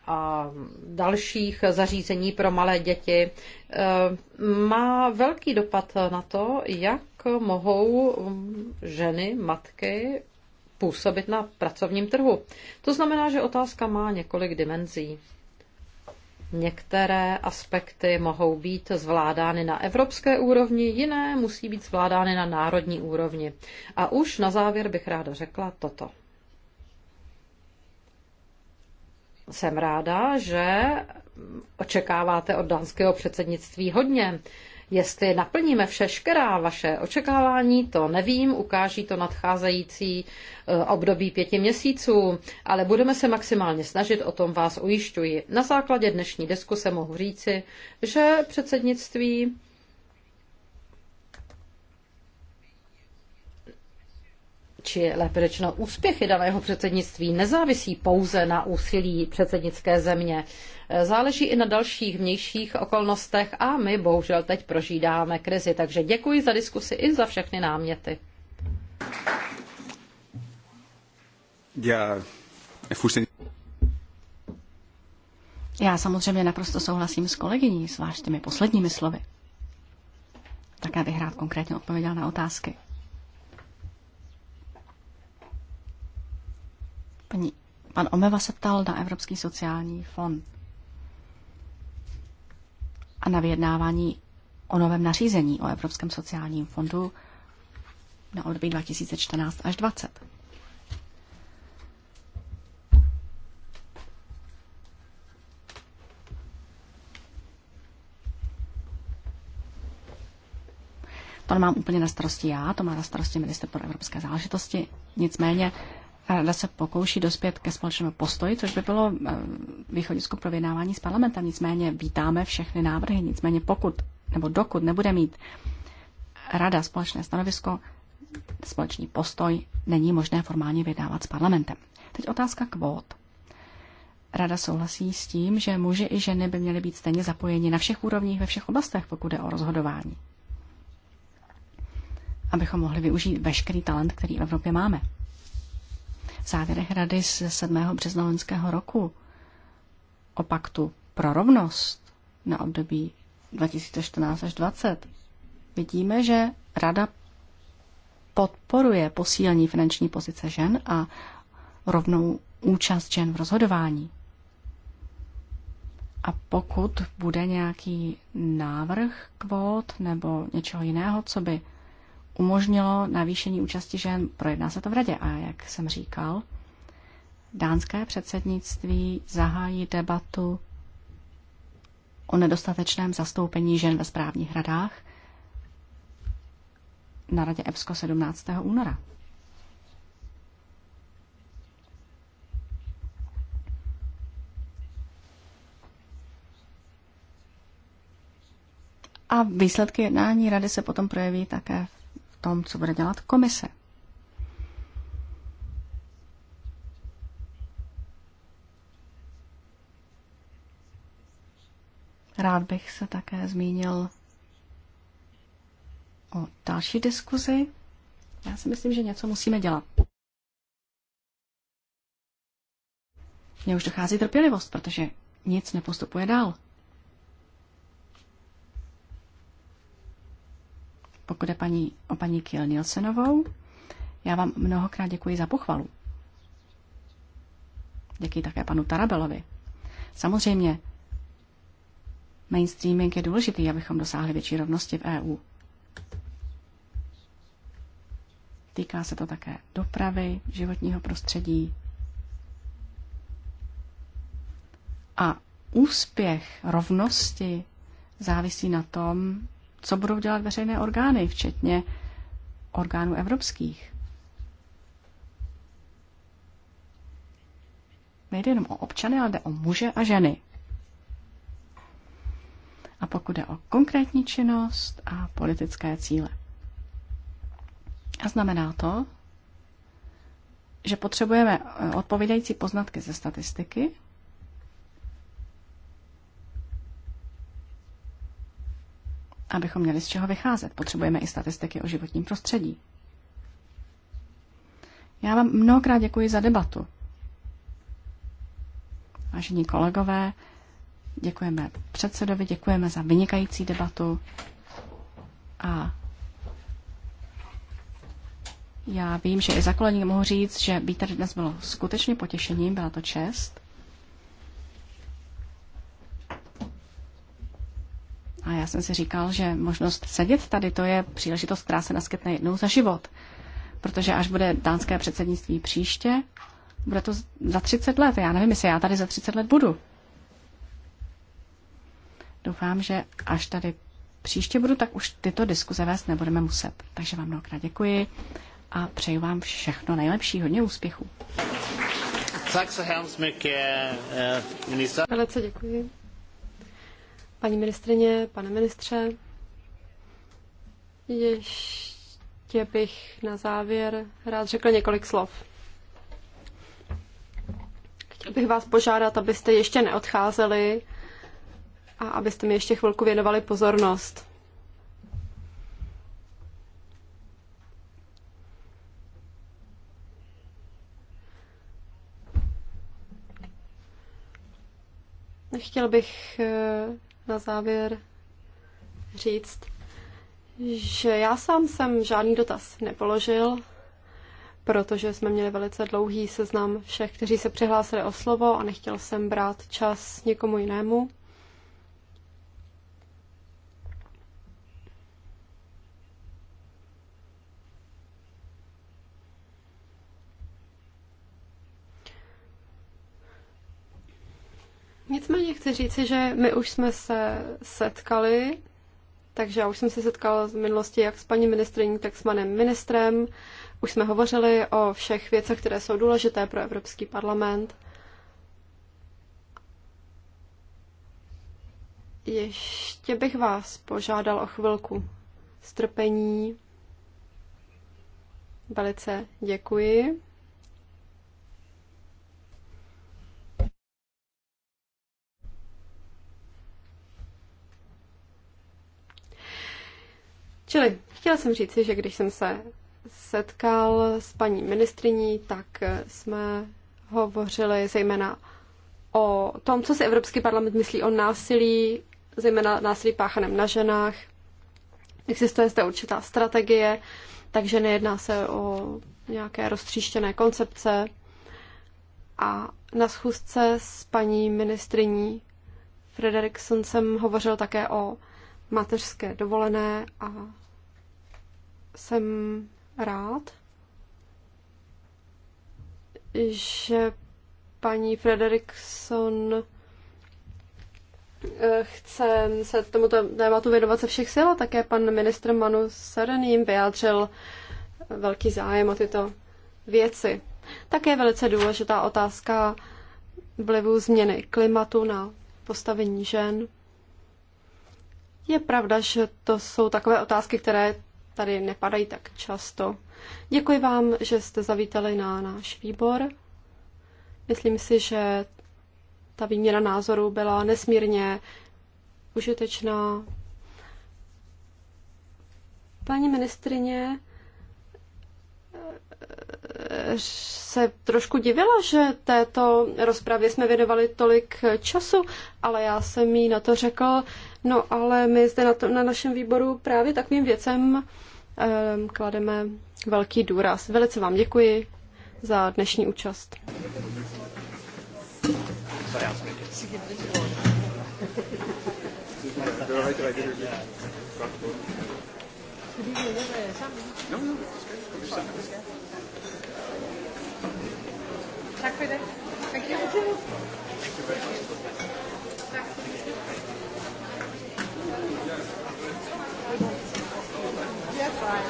a dalších zařízení pro malé děti eh, má velký dopad na to, jak mohou mm, ženy, matky působit na pracovním trhu. To znamená, že otázka má několik dimenzí. Některé aspekty mohou být zvládány na evropské úrovni, jiné musí být zvládány na národní úrovni. A už na závěr bych ráda řekla toto. Jsem ráda, že očekáváte od dánského předsednictví hodně. Jestli naplníme všeškerá vaše očekávání, to nevím, ukáží to nadcházející e, období pěti měsíců, ale budeme se maximálně snažit, o tom vás ujišťuji. Na základě dnešní diskuse mohu říci, že předsednictví či lépe řečeno úspěchy daného předsednictví nezávisí pouze na úsilí předsednické země. Záleží i na dalších vnějších okolnostech a my bohužel teď prožídáme krizi. Takže děkuji za diskusi i za všechny náměty. Já, Já samozřejmě naprosto souhlasím s kolegyní, s těmi posledními slovy. Také bych rád konkrétně odpověděl na otázky. Paní, pan Omeva se ptal na Evropský sociální fond a na vyjednávání o novém nařízení o Evropském sociálním fondu na období 2014 až 2020. To nemám úplně na starosti já, to má na starosti minister pro evropské záležitosti. Nicméně Rada se pokouší dospět ke společnému postoji, což by bylo eh, východisko pro vyjednávání s parlamentem. Nicméně vítáme všechny návrhy. Nicméně pokud nebo dokud nebude mít Rada společné stanovisko, společný postoj, není možné formálně vydávat s parlamentem. Teď otázka kvót. Rada souhlasí s tím, že muži i ženy by měly být stejně zapojeni na všech úrovních ve všech oblastech, pokud jde o rozhodování. Abychom mohli využít veškerý talent, který v Evropě máme v závěrech rady ze 7. března loňského roku o paktu pro rovnost na období 2014 až 2020 vidíme, že rada podporuje posílení finanční pozice žen a rovnou účast žen v rozhodování. A pokud bude nějaký návrh kvót nebo něčeho jiného, co by umožnilo navýšení účasti žen. Projedná se to v radě a jak jsem říkal, dánské předsednictví zahájí debatu o nedostatečném zastoupení žen ve správních radách na radě EBSCO 17. února. A výsledky jednání rady se potom projeví také v tom, co bude dělat komise. Rád bych se také zmínil o další diskuzi. Já si myslím, že něco musíme dělat. Mně už dochází trpělivost, protože nic nepostupuje dál. pokud je paní, o paní Kiel Nielsenovou. Já vám mnohokrát děkuji za pochvalu. Děkuji také panu Tarabelovi. Samozřejmě, mainstreaming je důležitý, abychom dosáhli větší rovnosti v EU. Týká se to také dopravy, životního prostředí. A úspěch rovnosti závisí na tom, co budou dělat veřejné orgány, včetně orgánů evropských. Nejde jenom o občany, ale jde o muže a ženy. A pokud jde o konkrétní činnost a politické cíle. A znamená to, že potřebujeme eh, odpovídající poznatky ze statistiky, abychom měli z čeho vycházet. Potřebujeme i statistiky o životním prostředí. Já vám mnohokrát děkuji za debatu. Vážení kolegové, děkujeme předsedovi, děkujeme za vynikající debatu a já vím, že i za kolegy mohu říct, že být tady dnes bylo skutečně potěšením, byla to čest. A já jsem si říkal, že možnost sedět tady, to je příležitost, která se naskytne jednou za život. Protože až bude dánské předsednictví příště, bude to za 30 let. Já nevím, jestli já tady za 30 let budu. Doufám, že až tady příště budu, tak už tyto diskuze vést nebudeme muset. Takže vám mnohokrát děkuji a přeji vám všechno nejlepší, hodně úspěchů. Eh, Velice děkuji. Paní ministrině, pane ministře, ještě bych na závěr rád řekl několik slov. Chtěl bych vás požádat, abyste ještě neodcházeli a abyste mi ještě chvilku věnovali pozornost. Chtěl bych eh, na závěr říct, že já sám jsem žádný dotaz nepoložil, protože jsme měli velice dlouhý seznam všech, kteří se přihlásili o slovo a nechtěl jsem brát čas někomu jinému. Nicméně chci říci, že my už jsme se setkali, takže já už jsem se setkala z minulosti jak s paní ministriní, tak s panem ministrem. Už jsme hovořili o všech věcech, které jsou důležité pro Evropský parlament. Ještě bych vás požádal o chvilku strpení. Velice děkuji. Čili chtěla jsem říct, že když jsem se setkal s paní ministriní, tak jsme hovořili zejména o tom, co si Evropský parlament myslí o násilí, zejména násilí páchaném na ženách. Existuje zde určitá strategie, takže nejedná se o nějaké roztříštěné koncepce. A na schůzce s paní ministriní Frederikson jsem hovořil také o mateřské dovolené a jsem rád, že paní Frederikson eh, chce se tomuto tématu věnovat ze všech sil a také pan ministr Manu Seren jim vyjádřil eh, velký zájem o tyto věci. Také je velice důležitá otázka vlivu změny klimatu na postavení žen. Je pravda, že to jsou takové otázky, které tady nepadají tak často. Děkuji vám, že jste zavítali na náš výbor. Myslím si, že ta výměna názorů byla nesmírně užitečná. Paní ministrině eh, se trošku divila, že této rozpravě jsme věnovali tolik času, ale já jsem jí na to řekl, No ale my zde na, to, na našem výboru právě takovým věcem um, klademe velký důraz. Velice vám děkuji za dnešní účast. Tack för Sabina,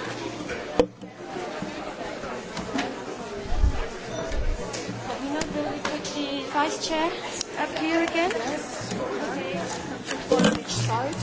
will we put the vice chair up here again? Okay. For which side?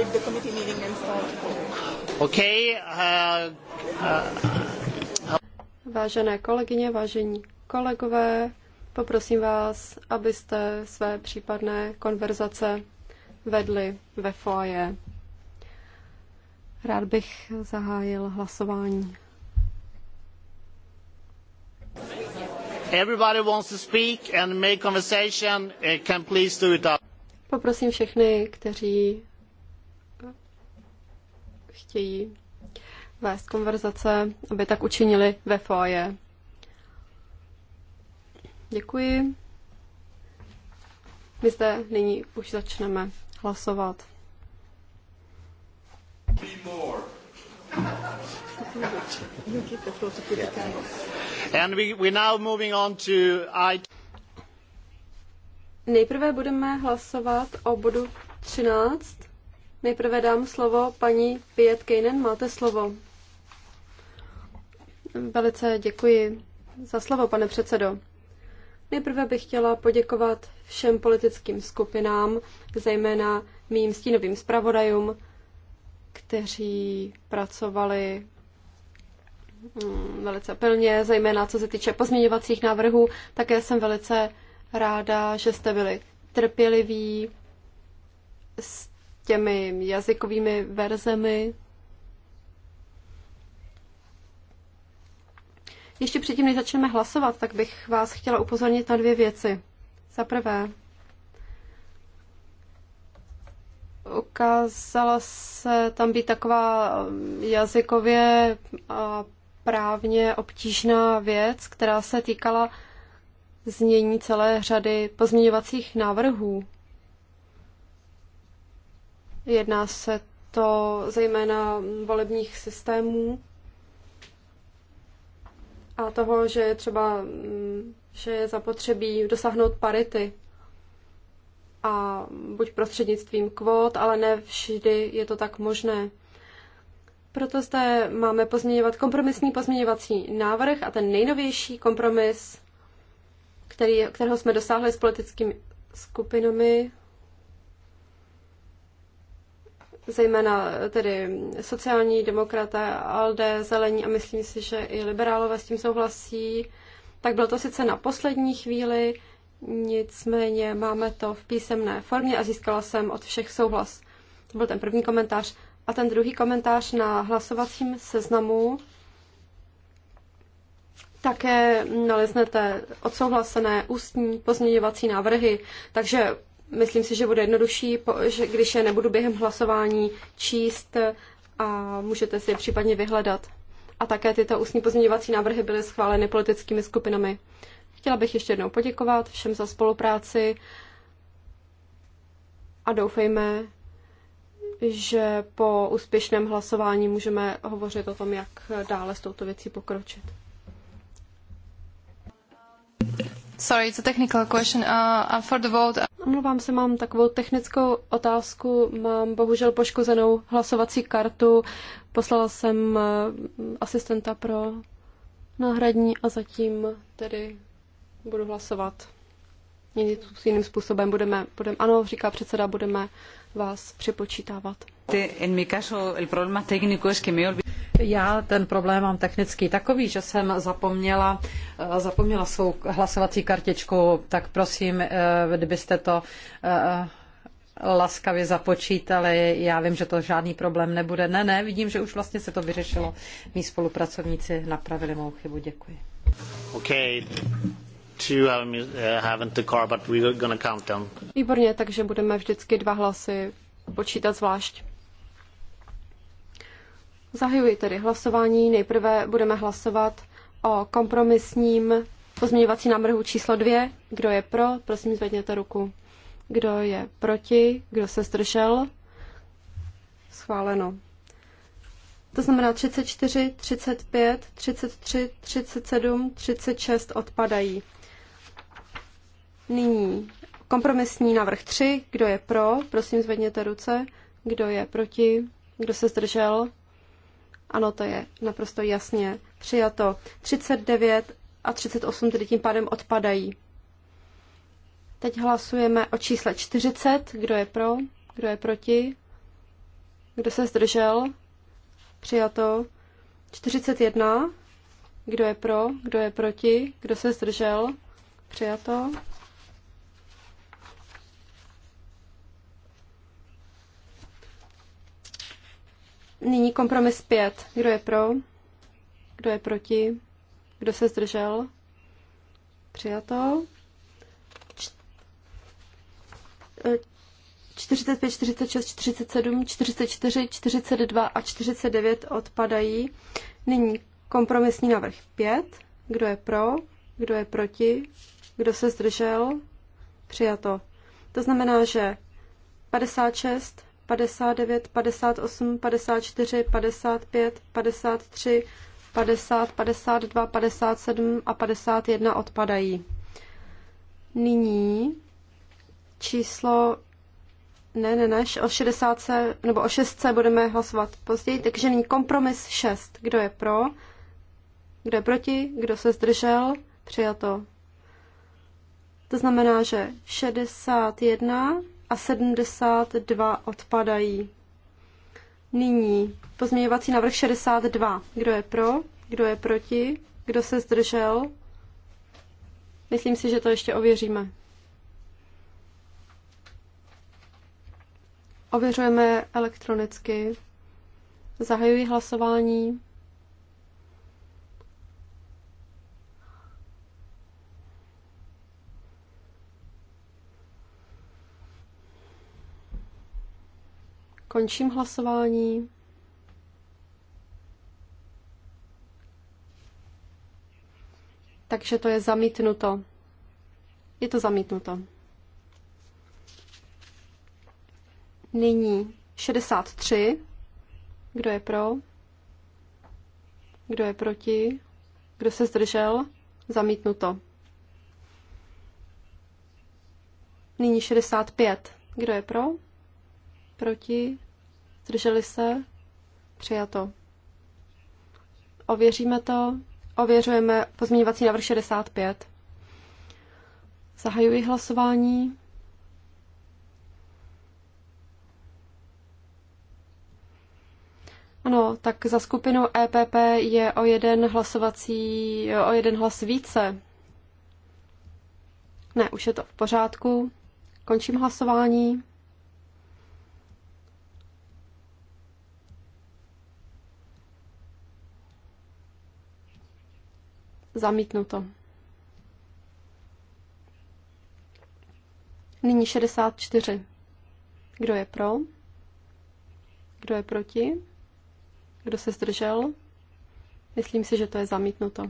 with the committee meeting and on. Okay, uh, uh, Vážené kolegyně, vážení kolegové, poprosím vás, abyste své případné konverzace vedli ve foaje. Rád bych zahájil hlasování. Everybody wants to speak and make conversation, eh, can please do it up. Poprosím všechny, kteří chtějí vést konverzace, aby tak učinili ve foje. Děkuji. My zde nyní už začneme hlasovat. And we, we're now moving on to I... Nejprve budeme hlasovat o bodu 13 Nejprve dám slovo paní Piet Kejnen. Máte slovo. Velice děkuji za slovo, pane předsedo. Nejprve bych chtěla poděkovat všem politickým skupinám, zejména mým stínovým zpravodajům, kteří pracovali mm, velice pilně, zejména co se týče pozměňovacích návrhů. Také jsem velice ráda, že jste byli trpěliví s těmi jazykovými verzemi. Ještě předtím, než začneme hlasovat, tak bych vás chtěla upozornit na dvě věci. Za prvé, ukázala se tam být taková um, jazykově a uh, právně obtížná věc, která se týkala znění celé řady pozměňovacích návrhů. Jedná se to zejména volebních systémů a toho, že je třeba, mm, že je zapotřebí dosáhnout parity a buď prostřednictvím kvót, ale ne vždy je to tak možné. Proto zde máme pozměňovat kompromisní pozměňovací návrh a ten nejnovější kompromis, který, kterého jsme dosáhli s politickými skupinami, zejména tedy sociální demokraté, ALDE, zelení a myslím si, že i liberálové s tím souhlasí. Tak bylo to sice na poslední chvíli, nicméně máme to v písemné formě a získala jsem od všech souhlas. To byl ten první komentář. A ten druhý komentář na hlasovacím seznamu také naleznete odsouhlasené ústní pozměňovací návrhy, takže Myslím si, že bude jednodušší, že když je nebudu během hlasování číst a můžete si je případně vyhledat. A také tyto ústní pozměňovací návrhy byly schváleny politickými skupinami. Chtěla bych ještě jednou poděkovat všem za spolupráci a doufejme, že po úspěšném hlasování můžeme hovořit o tom, jak dále s touto věcí pokročit. Sorry, it's a technical question. Uh, uh for the vote... Uh, Omlouvám se, mám takovou technickou otázku. Mám bohužel poškozenou hlasovací kartu. Poslala jsem uh, asistenta pro náhradní a zatím tedy budu hlasovat. Jiným způsobem budeme, budeme, ano, říká předseda, budeme vás přepočítávat. Já ten problém mám technický takový, že jsem zapomněla, eh, zapomněla svou hlasovací kartičku, tak prosím, eh, kdybyste to eh, laskavě započítali. Já vím, že to žádný problém nebude. Ne, ne, vidím, že už vlastně se to vyřešilo. Mí spolupracovníci napravili mou chybu. Děkuji. Okay. Uh, Výborně, takže budeme vždycky dva hlasy počítat zvlášť. Zahajuji tedy hlasování. Nejprve budeme hlasovat o kompromisním pozměňovací návrhu číslo dvě. Kdo je pro, prosím zvedněte ruku. Kdo je proti, kdo se zdržel? Schváleno. To znamená 34, 35, 33, 37, 36 odpadají. Nyní kompromisní návrh 3. Kdo je pro, prosím zvedněte ruce. Kdo je proti, kdo se zdržel? Ano, to je naprosto jasně přijato. 39 a 38 tedy tím pádem odpadají. Teď hlasujeme o čísle 40. Kdo je pro? Kdo je proti? Kdo se zdržel? Přijato. 41. Kdo je pro? Kdo je proti? Kdo se zdržel? Přijato. Nyní kompromis 5. Kdo je pro? Kdo je proti? Kdo se zdržel? Přijato. 45, 46, 47, 44, 42 a 49 odpadají. Nyní kompromisní návrh 5. Kdo je pro? Kdo je proti? Kdo se zdržel? Přijato. To znamená, že 56, 59, 58, 54, 55, 53, 50, 52, 57 a 51 odpadají. Nyní číslo ne, ne, ne, o 60 nebo o 6 budeme hlasovat později, takže nyní kompromis 6. Kdo je pro? Kdo je proti? Kdo se zdržel? Přijato. To znamená, že 61 a 72 odpadají. Nyní pozměňovací návrh 62. Kdo je pro? Kdo je proti? Kdo se zdržel? Myslím si, že to ještě ověříme. Ověřujeme elektronicky. Zahajuji hlasování. Končím hlasování. Takže to je zamítnuto. Je to zamítnuto. Nyní 63. Kdo je pro? Kdo je proti? Kdo se zdržel? Zamítnuto. Nyní 65. Kdo je pro? proti, zdrželi se, přijato. Ověříme to, ověřujeme pozměňovací návrh 65. Zahajuji hlasování. Ano, tak za skupinu EPP je o jeden hlasovací, o jeden hlas více. Ne, už je to v pořádku. Končím hlasování. Zamítnuto. Nyní 64. Kdo je pro? Kdo je proti? Kdo se zdržel? Myslím si, že to je zamítnuto.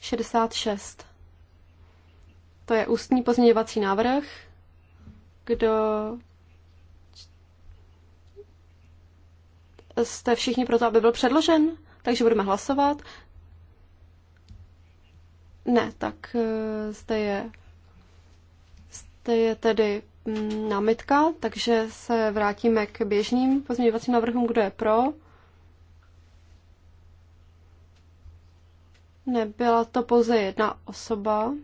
66. To je ústní pozměňovací návrh. Kdo jste všichni pro to, aby byl předložen? Takže budeme hlasovat. Ne, tak eh, zde je, zde je tedy mm, námitka, takže se vrátíme k běžným pozměňovacím návrhům, kdo je pro. Nebyla to pouze jedna osoba.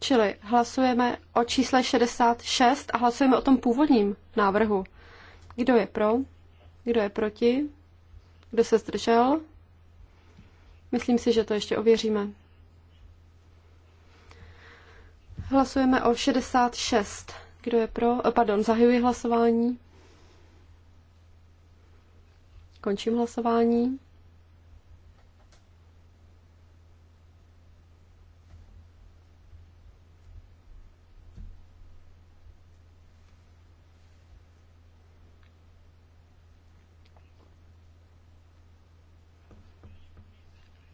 Čili hlasujeme o čísle 66 a hlasujeme o tom původním návrhu. Kdo je pro? Kdo je proti? Kdo se zdržel? Myslím si, že to ještě ověříme. Hlasujeme o 66. Kdo je pro? Eh, pardon, zahajuji hlasování. Končím hlasování.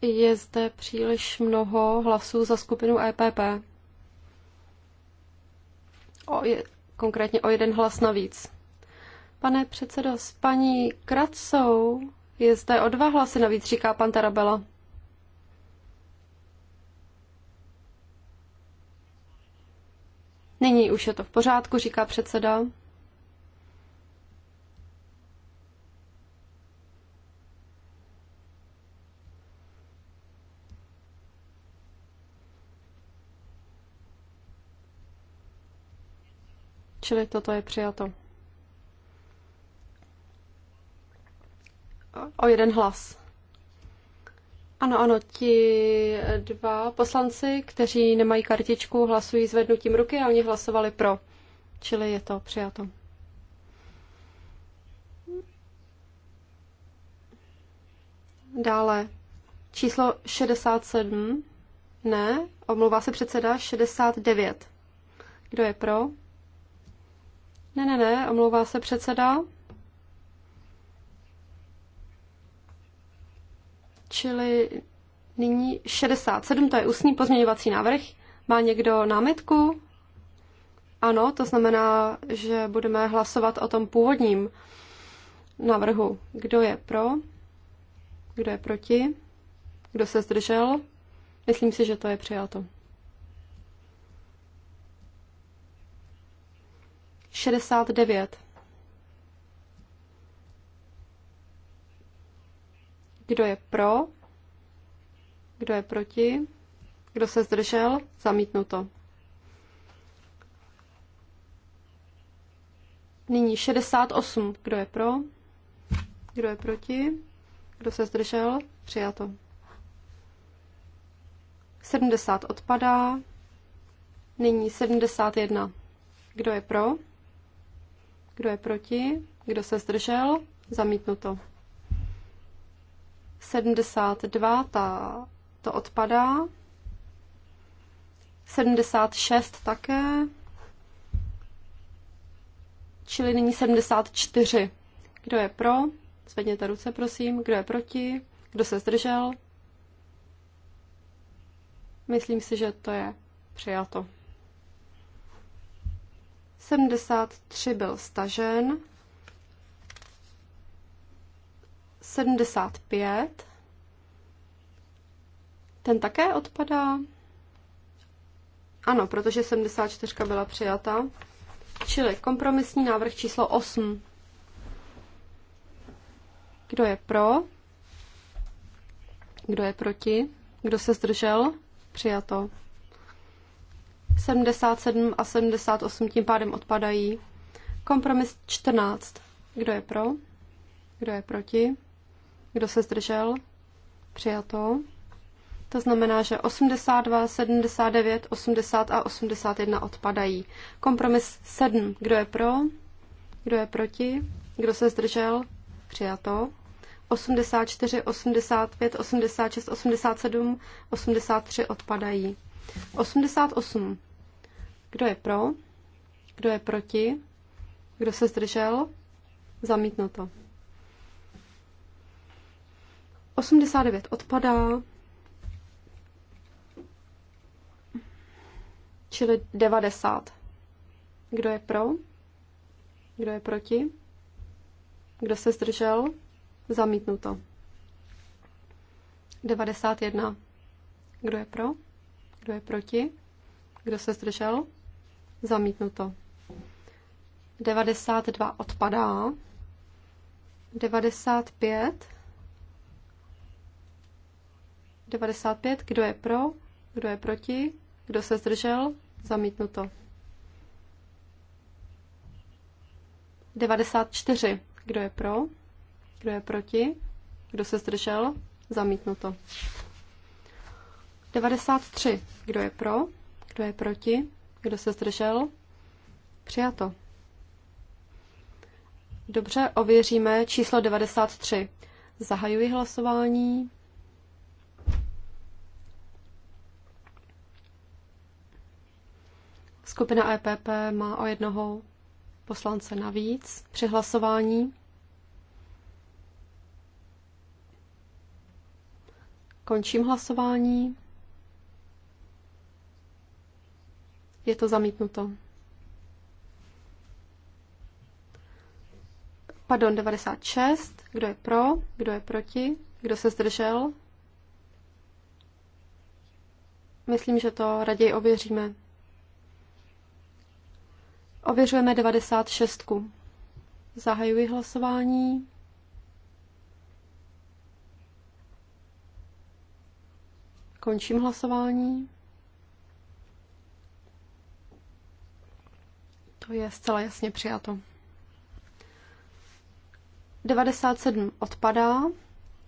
je zde příliš mnoho hlasů za skupinu EPP. O je, konkrétně o jeden hlas navíc. Pane předsedo, s paní Kracou je zde o dva hlasy navíc, říká pan Tarabela. Nyní už je to v pořádku, říká předseda. Čili toto je přijato. O jeden hlas. Ano, ano, ti dva poslanci, kteří nemají kartičku, hlasují zvednutím ruky a oni hlasovali pro. Čili je to přijato. Dále. Číslo 67. Ne, omlouvá se předseda 69. Kdo je pro? Ne, ne, ne, omlouvá se předseda. Čili nyní 67, to je ústní pozměňovací návrh. Má někdo námitku? Ano, to znamená, že budeme hlasovat o tom původním návrhu. Kdo je pro? Kdo je proti? Kdo se zdržel? Myslím si, že to je přijato. 69. Kdo je pro? Kdo je proti? Kdo se zdržel? Zamítnuto. Nyní 68. Kdo je pro? Kdo je proti? Kdo se zdržel? Přijato. 70 odpadá. Nyní 71. Kdo je pro? Kdo je proti? Kdo se zdržel? Zamítnuto. 72, ta, to odpadá. 76 také. Čili nyní 74. Kdo je pro? Zvedněte ruce, prosím. Kdo je proti? Kdo se zdržel? Myslím si, že to je přijato. 73 byl stažen. 75. Ten také odpadá. Ano, protože 74 byla přijata. Čili kompromisní návrh číslo 8. Kdo je pro? Kdo je proti? Kdo se zdržel? Přijato. 77 a 78 tím pádem odpadají. Kompromis 14. Kdo je pro? Kdo je proti? Kdo se zdržel? Přijato. To znamená, že 82, 79, 80 a 81 odpadají. Kompromis 7. Kdo je pro? Kdo je proti? Kdo se zdržel? Přijato. 84, 85, 86, 87, 83 odpadají. 88. Kdo je pro? Kdo je proti? Kdo se zdržel? to. 89 odpadá. Čili 90. Kdo je pro? Kdo je proti? Kdo se zdržel? to. 91. Kdo je pro? Kdo je proti? Kdo se zdržel? Zamítnuto. 92 odpadá. 95. 95. Kdo je pro? Kdo je proti? Kdo se zdržel? Zamítnuto. 94. Kdo je pro? Kdo je proti? Kdo se zdržel? Zamítnuto. 93. Kdo je pro? Kdo je proti? Kdo se zdržel? Přijato. Dobře, ověříme číslo 93. Zahajuji hlasování. Skupina EPP má o jednoho poslance navíc při hlasování. Končím hlasování. Je to zamítnuto. Pardon, 96. Kdo je pro? Kdo je proti? Kdo se zdržel? Myslím, že to raději ověříme. Ověřujeme 96. Zahajuji hlasování. Končím hlasování. To je zcela jasně přijato. 97 odpadá,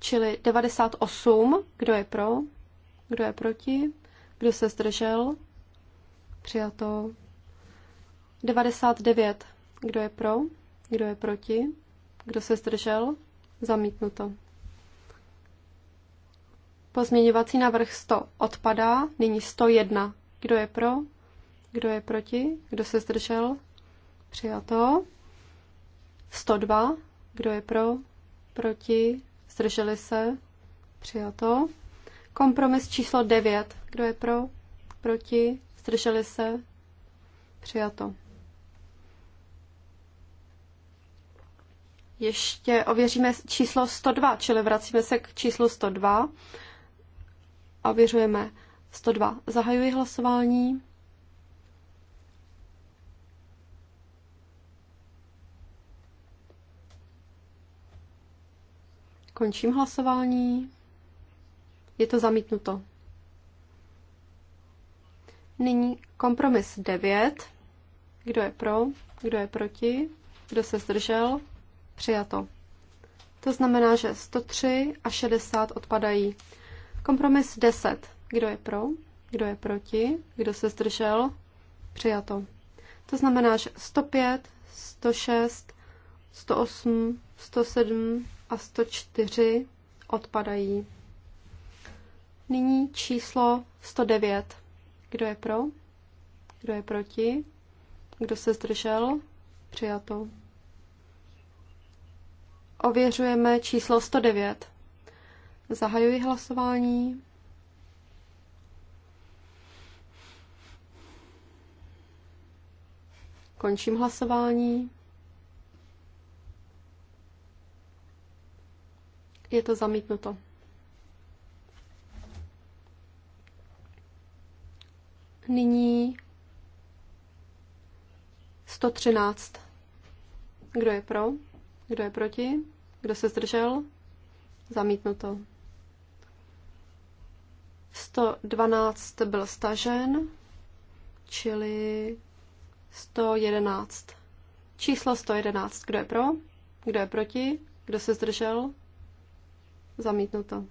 čili 98, kdo je pro, kdo je proti, kdo se zdržel, přijato. 99, kdo je pro, kdo je proti, kdo se zdržel, zamítnuto. Pozměňovací návrh 100 odpadá, nyní 101. Kdo je pro? Kdo je proti? Kdo se zdržel? Přijato. 102. Kdo je pro? Proti? Zdrželi se? Přijato. Kompromis číslo 9. Kdo je pro? Proti? Zdrželi se? Přijato. Ještě ověříme číslo 102, čili vracíme se k číslu 102 a ověřujeme 102. Zahajuji hlasování. Končím hlasování. Je to zamítnuto. Nyní kompromis 9. Kdo je pro? Kdo je proti? Kdo se zdržel? Přijato. To znamená, že 103 a 60 odpadají. Kompromis 10. Kdo je pro? Kdo je proti? Kdo se zdržel? Přijato. To znamená, že 105, 106, 108, 107, a 104 odpadají. Nyní číslo 109. Kdo je pro? Kdo je proti? Kdo se zdržel? Přijato. Ověřujeme číslo 109. Zahajuji hlasování. Končím hlasování. Je to zamítnuto. Nyní 113. Kdo je pro? Kdo je proti? Kdo se zdržel? Zamítnuto. 112 byl stažen, čili 111. Číslo 111. Kdo je pro? Kdo je proti? Kdo se zdržel? Zamítnuto.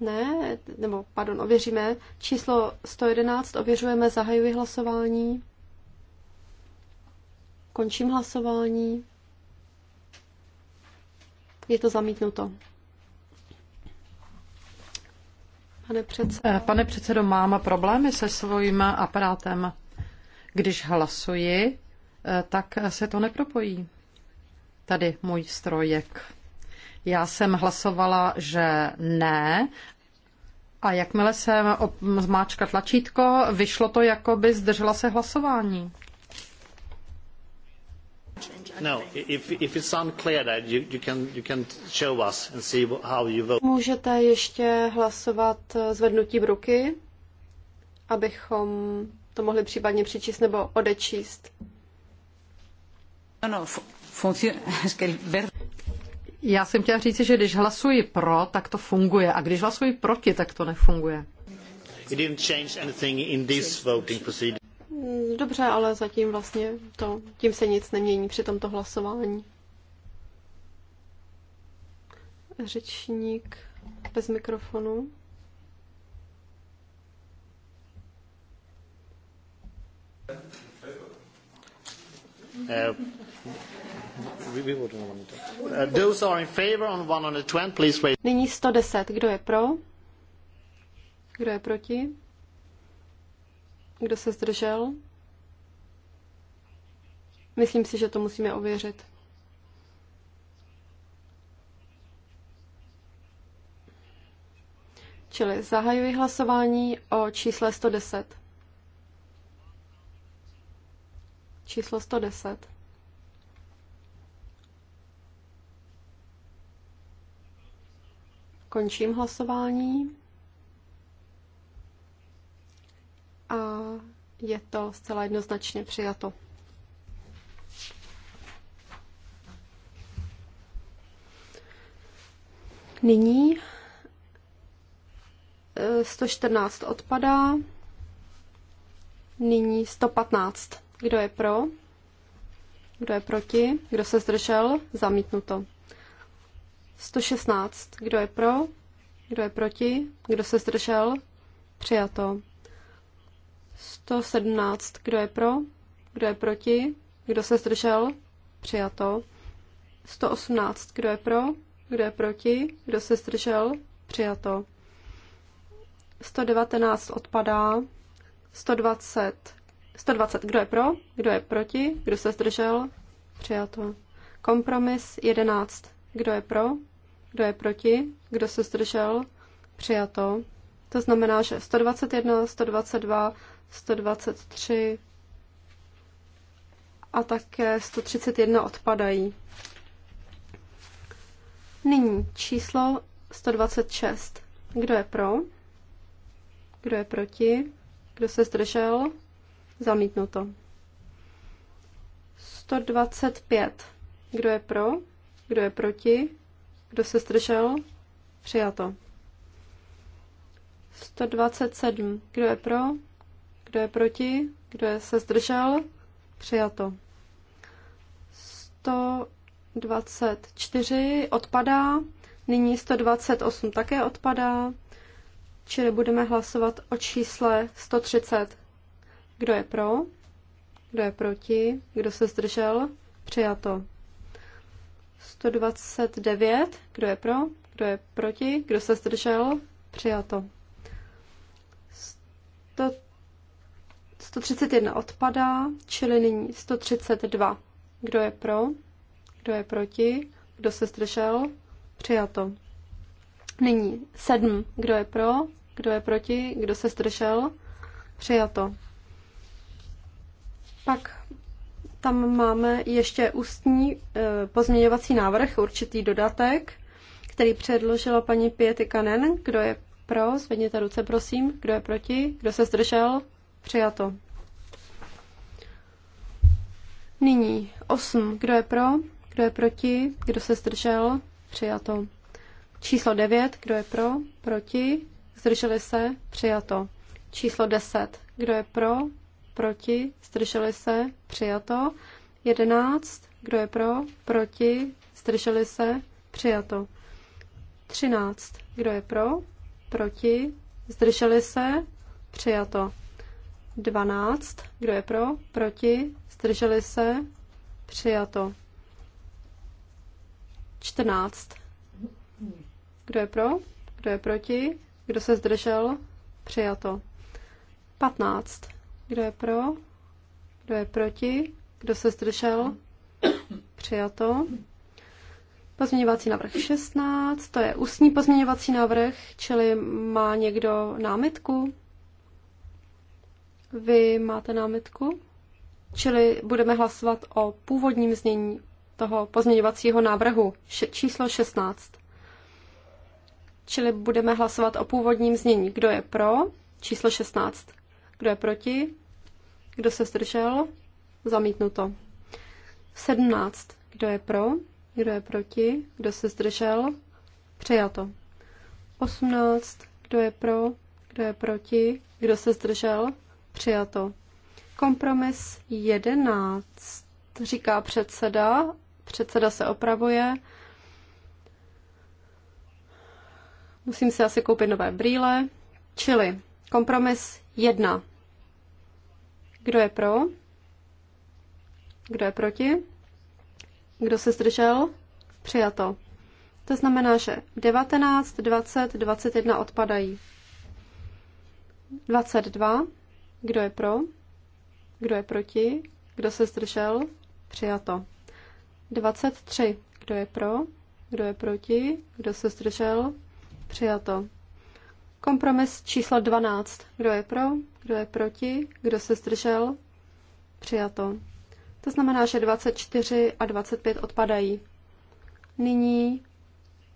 Ne, nebo pardon, ověříme. Číslo 111 ověřujeme, zahajuji hlasování. Končím hlasování. Je to zamítnuto. Pane předsedo. Eh, pane předsedo, mám problémy se svým aparátem. Když hlasuji, eh, tak se to nepropojí. Tady můj strojek. Já jsem hlasovala, že ne, a jakmile jsem zmáčka tlačítko, vyšlo to, jako by zdržela se hlasování. Můžete ještě hlasovat eh, zvednutím ruky, abychom to mohli případně přičíst nebo odečíst. No, no, Já jsem chtěla říct, že když hlasuji pro, tak to funguje a když hlasuji proti, tak to nefunguje. Mm, dobře, ale zatím vlastně to, tím se nic nemění při tomto hlasování. Řečník bez mikrofonu. Uh, Uh, Nyní 110. Kdo je pro? Kdo je proti? Kdo se zdržel? Myslím si, že to musíme ověřit. Čili zahajuji hlasování o čísle 110. Číslo 110. Končím hlasování. A je to zcela jednoznačně přijato. Nyní 114 eh, odpadá. Nyní 115. Kdo je pro? Kdo je proti? Kdo se zdržel? Zamítnuto. 116. Kdo je pro? Kdo je proti? Kdo se zdržel? Přijato. 117. Kdo je pro? Kdo je proti? Kdo se zdržel? Přijato. 118. Kdo je pro? Kdo je proti? Kdo se zdržel? Přijato. 119 odpadá. 120. 120. Kdo je pro? Kdo je proti? Kdo se zdržel? Přijato. Kompromis 11. Kdo je pro? Kdo je proti? Kdo se zdržel? Přijato. To znamená, že 121, 122, 123 a také 131 odpadají. Nyní číslo 126. Kdo je pro? Kdo je proti? Kdo se zdržel? Zamítnuto. 125. Kdo je pro? Kdo je proti? Kdo se zdržel? Přijato. 127. Kdo je pro? Kdo je proti? Kdo je se zdržel? Přijato. 124 odpadá. Nyní 128 také odpadá. Čili budeme hlasovat o čísle 130. Kdo je pro? Kdo je proti? Kdo se zdržel? Přijato. 129. Kdo je pro? Kdo je proti? Kdo se zdržel? Přijato. 100, 131 odpadá, čili nyní 132. Kdo je pro? Kdo je proti? Kdo se zdržel? Přijato. Nyní 7. Kdo je pro? Kdo je proti? Kdo se zdržel? Přijato. Pak tam máme ještě ústní eh, pozměňovací návrh, určitý dodatek, který předložila paní Pěty Kanen. Kdo je pro? Zvedněte ruce, prosím. Kdo je proti? Kdo se zdržel? Přijato. Nyní 8. Kdo je pro? Kdo je proti? Kdo se zdržel? Přijato. Číslo 9. Kdo je pro? Proti? Zdrželi se? Přijato. Číslo 10. Kdo je pro? proti, zdrželi se, přijato. 11, kdo je pro, proti, zdrželi se, přijato. 13, kdo je pro, proti, zdrželi se, přijato. 12, kdo je pro, proti, zdrželi se, přijato. 14. Kdo je pro? Kdo je proti? Kdo se zdržel? Přijato. 15. Kdo je pro? Kdo je proti? Kdo se zdržel? Přijato. Pozměňovací návrh 16, to je ústní pozměňovací návrh, čili má někdo námitku? Vy máte námitku? Čili budeme hlasovat o původním znění toho pozměňovacího návrhu číslo 16. Čili budeme hlasovat o původním znění. Kdo je pro? Číslo 16. Kdo je proti? Kdo se zdržel? Zamítnuto. 17. Kdo je pro? Kdo je proti? Kdo se zdržel? Přijato. 18. Kdo je pro? Kdo je proti? Kdo se zdržel? Přijato. Kompromis 11. Říká předseda. Předseda se opravuje. Musím si asi koupit nové brýle. Čili kompromis 1. Kdo je pro? Kdo je proti? Kdo se zdržel? Přijato. To znamená, že 19, 20, 21 odpadají. 22. Kdo je pro? Kdo je proti? Kdo se zdržel? Přijato. 23. Kdo je pro? Kdo je proti? Kdo se zdržel? Přijato. Kompromis číslo 12. Kdo je pro? Kdo je proti? Kdo se zdržel? Přijato. To znamená, že 24 a 25 odpadají. Nyní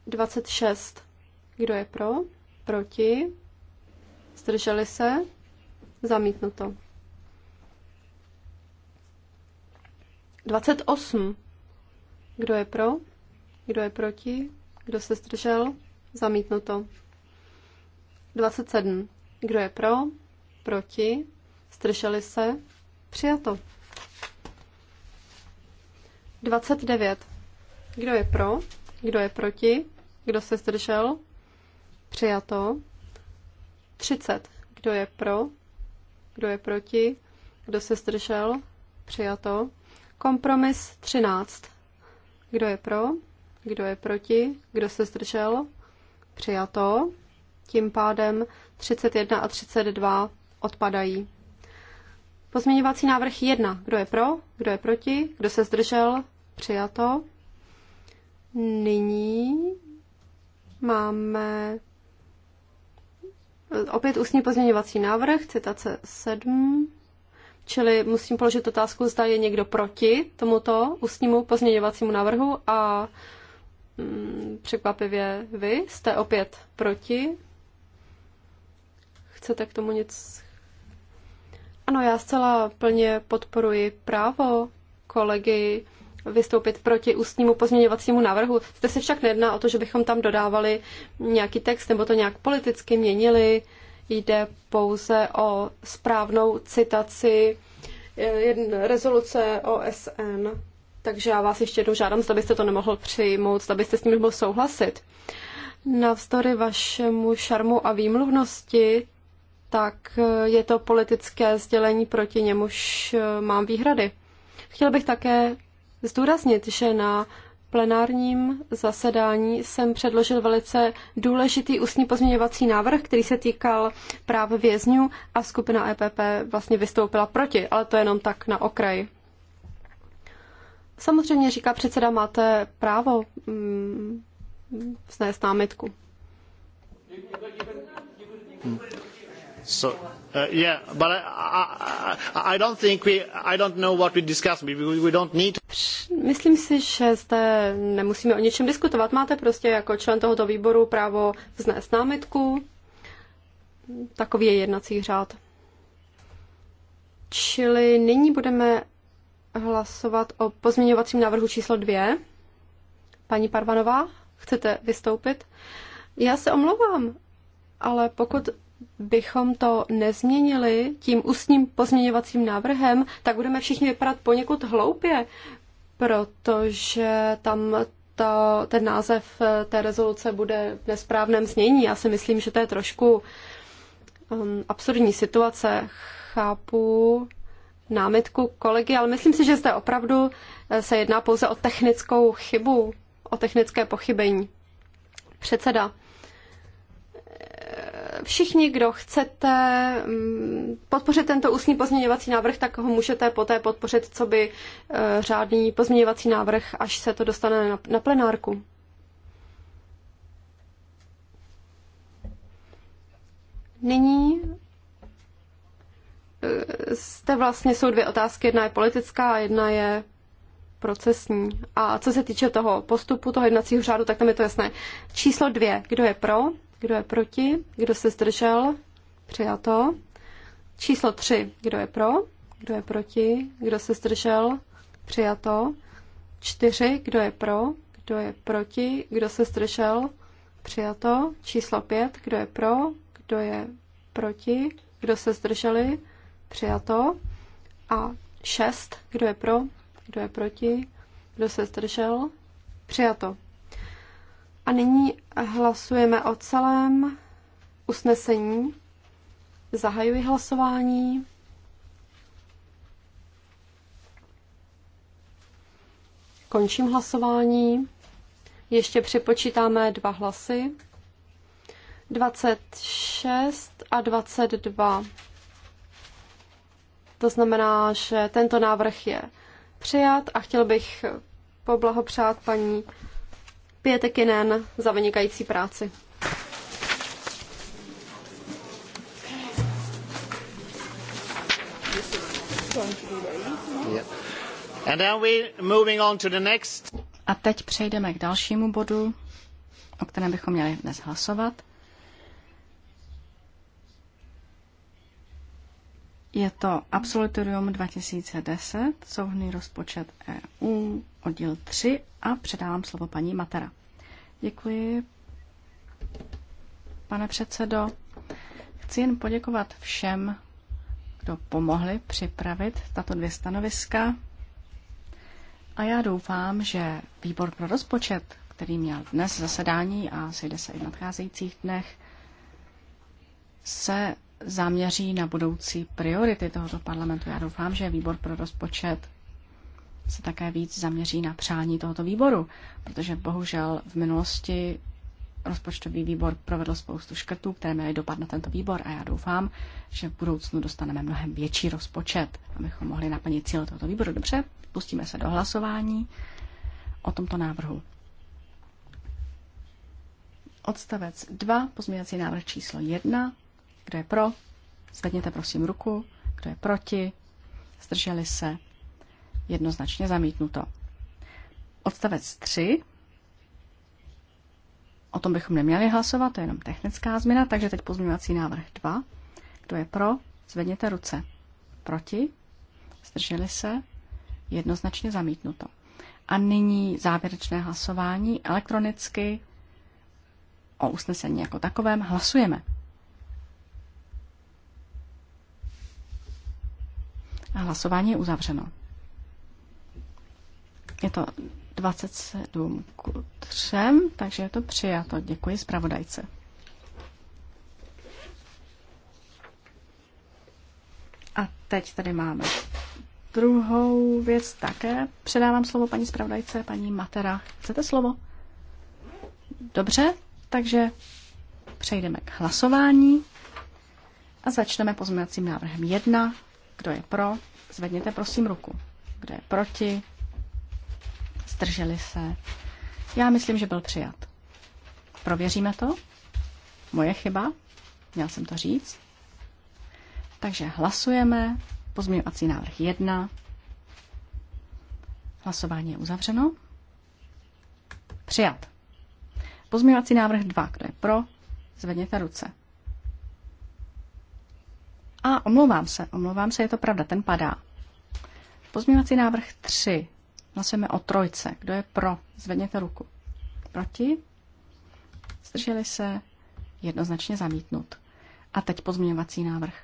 26. Kdo je pro? Proti? Zdrželi se? Zamítnuto. 28. Kdo je pro? Kdo je proti? Kdo se zdržel? Zamítnuto. 27. Kdo je pro? Proti? Zdrželi se? Přijato. 29. Kdo je pro? Kdo je proti? Kdo se zdržel? Přijato. 30. Kdo je pro? Kdo je proti? Kdo se zdržel? Přijato. Kompromis 13. Kdo je pro? Kdo je proti? Kdo se zdržel? Přijato. Tím pádem 31 a 32 odpadají. Pozměňovací návrh 1. Kdo je pro? Kdo je proti? Kdo se zdržel? Přijato. Nyní máme opět ústní pozměňovací návrh, citace 7. Čili musím položit otázku, zda je někdo proti tomuto ústnímu pozměňovacímu návrhu a mm, překvapivě vy jste opět proti. Chcete k tomu nic? Ano, já zcela plně podporuji právo kolegy vystoupit proti ústnímu pozměňovacímu návrhu. Zde se však nejedná o to, že bychom tam dodávali nějaký text nebo to nějak politicky měnili. Jde pouze o správnou citaci eh, rezoluce OSN. Takže já vás ještě jednou žádám, zda byste to nemohl přijmout, zda byste s tím nemohl souhlasit. Navzdory vašemu šarmu a výmluvnosti tak eh, je to politické sdělení, proti němuž eh, mám výhrady. Chtěl bych také zdůraznit, že na plenárním zasedání jsem předložil velice důležitý ústní pozměňovací návrh, který se týkal práv vězňů a skupina EPP vlastně vystoupila proti, ale to jenom tak na okraji. Samozřejmě říká předseda, máte právo mm, vznést námitku. Hmm. So, uh, yeah, but I, I, I don't think we, I don't know what we discussed. We, we don't need. Myslím si, že zde nemusíme o ničem diskutovat. Máte prostě jako člen tohoto výboru právo vznést námitku. Takový je jednací řád. Čili nyní budeme hlasovat o pozměňovacím návrhu číslo dvě. Paní Parvanová, chcete vystoupit? Já se omlouvám, ale pokud bychom to nezměnili tím ústním pozměňovacím návrhem, tak budeme všichni vypadat poněkud hloupě, protože tam to, ten název té rezoluce bude v nesprávném znění. Já si myslím, že to je trošku um, absurdní situace. Chápu námitku kolegy, ale myslím si, že zde opravdu eh, se jedná pouze o technickou chybu, o technické pochybení. Předseda všichni, kdo chcete mm, podpořit tento ústní pozměňovací návrh, tak ho můžete poté podpořit, co by eh, řádný pozměňovací návrh, až se to dostane na plenárku. Nyní jste eh, vlastně, jsou dvě otázky, jedna je politická a jedna je procesní. A co se týče toho postupu, toho jednacího řádu, tak tam je to jasné. Číslo dvě, kdo je pro? Kdo je proti? Kdo se zdržel? Přijato. Číslo 3. Kdo je pro? Kdo je proti? Kdo se zdržel? Přijato. 4. Kdo je pro? Kdo je proti? Kdo se zdržel? Přijato. Číslo 5. Kdo je pro? Kdo je proti? Kdo se zdrželi? Přijato. A 6. Kdo je pro? Kdo je proti? Kdo se zdržel? Přijato. A nyní hlasujeme o celém usnesení. Zahajuji hlasování. Končím hlasování. Ještě připočítáme dva hlasy. 26 a 22. To znamená, že tento návrh je přijat a chtěl bych poblahopřát paní Kinen za vynikající práci. A teď přejdeme k dalšímu bodu, o kterém bychom měli dnes hlasovat. Je to Absolutorium 2010, souhný rozpočet EU, oddíl 3 a předávám slovo paní Matera. Děkuji, pane předsedo. Chci jen poděkovat všem, kdo pomohli připravit tato dvě stanoviska. A já doufám, že výbor pro rozpočet, který měl dnes zasedání a sejde se i v nadcházejících dnech, se zaměří na budoucí priority tohoto parlamentu. Já doufám, že výbor pro rozpočet se také víc zaměří na přání tohoto výboru, protože bohužel v minulosti rozpočtový výbor provedl spoustu škrtů, které měly dopad na tento výbor a já doufám, že v budoucnu dostaneme mnohem větší rozpočet, abychom mohli naplnit cíl tohoto výboru. Dobře, pustíme se do hlasování o tomto návrhu. Odstavec 2, pozměňovací návrh číslo 1, kdo je pro? Zvedněte prosím ruku. Kdo je proti? Zdrželi se? Jednoznačně zamítnuto. Odstavec 3. O tom bychom neměli hlasovat, to je jenom technická změna, takže teď pozměňovací návrh 2. Kdo je pro? Zvedněte ruce. Proti? Zdrželi se? Jednoznačně zamítnuto. A nyní závěrečné hlasování elektronicky o usnesení jako takovém. Hlasujeme. A hlasování je uzavřeno. Je to 27 k 3, takže je to přijato. Děkuji zpravodajce. A teď tady máme druhou věc také. Předávám slovo paní zpravodajce, paní Matera. Chcete slovo? Dobře, takže přejdeme k hlasování a začneme pozměňovacím návrhem 1 kdo je pro, zvedněte prosím ruku. Kdo je proti, zdrželi se. Já myslím, že byl přijat. Prověříme to. Moje chyba, měl jsem to říct. Takže hlasujeme. Pozměňovací návrh 1. Hlasování je uzavřeno. Přijat. Pozměňovací návrh 2. Kdo je pro? Zvedněte ruce. A omlouvám se, omlouvám se, je to pravda, ten padá. Pozměňovací návrh 3. Hlasujeme o trojce. Kdo je pro? Zvedněte ruku. Proti? Zdrželi se? Jednoznačně zamítnut. A teď pozměňovací návrh.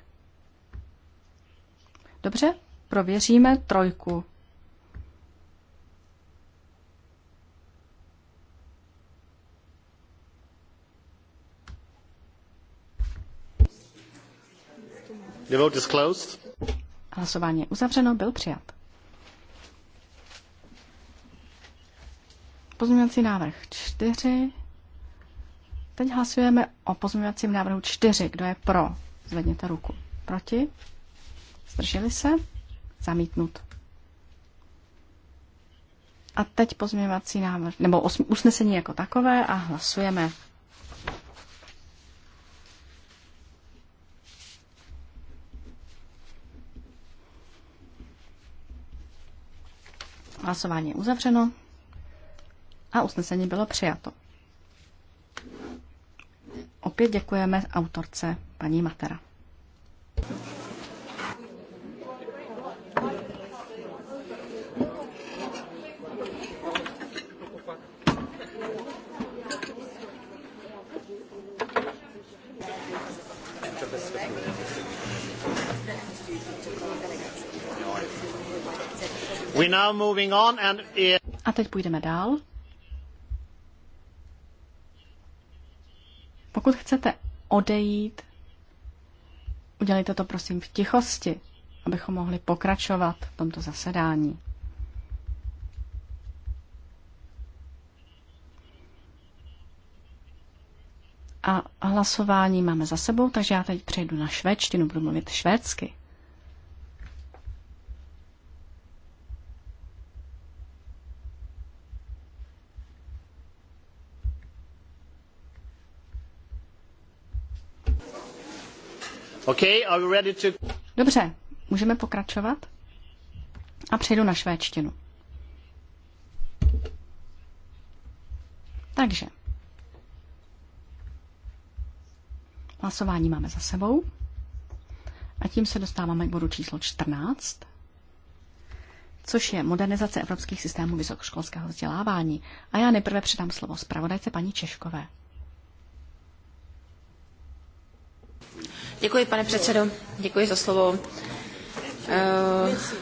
Dobře, prověříme trojku. The vote is closed. Hlasování je uzavřeno, byl přijat. Pozměňovací návrh 4. Teď hlasujeme o pozměňovacím návrhu 4. Kdo je pro? Zvedněte ruku. Proti? Zdrželi se? Zamítnut. A teď pozměňovací návrh, nebo usnesení jako takové a hlasujeme Hlasování je uzavřeno a usnesení bylo přijato. Opět děkujeme autorce paní Matera. A teď půjdeme dál. Pokud chcete odejít, udělejte to prosím v tichosti, abychom mohli pokračovat v tomto zasedání. A hlasování máme za sebou, takže já teď přejdu na švédštinu, budu mluvit švédsky. Dobře, můžeme pokračovat? A přejdu na švédštinu. Takže. Hlasování máme za sebou. A tím se dostáváme k bodu číslo 14, což je modernizace evropských systémů vysokoškolského vzdělávání. A já nejprve předám slovo zpravodajce paní Češkové. Děkuji, pane předsedo. Děkuji za slovo. Uh...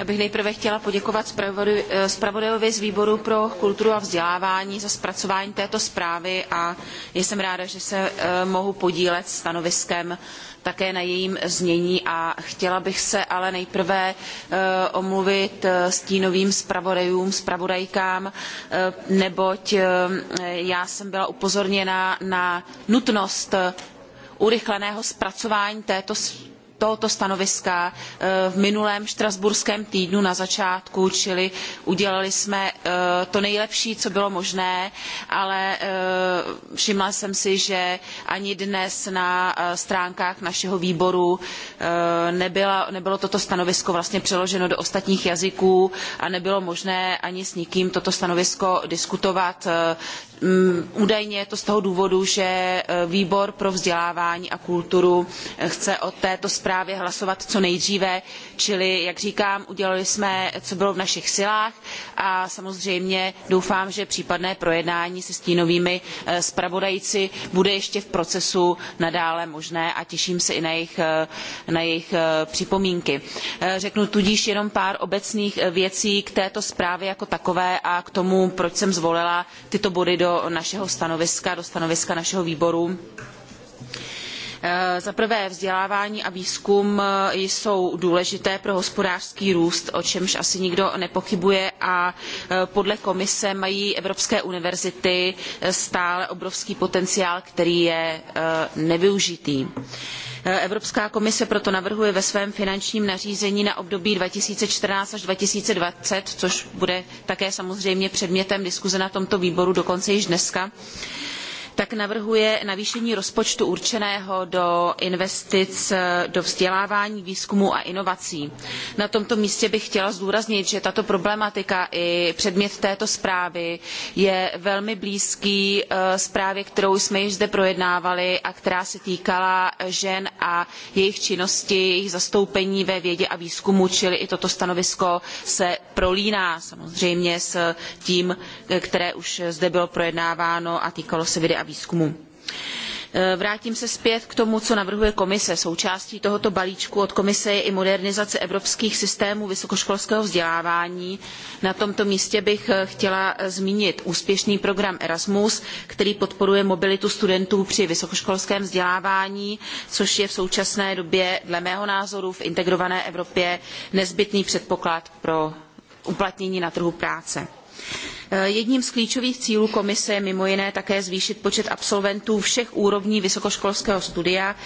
Já bych nejprve chtěla poděkovat eh, zpravodajovi z výboru pro kulturu a vzdělávání za zpracování této zprávy a jsem ráda, že se eh, mohu podílet stanoviskem také na jejím znění a chtěla bych se ale nejprve eh, omluvit stínovým zpravodajům, zpravodajkám, neboť já jsem byla upozorněna na nutnost urychleného zpracování této tohoto stanoviska eh, v minulém štrasburském týdnu na začátku, čili udělali jsme eh, to nejlepší, co bylo možné, ale eh, všimla jsem si, že ani dnes na stránkách našeho výboru nebylo toto stanovisko vlastně přeloženo do ostatních jazyků a nebylo možné ani s nikým toto stanovisko diskutovat Mm, údajně je to z toho důvodu, že e, výbor pro vzdělávání a kulturu e, chce o této zprávě hlasovat co nejdříve, čili, jak říkám, udělali jsme, co bylo v našich silách a samozřejmě doufám, že případné projednání se stínovými e, zpravodajci bude ještě v procesu nadále možné a těším se i na jejich, na jejich připomínky. Řeknu tudíž jenom pár obecných věcí k této zprávě jako takové a k tomu, proč jsem zvolila tyto body do do našeho stanoviska, do stanoviska našeho výboru. E, za prvé vzdělávání a výzkum e, jsou důležité pro hospodářský růst, o čemž asi nikdo nepochybuje a e, podle komise mají evropské univerzity stále obrovský potenciál, který je nevyužitý. Eh, Evropská komise proto navrhuje ve svém finančním nařízení na období 2014 až 2020, což bude také samozřejmě předmětem diskuze na tomto výboru dokonce již dneska, tak navrhuje navýšení rozpočtu určeného do investic eh, do vzdělávání, výzkumu a inovací. Na tomto místě bych chtěla zdůraznit, že tato problematika i předmět této zprávy je velmi blízký eh, zprávě, kterou jsme již zde projednávali a která se týkala žen a jejich činnosti, jejich zastoupení ve vědě a výzkumu, čili i toto stanovisko se prolíná samozřejmě s tím, eh, které už zde bylo projednáváno a týkalo se vědy a výzkumu výzkumu. E, vrátím se zpět k tomu, co navrhuje komise. Součástí tohoto balíčku od komise je i modernizace evropských systémů vysokoškolského vzdělávání. Na tomto místě bych e, chtěla e, zmínit úspěšný program Erasmus, který podporuje mobilitu studentů při vysokoškolském vzdělávání, což je v současné době, dle mého názoru, v integrované Evropě nezbytný předpoklad pro uplatnění na trhu práce. Eh, jedním z klíčových cílů komise je mimo jiné také zvýšit počet absolventů všech úrovní vysokoškolského studia.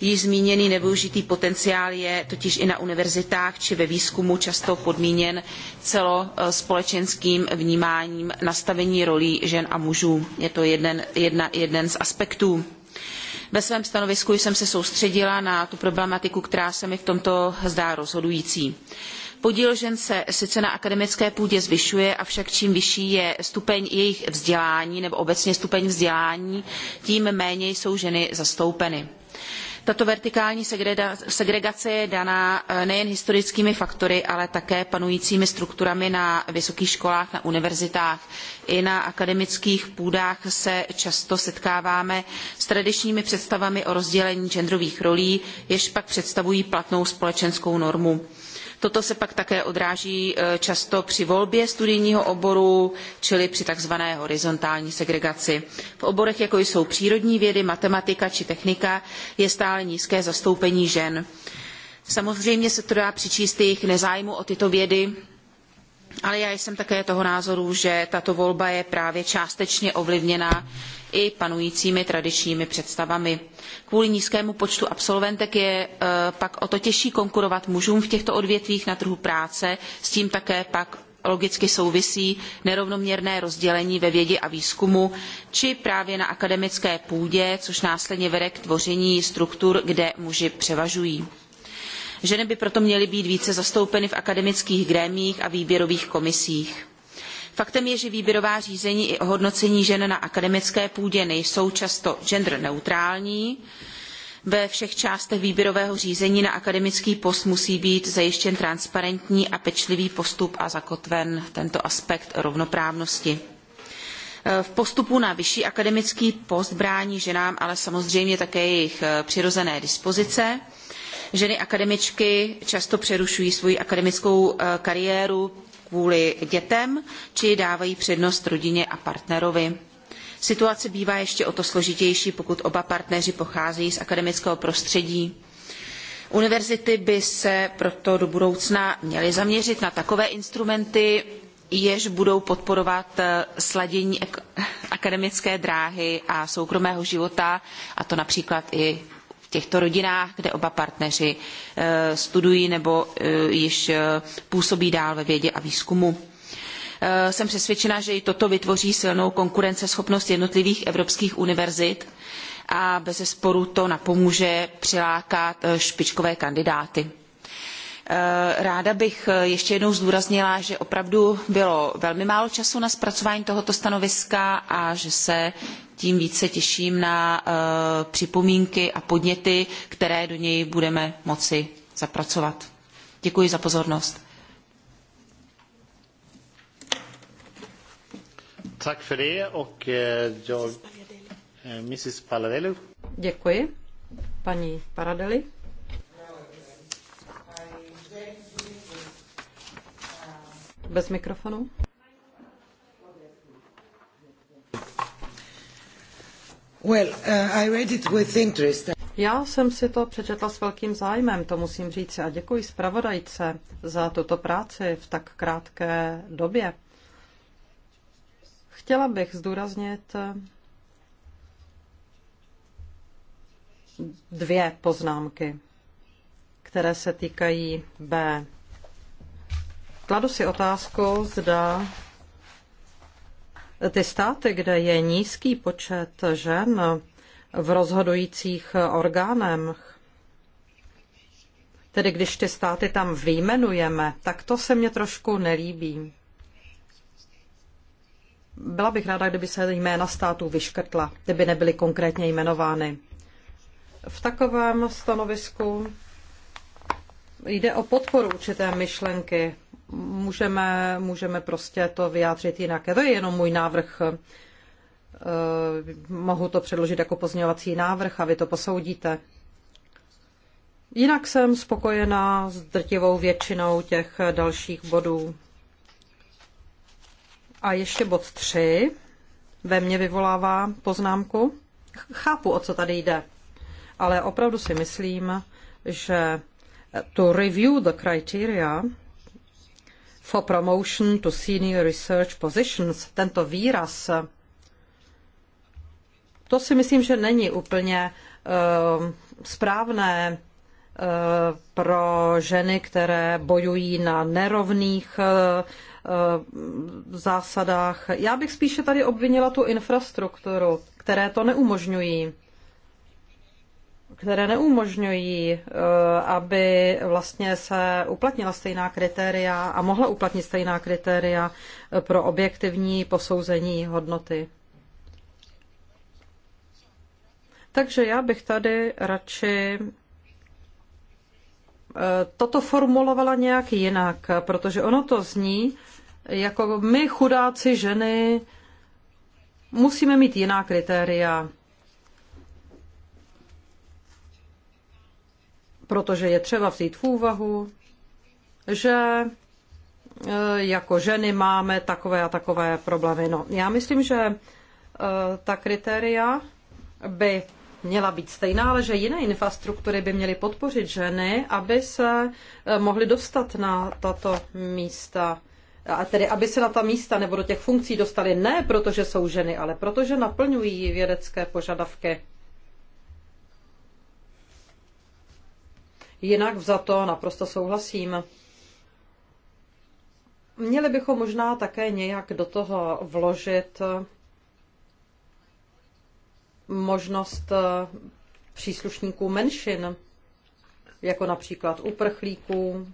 Již zmíněný nevyužitý potenciál je totiž i na univerzitách či ve výzkumu často podmíněn celospolečenským vnímáním nastavení rolí žen a mužů. Je to jeden, jedna, jeden z aspektů. Ve svém stanovisku jsem se soustředila na tu problematiku, která se mi v tomto zdá rozhodující Podíl žen se sice na akademické půdě zvyšuje, avšak čím vyšší je stupeň jejich vzdělání nebo obecně stupeň vzdělání, tím méně jsou ženy zastoupeny. Tato vertikální segregace je daná eh, nejen historickými faktory, ale také panujícími strukturami na vysokých školách, na univerzitách. I na akademických půdách se často setkáváme s tradičními představami o rozdělení genderových rolí, jež pak představují platnou společenskou normu. Toto se pak také odráží e, často při volbě studijního oboru, čili při takzvané horizontální segregaci. V oborech, jako jsou přírodní vědy, matematika či technika, je stále nízké zastoupení žen. Samozřejmě se to dá přičíst jejich nezájmu o tyto vědy, ale já jsem také toho názoru, že tato volba je právě částečně ovlivněna i panujícími tradičními představami. Kvůli nízkému počtu absolventek je e, pak o to těžší konkurovat mužům v těchto odvětvích na trhu práce, s tím také pak logicky souvisí nerovnoměrné rozdělení ve vědě a výzkumu, či právě na akademické půdě, což následně vede k tvoření struktur, kde muži převažují. Ženy by proto měly být více zastoupeny v akademických grémiích a výběrových komisích. Faktem je, že výběrová řízení i ohodnocení žen na akademické půdě nejsou často gender neutrální. Ve všech částech výběrového řízení na akademický post musí být zajištěn transparentní a pečlivý postup a zakotven tento aspekt rovnoprávnosti. V postupu na vyšší akademický post brání ženám, ale samozřejmě také jejich přirozené dispozice Ženy akademičky často přerušují svoji akademickou eh, kariéru kvůli dětem či dávají přednost rodině a partnerovi. Situace bývá ještě o to složitější, pokud oba partneři pocházejí z akademického prostředí. Univerzity by se proto do budoucna měly zaměřit na takové instrumenty, jež budou podporovat eh, sladění akademické dráhy a soukromého života, a to například i těchto rodinách, kde oba partneři eh, studují nebo eh, již eh, působí dál ve vědě a výzkumu jsem přesvědčena, že i toto vytvoří silnou konkurenceschopnost jednotlivých evropských univerzit a bezesporu to napomůže přilákat špičkové kandidáty. Eh, ráda bych eh, ještě jednou zdůraznila, že opravdu bylo velmi málo času na zpracování tohoto stanoviska a že se tím více těším na eh, připomínky a podněty, které do něj budeme moci zapracovat. Děkuji za pozornost. Tak för det och jag, Mrs Děkuji, paní Paradeli. bez mikrofonu. Well, uh, I read it with interest. Já jsem si to přečetla s velkým zájmem, to musím říct, a děkuji zpravodajce za tuto práci v tak krátké době. Chtěla bych zdůraznit dvě poznámky, které se týkají B. Kladu si otázku, zda ty státy, kde je nízký počet žen v rozhodujících orgánech, tedy když ty státy tam vyjmenujeme, tak to se mně trošku nelíbí. Byla bych ráda, kdyby se jména států vyškrtla, kdyby nebyly konkrétně jmenovány. V takovém stanovisku jde o podporu určité myšlenky můžeme, můžeme prostě to vyjádřit jinak. To je jenom můj návrh. Eh, mohu to předložit jako pozměňovací návrh a vy to posoudíte. Jinak jsem spokojená s drtivou většinou těch dalších bodů. A ještě bod 3 ve mně vyvolává poznámku. Chápu, o co tady jde, ale opravdu si myslím, že to review the criteria for promotion to senior research positions, tento výraz, to si myslím, že není úplně uh, správné uh, pro ženy, které bojují na nerovných uh, zásadách. Já bych spíše tady obvinila tu infrastrukturu, které to neumožňují které neumožňují, eh, aby vlastně se uplatnila stejná kritéria a mohla uplatnit stejná kritéria eh, pro objektivní posouzení hodnoty. Takže já bych tady radši eh, toto formulovala nějak jinak, protože ono to zní, jako my chudáci ženy musíme mít jiná kritéria protože je třeba vzít v úvahu, že e, jako ženy máme takové a takové problémy. No, já myslím, že e, ta kritéria by měla být stejná, ale že jiné infrastruktury by měly podpořit ženy, aby se e, mohly dostat na tato místa. A tedy, aby se na ta místa nebo do těch funkcí dostali ne protože jsou ženy, ale protože naplňují vědecké požadavky. Jinak za to naprosto souhlasím. Měli bychom možná také nějak do toho vložit možnost příslušníků menšin, jako například uprchlíků,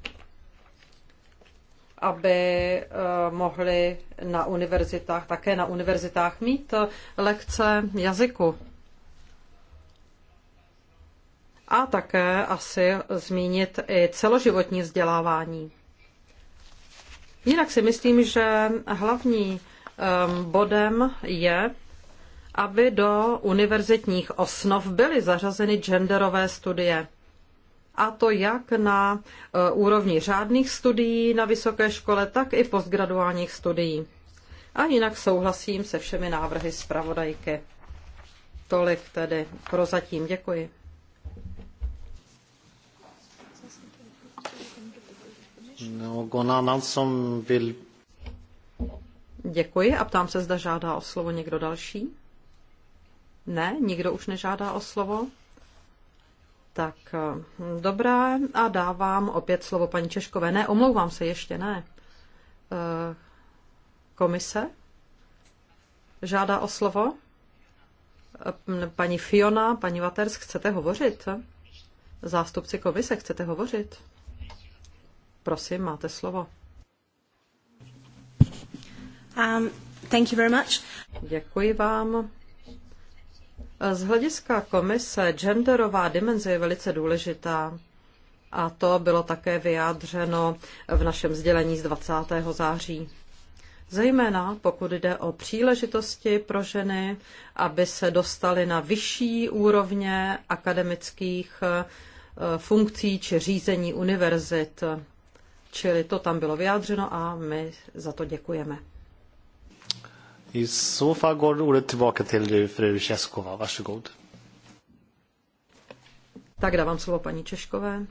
aby eh, mohli na univerzitách, také na univerzitách mít eh, lekce jazyku a také asi zmínit i celoživotní vzdělávání. Jinak si myslím, že hlavní ehm, bodem je, aby do univerzitních osnov byly zařazeny genderové studie. A to jak na e, úrovni řádných studií na vysoké škole, tak i postgraduálních studií. A jinak souhlasím se všemi návrhy zpravodajky. Tolik tedy prozatím. Děkuji. som Děkuji a ptám se, zda žádá o slovo někdo další. Ne, nikdo už nežádá o slovo. Tak eh, dobrá. a dávám opět slovo paní Češkové. Ne, omlouvám se, ještě ne. Eh, komise žádá o slovo. Eh, paní Fiona, paní Vaters, chcete hovořit? Zástupci komise, chcete hovořit? Prosím, máte slovo. Um, thank you very much. Děkuji vám. Z hlediska komise genderová dimenze je velice důležitá a to bylo také vyjádřeno v našem sdělení z 20. září. Zejména pokud jde o příležitosti pro ženy, aby se dostaly na vyšší úrovně akademických eh, funkcí či řízení univerzit. Čili to tam bylo vyjádřeno a my za to děkujeme. I så fall går ordet tillbaka till fru Českova. Varsågod. Tak dávám slovo paní Češkové.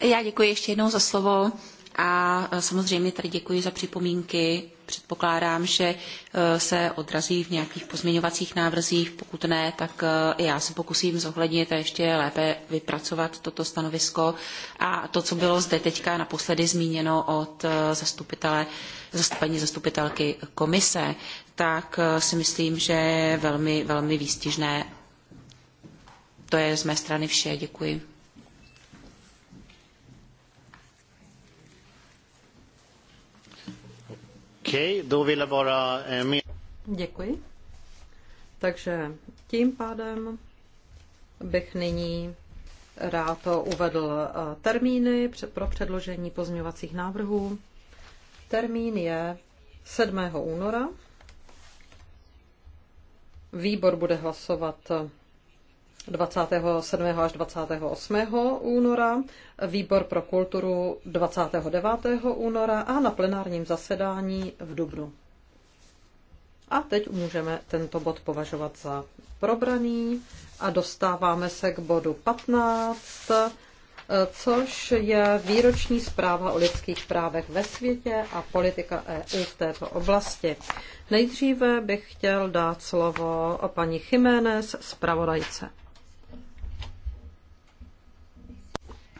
Já děkuji ještě jednou za slovo. A e, samozřejmě tady děkuji za připomínky. Předpokládám, že e, se odrazí v nějakých pozměňovacích návrzích. Pokud ne, tak e, já se pokusím zohlednit a ještě lépe vypracovat toto stanovisko. A to, co bylo zde teďka naposledy zmíněno od zastupitele, zastupení zastupitelky komise, tak si myslím, že je velmi, velmi výstižné. To je z mé strany vše. Děkuji. bara... Eh, Děkuji. Takže tím pádem bych nyní rád uvedl eh, termíny pro předložení pozměňovacích návrhů. Termín je 7. února. Výbor bude hlasovat 27. až 28. února výbor pro kulturu 29. února a na plenárním zasedání v Dubnu. A teď můžeme tento bod považovat za probraný a dostáváme se k bodu 15, což je výroční zpráva o lidských právech ve světě a politika EU v této oblasti. Nejdříve bych chtěl dát slovo paní Jiménez, zpravodajce.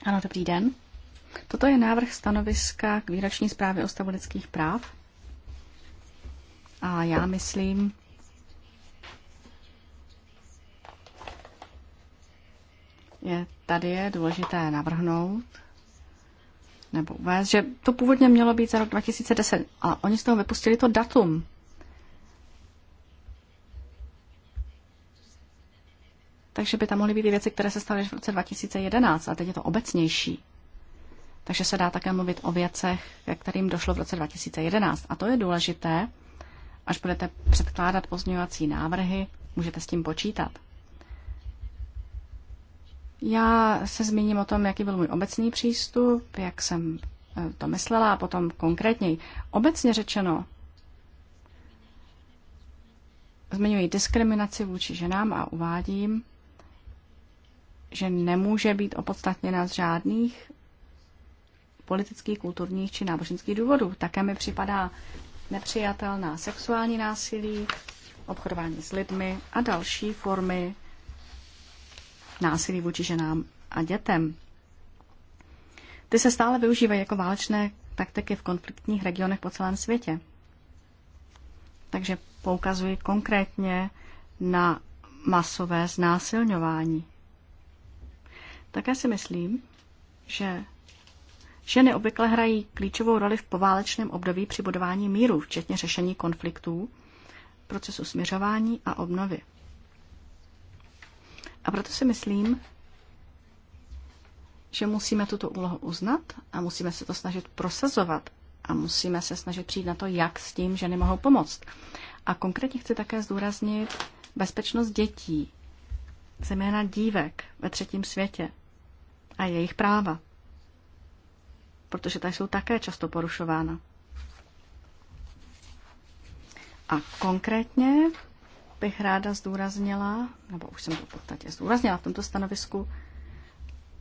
Ano, dobrý den. Toto je návrh stanoviska k výroční zprávě o stavu lidských práv. A já myslím, je, tady je důležité navrhnout nebo uvést, že to původně mělo být za rok 2010, a oni z toho vypustili to datum. takže by tam mohly být i věci, které se staly v roce 2011, ale teď je to obecnější. Takže se dá také mluvit o věcech, ke kterým došlo v roce 2011. A to je důležité, až budete předkládat pozměňovací návrhy, můžete s tím počítat. Já se zmíním o tom, jaký byl můj obecný přístup, jak jsem e, to myslela a potom konkrétněji. Obecně řečeno, zmiňuji diskriminaci vůči ženám a uvádím, že nemůže být opodstatněna z žádných politických, kulturních či náboženských důvodů. Také mi připadá nepřijatelná sexuální násilí, obchodování s lidmi a další formy násilí vůči ženám a dětem. Ty se stále využívají jako válečné taktiky v konfliktních regionech po celém světě. Takže poukazuji konkrétně na masové znásilňování. Také si myslím, že ženy obvykle hrají klíčovou roli v poválečném období při budování míru, včetně řešení konfliktů, procesu směřování a obnovy. A proto si myslím, že musíme tuto úlohu uznat a musíme se to snažit prosazovat a musíme se snažit přijít na to, jak s tím ženy mohou pomoct. A konkrétně chci také zdůraznit bezpečnost dětí, zejména dívek ve třetím světě a jejich práva, protože ta jsou také často porušována. A konkrétně bych ráda zdůraznila, nebo už jsem to v podstatě zdůraznila v tomto stanovisku,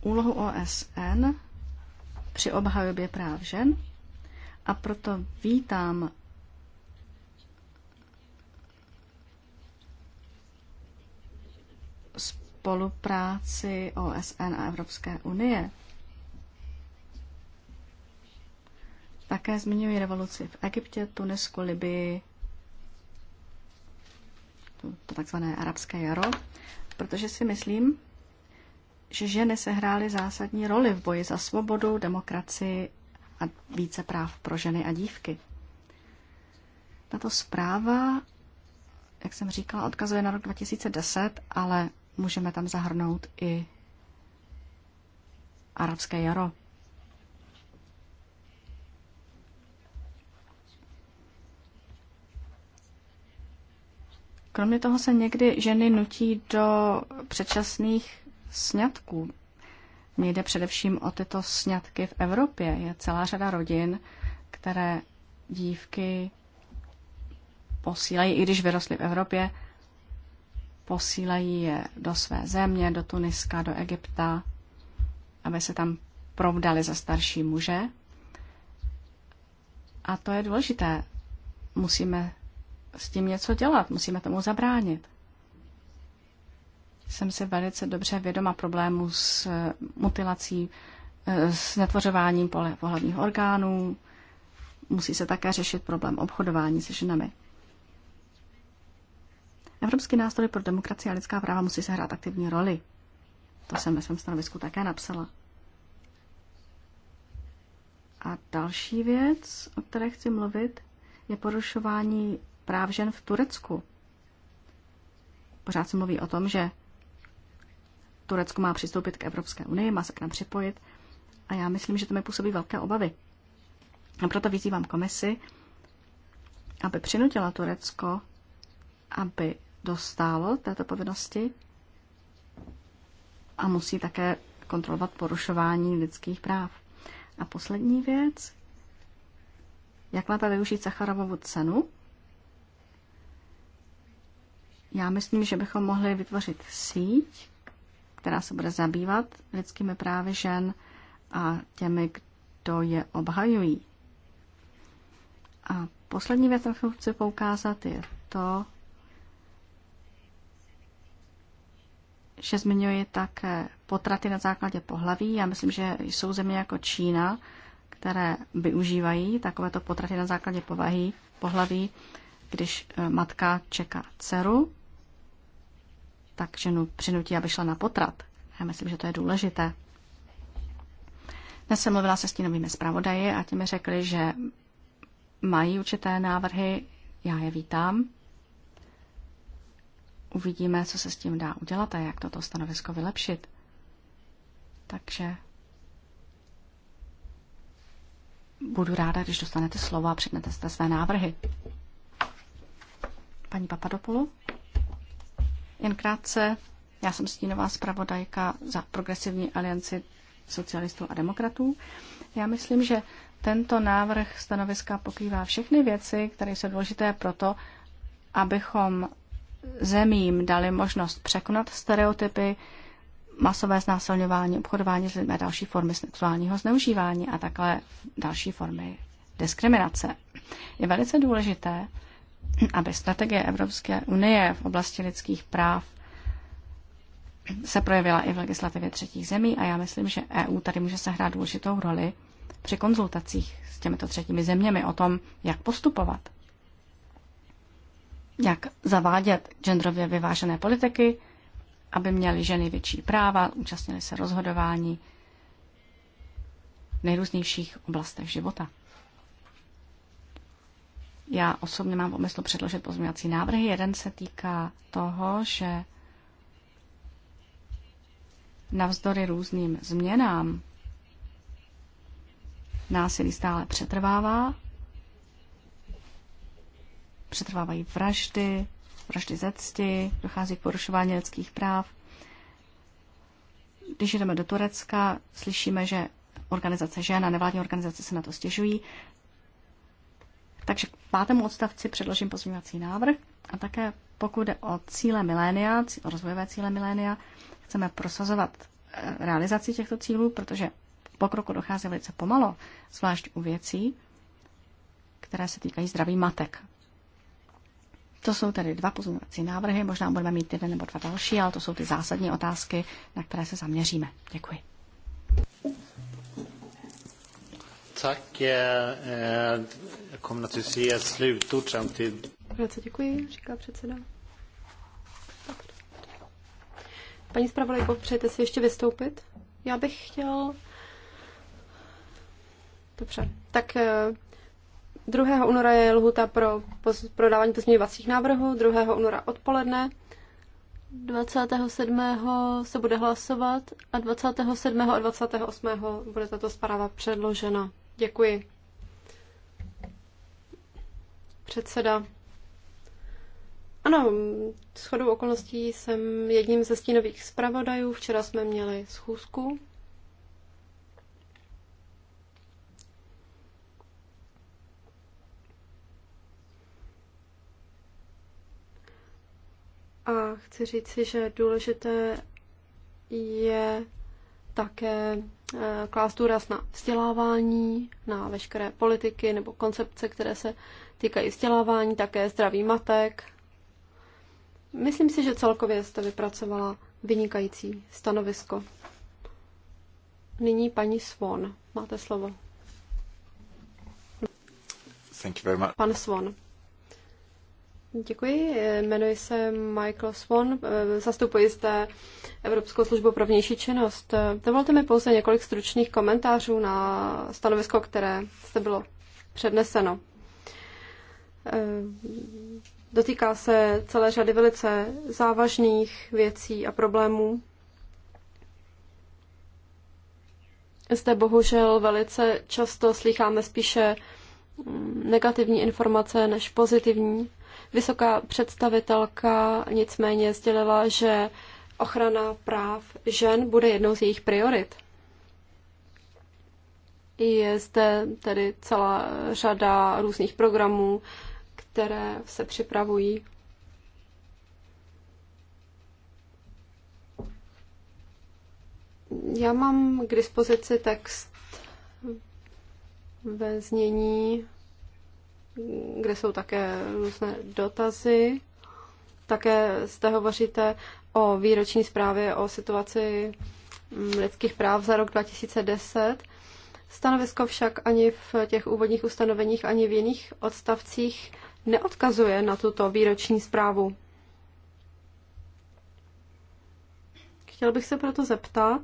úlohu OSN při obhajobě práv žen a proto vítám spolupráci OSN a Evropské unie. Také zmiňují revoluci v Egyptě, Tunisku, Libii, to takzvané arabské jaro, protože si myslím, že ženy se hrály zásadní roli v boji za svobodu, demokracii a více práv pro ženy a dívky. Tato zpráva, jak jsem říkala, odkazuje na rok 2010, ale Můžeme tam zahrnout i arabské jaro. Kromě toho se někdy ženy nutí do předčasných sňatků. Mně jde především o tyto sňatky v Evropě. Je celá řada rodin, které dívky posílají, i když vyrostly v Evropě, posílají je do své země, do Tuniska, do Egypta, aby se tam provdali za starší muže. A to je důležité. Musíme s tím něco dělat, musíme tomu zabránit. Jsem si velice dobře vědoma problému s eh, mutilací, eh, s netvořováním pohlavních orgánů. Musí se také řešit problém obchodování se ženami. Evropský nástroj pro demokracii a lidská práva musí sehrát aktivní roli. To jsem ve svém stanovisku také napsala. A další věc, o které chci mluvit, je porušování práv žen v Turecku. Pořád se mluví o tom, že Turecko má přistoupit k Evropské unii, má se k nám připojit a já myslím, že to mi působí velké obavy. A proto vyzývám komisi, aby přinutila Turecko, aby dostal této povinnosti a musí také kontrolovat porušování lidských práv. A poslední věc, jak lépe využít Sacharovovu cenu? Já myslím, že bychom mohli vytvořit síť, která se bude zabývat lidskými právy žen a těmi, kdo je obhajují. A poslední věc, na kterou chci poukázat, je to, že zmiňuji také potraty na základě pohlaví. Já myslím, že jsou země jako Čína, které využívají takovéto potraty na základě povahy, pohlaví, když e, matka čeká dceru, tak ženu přinutí, aby šla na potrat. Já myslím, že to je důležité. Dnes jsem mluvila se stínovými zpravodaji a ti mi řekli, že mají určité návrhy, já je vítám. Uvidíme, co se s tím dá udělat a jak toto stanovisko vylepšit. Takže budu ráda, když dostanete slovo a přednete své návrhy. Paní Papadopoulu? Jen krátce, já jsem stínová zpravodajka za Progresivní alianci socialistů a demokratů. Já myslím, že tento návrh stanoviska pokrývá všechny věci, které jsou důležité pro to, abychom zemím dali možnost překonat stereotypy, masové znásilňování, obchodování s lidmi a další formy sexuálního zneužívání a takhle další formy diskriminace. Je velice důležité, aby strategie Evropské unie v oblasti lidských práv se projevila i v legislativě třetích zemí a já myslím, že EU tady může sehrát důležitou roli při konzultacích s těmito třetími zeměmi o tom, jak postupovat jak zavádět genderově vyvážené politiky, aby měly ženy větší práva, účastnily se rozhodování v nejrůznějších oblastech života. Já osobně mám v omyslu předložit pozměňovací návrhy. Jeden se týká toho, že navzdory různým změnám násilí stále přetrvává přetrvávají vraždy, vraždy ze cti, dochází k porušování lidských práv. Když jdeme do Turecka, slyšíme, že organizace žen a nevládní organizace se na to stěžují. Takže k pátému odstavci předložím pozměňovací návrh a také pokud jde o cíle milénia, o rozvojové cíle milénia, chceme prosazovat eh, realizaci těchto cílů, protože pokroku dochází velice pomalo, zvlášť u věcí, které se týkají zdraví matek. To jsou tedy dva pozměňovací návrhy, možná budeme mít jeden nebo dva další, ale to jsou ty zásadní otázky, na které se zaměříme. Děkuji. Tak, je, naturligtvis ge slutord sen ty... Velice děkuji, říká předseda. Paní zpravodajko, přejete si ještě vystoupit? Já bych chtěl... Dobře, tak eh, 2. února je lhuta pro prodávání pozměňovacích návrhů, 2. února odpoledne. 27. se bude hlasovat a 27. a 28. bude tato zpráva předložena. Děkuji. Předseda. Ano, shodou okolností jsem jedním ze stínových zpravodajů. Včera jsme měli schůzku A chci říct si, že důležité je také eh, klást důraz na vzdělávání, na veškeré politiky nebo koncepce, které se týkají vzdělávání, také zdraví matek. Myslím si, že celkově jste vypracovala vynikající stanovisko. Nyní paní Svon, máte slovo. Thank you very much. Pan Svon. Děkuji, jmenuji se Michael Swan, zastupuji zde Evropskou službu pro vnější činnost. Dovolte mi pouze několik stručných komentářů na stanovisko, které se bylo předneseno. Dotýká se celé řady velice závažných věcí a problémů. Zde bohužel velice často slycháme spíše negativní informace než pozitivní Vysoká představitelka nicméně sdělila, že ochrana práv žen bude jednou z jejich priorit. Je zde tedy celá řada různých programů, které se připravují. Já mám k dispozici text ve znění kde jsou také různé dotazy. Také zde hovoříte o výroční zprávě o situaci mm, lidských práv za rok 2010. Stanovisko však ani v těch úvodních ustanoveních, ani v jiných odstavcích neodkazuje na tuto výroční zprávu. Chtěl bych se proto zeptat,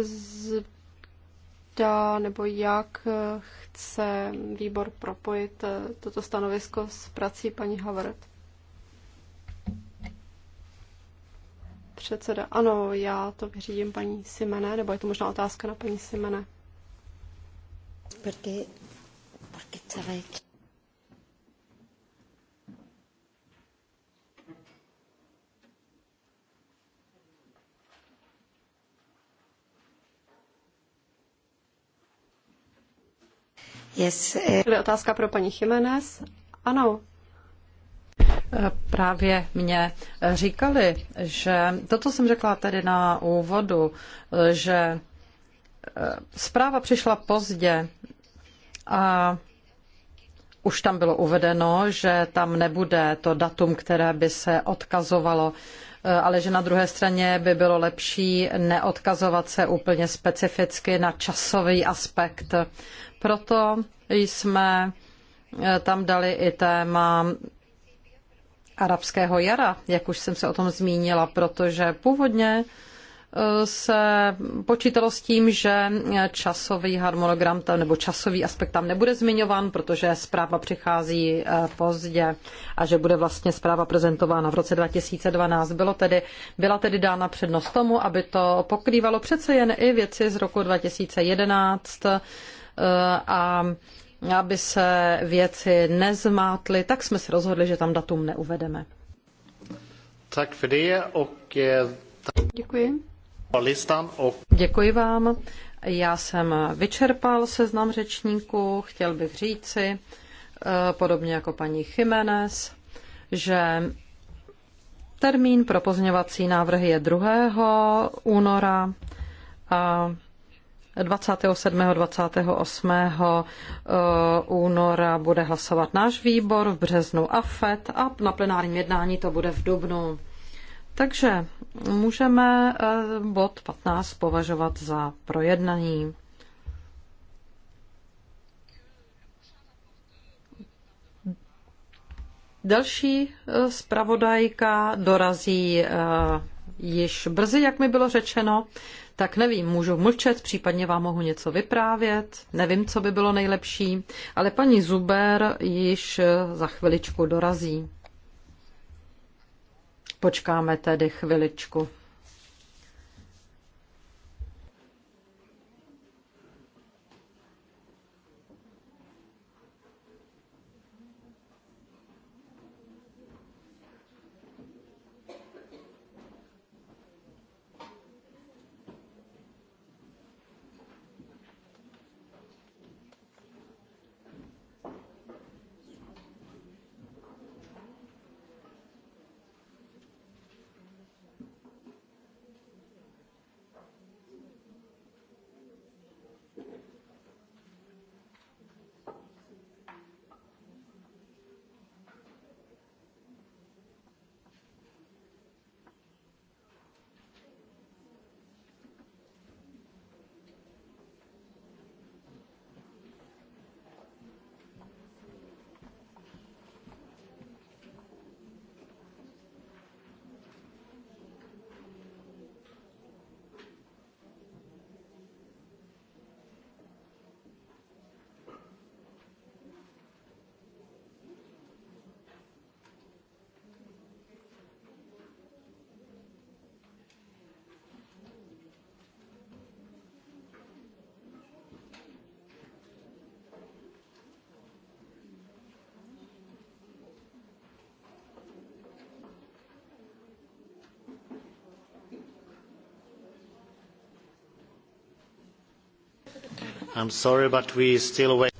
Z zda nebo jak eh, chce výbor propojit eh, toto stanovisko s prací paní Havard. Předseda, ano, já to vyřídím paní Simene, nebo je to možná otázka na paní Simene. Protože, porque Yes. Eh, otázka pro paní Jiménez. Ano. Eh, právě mě eh, říkali, že toto jsem řekla tedy na úvodu, že zpráva přišla pozdě a už tam bylo uvedeno, že tam nebude to datum, které by se odkazovalo Eh, ale že na druhé straně by bylo lepší neodkazovat se úplně specificky na časový aspekt. Proto jsme eh, tam dali i téma arabského jara, jak už jsem se o tom zmínila, protože původně se počítalo s tím, že časový harmonogram tam, nebo časový aspekt tam nebude zmiňován, protože zpráva přichází eh, pozdě a že bude vlastně zpráva prezentována v roce 2012. Bylo tedy, byla tedy dána přednost tomu, aby to pokrývalo přece jen i věci z roku 2011 eh, a aby se věci nezmátly, tak jsme se rozhodli, že tam datum neuvedeme. Tak eh, Děkuji. Děkuji vám. Já jsem vyčerpal seznam řečníků. Chtěl bych říci, eh, podobně jako paní Jiménez, že termín pro pozměňovací návrhy je 2. února a 27. 28. Eh, února bude hlasovat náš výbor, v březnu AFET a na plenárním jednání to bude v dubnu. Takže můžeme eh, bod 15 považovat za projednaný. Další eh, zpravodajka dorazí eh, již brzy, jak mi bylo řečeno, tak nevím, můžu mlčet, případně vám mohu něco vyprávět, nevím, co by bylo nejlepší, ale paní Zuber již za chviličku dorazí. Počkáme tedy chviličku.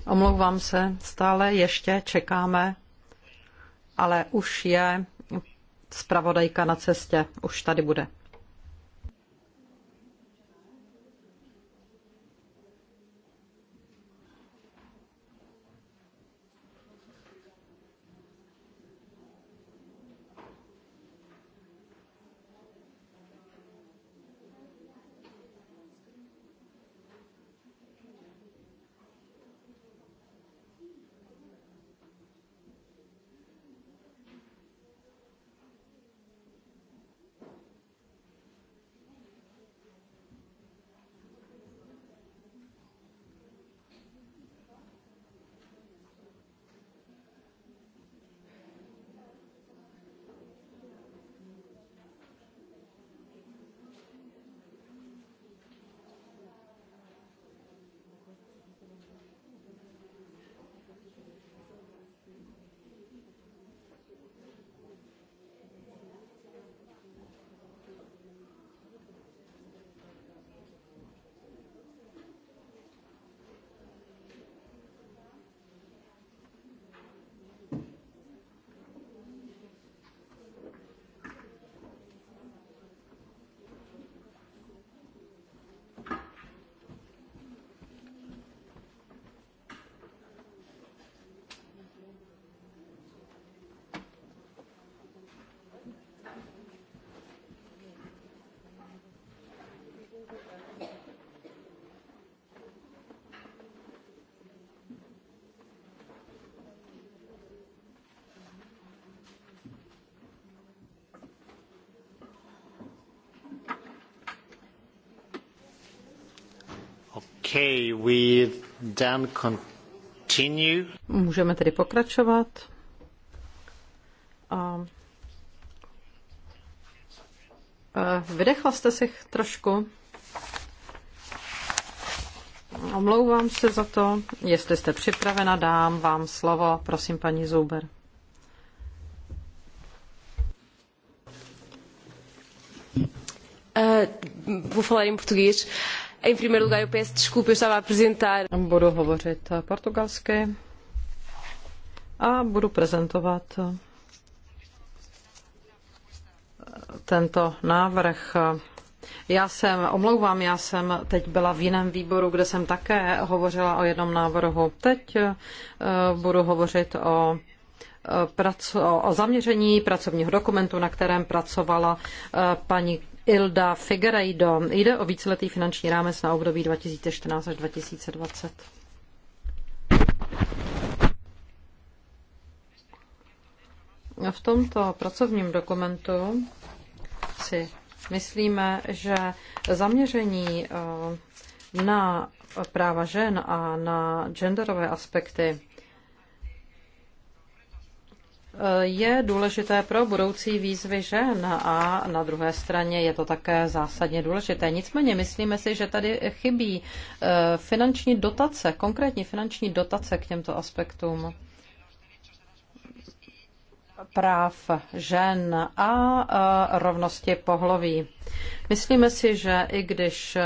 Omlouvám se, stále ještě čekáme, ale už je zpravodajka na cestě, už tady bude. Okay, we then continue. Můžeme tedy pokračovat. A... Eh, vydechla jste si trošku? Omlouvám se za to. Jestli jste připravena, dám vám slovo. Prosím, paní Zuber. Uh, eh, vou falar em português. Em primeiro lugar, eu peço desculpa, eu estava a apresentar. Budu hovořit portugalsky a budu prezentovat eh, tento návrh. Já jsem, omlouvám, já jsem teď byla v jiném výboru, kde jsem také hovořila o jednom návrhu. Teď eh, budu hovořit eh, o o zaměření pracovního dokumentu, na kterém pracovala paní Ilda Figueiredo. Jde o víceletý finanční rámec na období 2014 až 2020. V tomto pracovním dokumentu si myslíme, že zaměření eh, na práva žen a na genderové aspekty je důležité pro budoucí výzvy žen a na druhé straně je to také zásadně důležité. Nicméně myslíme si, že tady chybí eh, finanční dotace, konkrétní finanční dotace k těmto aspektům práv žen a eh, rovnosti pohlaví. Myslíme si, že i když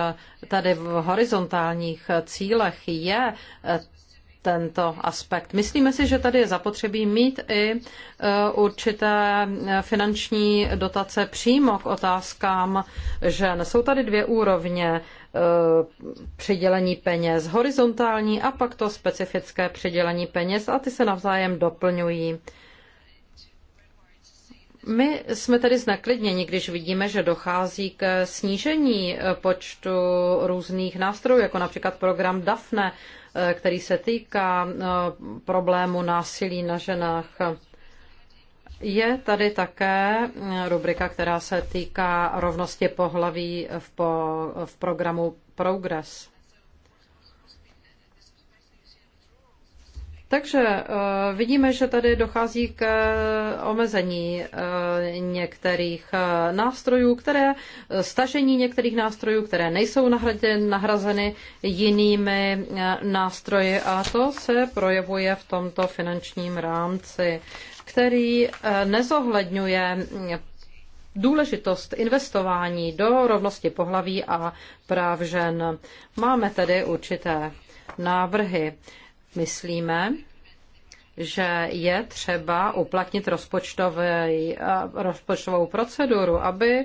tady v horizontálních cílech je eh, tento aspekt. Myslíme si, že tady je zapotřebí mít i e, určité finanční dotace přímo k otázkám žen. Jsou tady dvě úrovně e, přidělení peněz, horizontální a pak to specifické přidělení peněz a ty se navzájem doplňují. My jsme tady znaklidněni, když vidíme, že dochází k snížení eh, počtu různých nástrojů, jako například program DAFNE, eh, který se týká eh, problému násilí na ženách. Je tady také rubrika, která se týká rovnosti pohlaví v, po, v programu Progress. Takže eh, vidíme, že tady dochází k eh, omezení eh, některých nástrojů, které stažení některých nástrojů, které nejsou nahrazeny jinými nástroji a to se projevuje v tomto finančním rámci, který nezohledňuje důležitost investování do rovnosti pohlaví a práv žen. Máme tedy určité návrhy myslíme, že je třeba uplatnit rozpočtovou proceduru, aby e,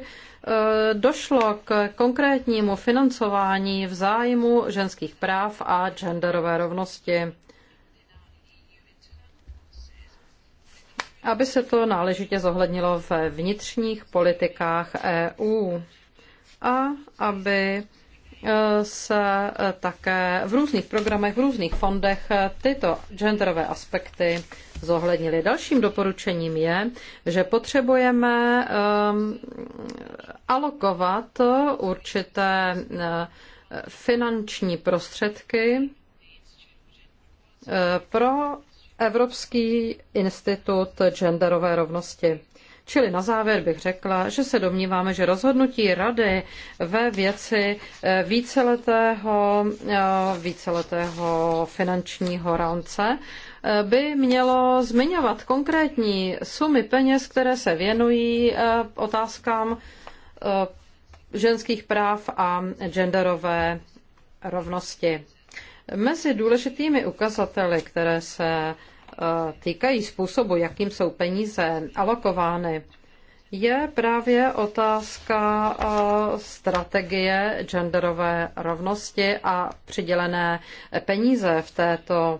došlo k konkrétnímu financování v zájmu ženských práv a genderové rovnosti. Aby se to náležitě zohlednilo ve vnitřních politikách EU a aby se eh, také v různých programech, v různých fondech eh, tyto genderové aspekty zohlednili. Dalším doporučením je, že potřebujeme eh, alokovat určité finanční prostředky pro Evropský institut genderové rovnosti. Čili na závěr bych řekla, že se domníváme, že rozhodnutí rady ve věci eh, víceletého, eh, víceletého finančního rámce eh, by mělo zmiňovat konkrétní sumy peněz, které se věnují otázkám ženských práv a genderové rovnosti. Mezi důležitými ukazateli, které se E, týkají způsobu, jakým jsou peníze alokovány, je právě otázka e, strategie genderové rovnosti a přidělené peníze v této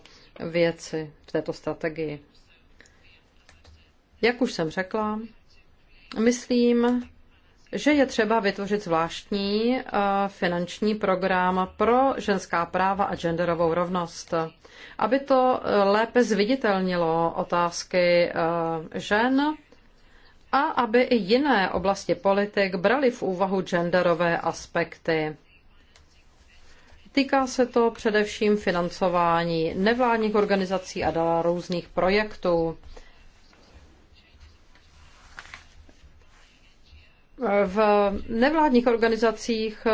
věci, v této strategii. Jak už jsem řekla, myslím, že je třeba vytvořit zvláštní e, finanční program pro ženská práva a genderovou rovnost aby to eh, lépe zviditelnilo otázky eh, žen a aby i jiné oblasti politik braly v úvahu genderové aspekty. Týká se to především financování nevládních organizací a dál různých projektů. V nevládních organizacích eh,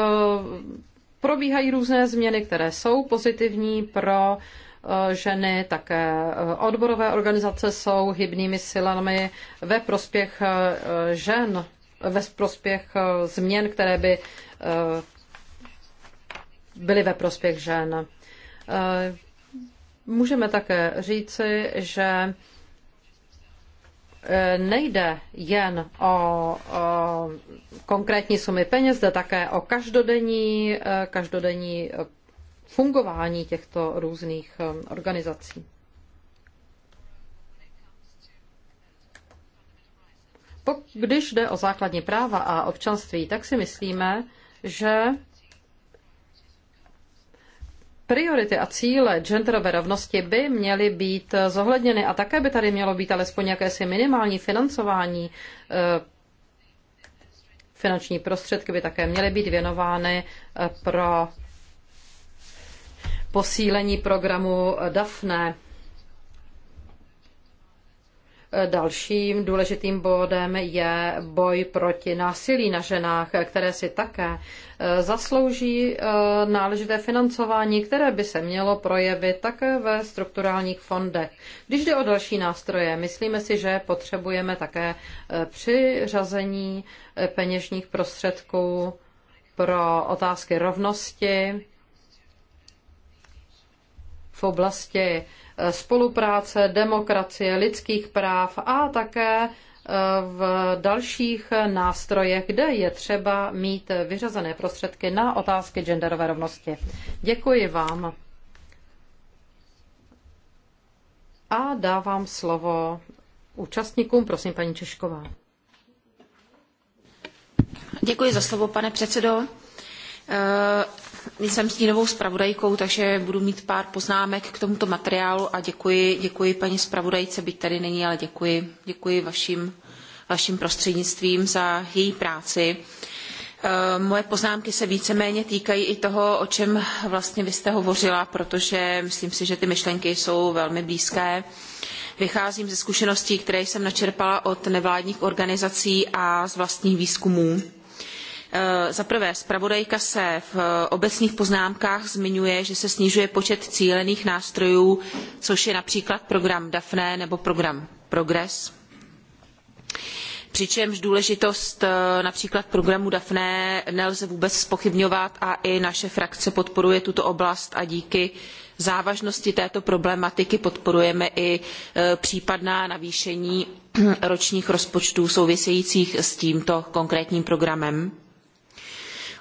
probíhají různé změny, které jsou pozitivní pro ženy, také eh, odborové organizace jsou hybnými silami ve prospěch eh, žen, ve prospěch eh, změn, které by byly ve prospěch žen. Můžeme také říci, že nejde jen o, o konkrétní sumy peněz, jde také o každodenní, každodenní fungování těchto různých um, organizací. Když jde o základní práva a občanství, tak si myslíme, že priority a cíle genderové rovnosti by měly být eh, zohledněny a také by tady mělo být alespoň jakési minimální financování. Eh, finanční prostředky by také měly být věnovány eh, pro posílení programu DAFNE. Dalším důležitým bodem je boj proti násilí na ženách, které si také eh, zaslouží eh, náležité financování, které by se mělo projevit také ve strukturálních fondech. Když jde o další nástroje, myslíme si, že potřebujeme také eh, přiřazení peněžních prostředků pro otázky rovnosti v oblasti eh, spolupráce, demokracie, lidských práv a také eh, v dalších nástrojech, kde je třeba mít vyřazené prostředky na otázky genderové rovnosti. Děkuji vám. A dávám slovo účastníkům. Prosím, paní Češková. Děkuji za slovo, pane předsedo. Eh, jsem stínovou zpravodajkou, takže budu mít pár poznámek k tomuto materiálu a děkuji, děkuji paní zpravodajce, byť tady není, ale děkuji, děkuji vaším, vaším prostřednictvím za její práci. Eh, moje poznámky se víceméně týkají i toho, o čem vlastně vy jste hovořila, protože myslím si, že ty myšlenky jsou velmi blízké. Vycházím ze zkušeností, které jsem načerpala od nevládních organizací a z vlastních výzkumů Eh, za prvé, zpravodajka se v obecných poznámkách zmiňuje, že se snižuje počet cílených nástrojů, což je například program DAFNE nebo program Progress. Přičemž důležitost eh, například programu DAFNE nelze vůbec spochybňovat a i naše frakce podporuje tuto oblast a díky závažnosti této problematiky podporujeme i eh, případná navýšení ročních rozpočtů souvisejících s tímto konkrétním programem.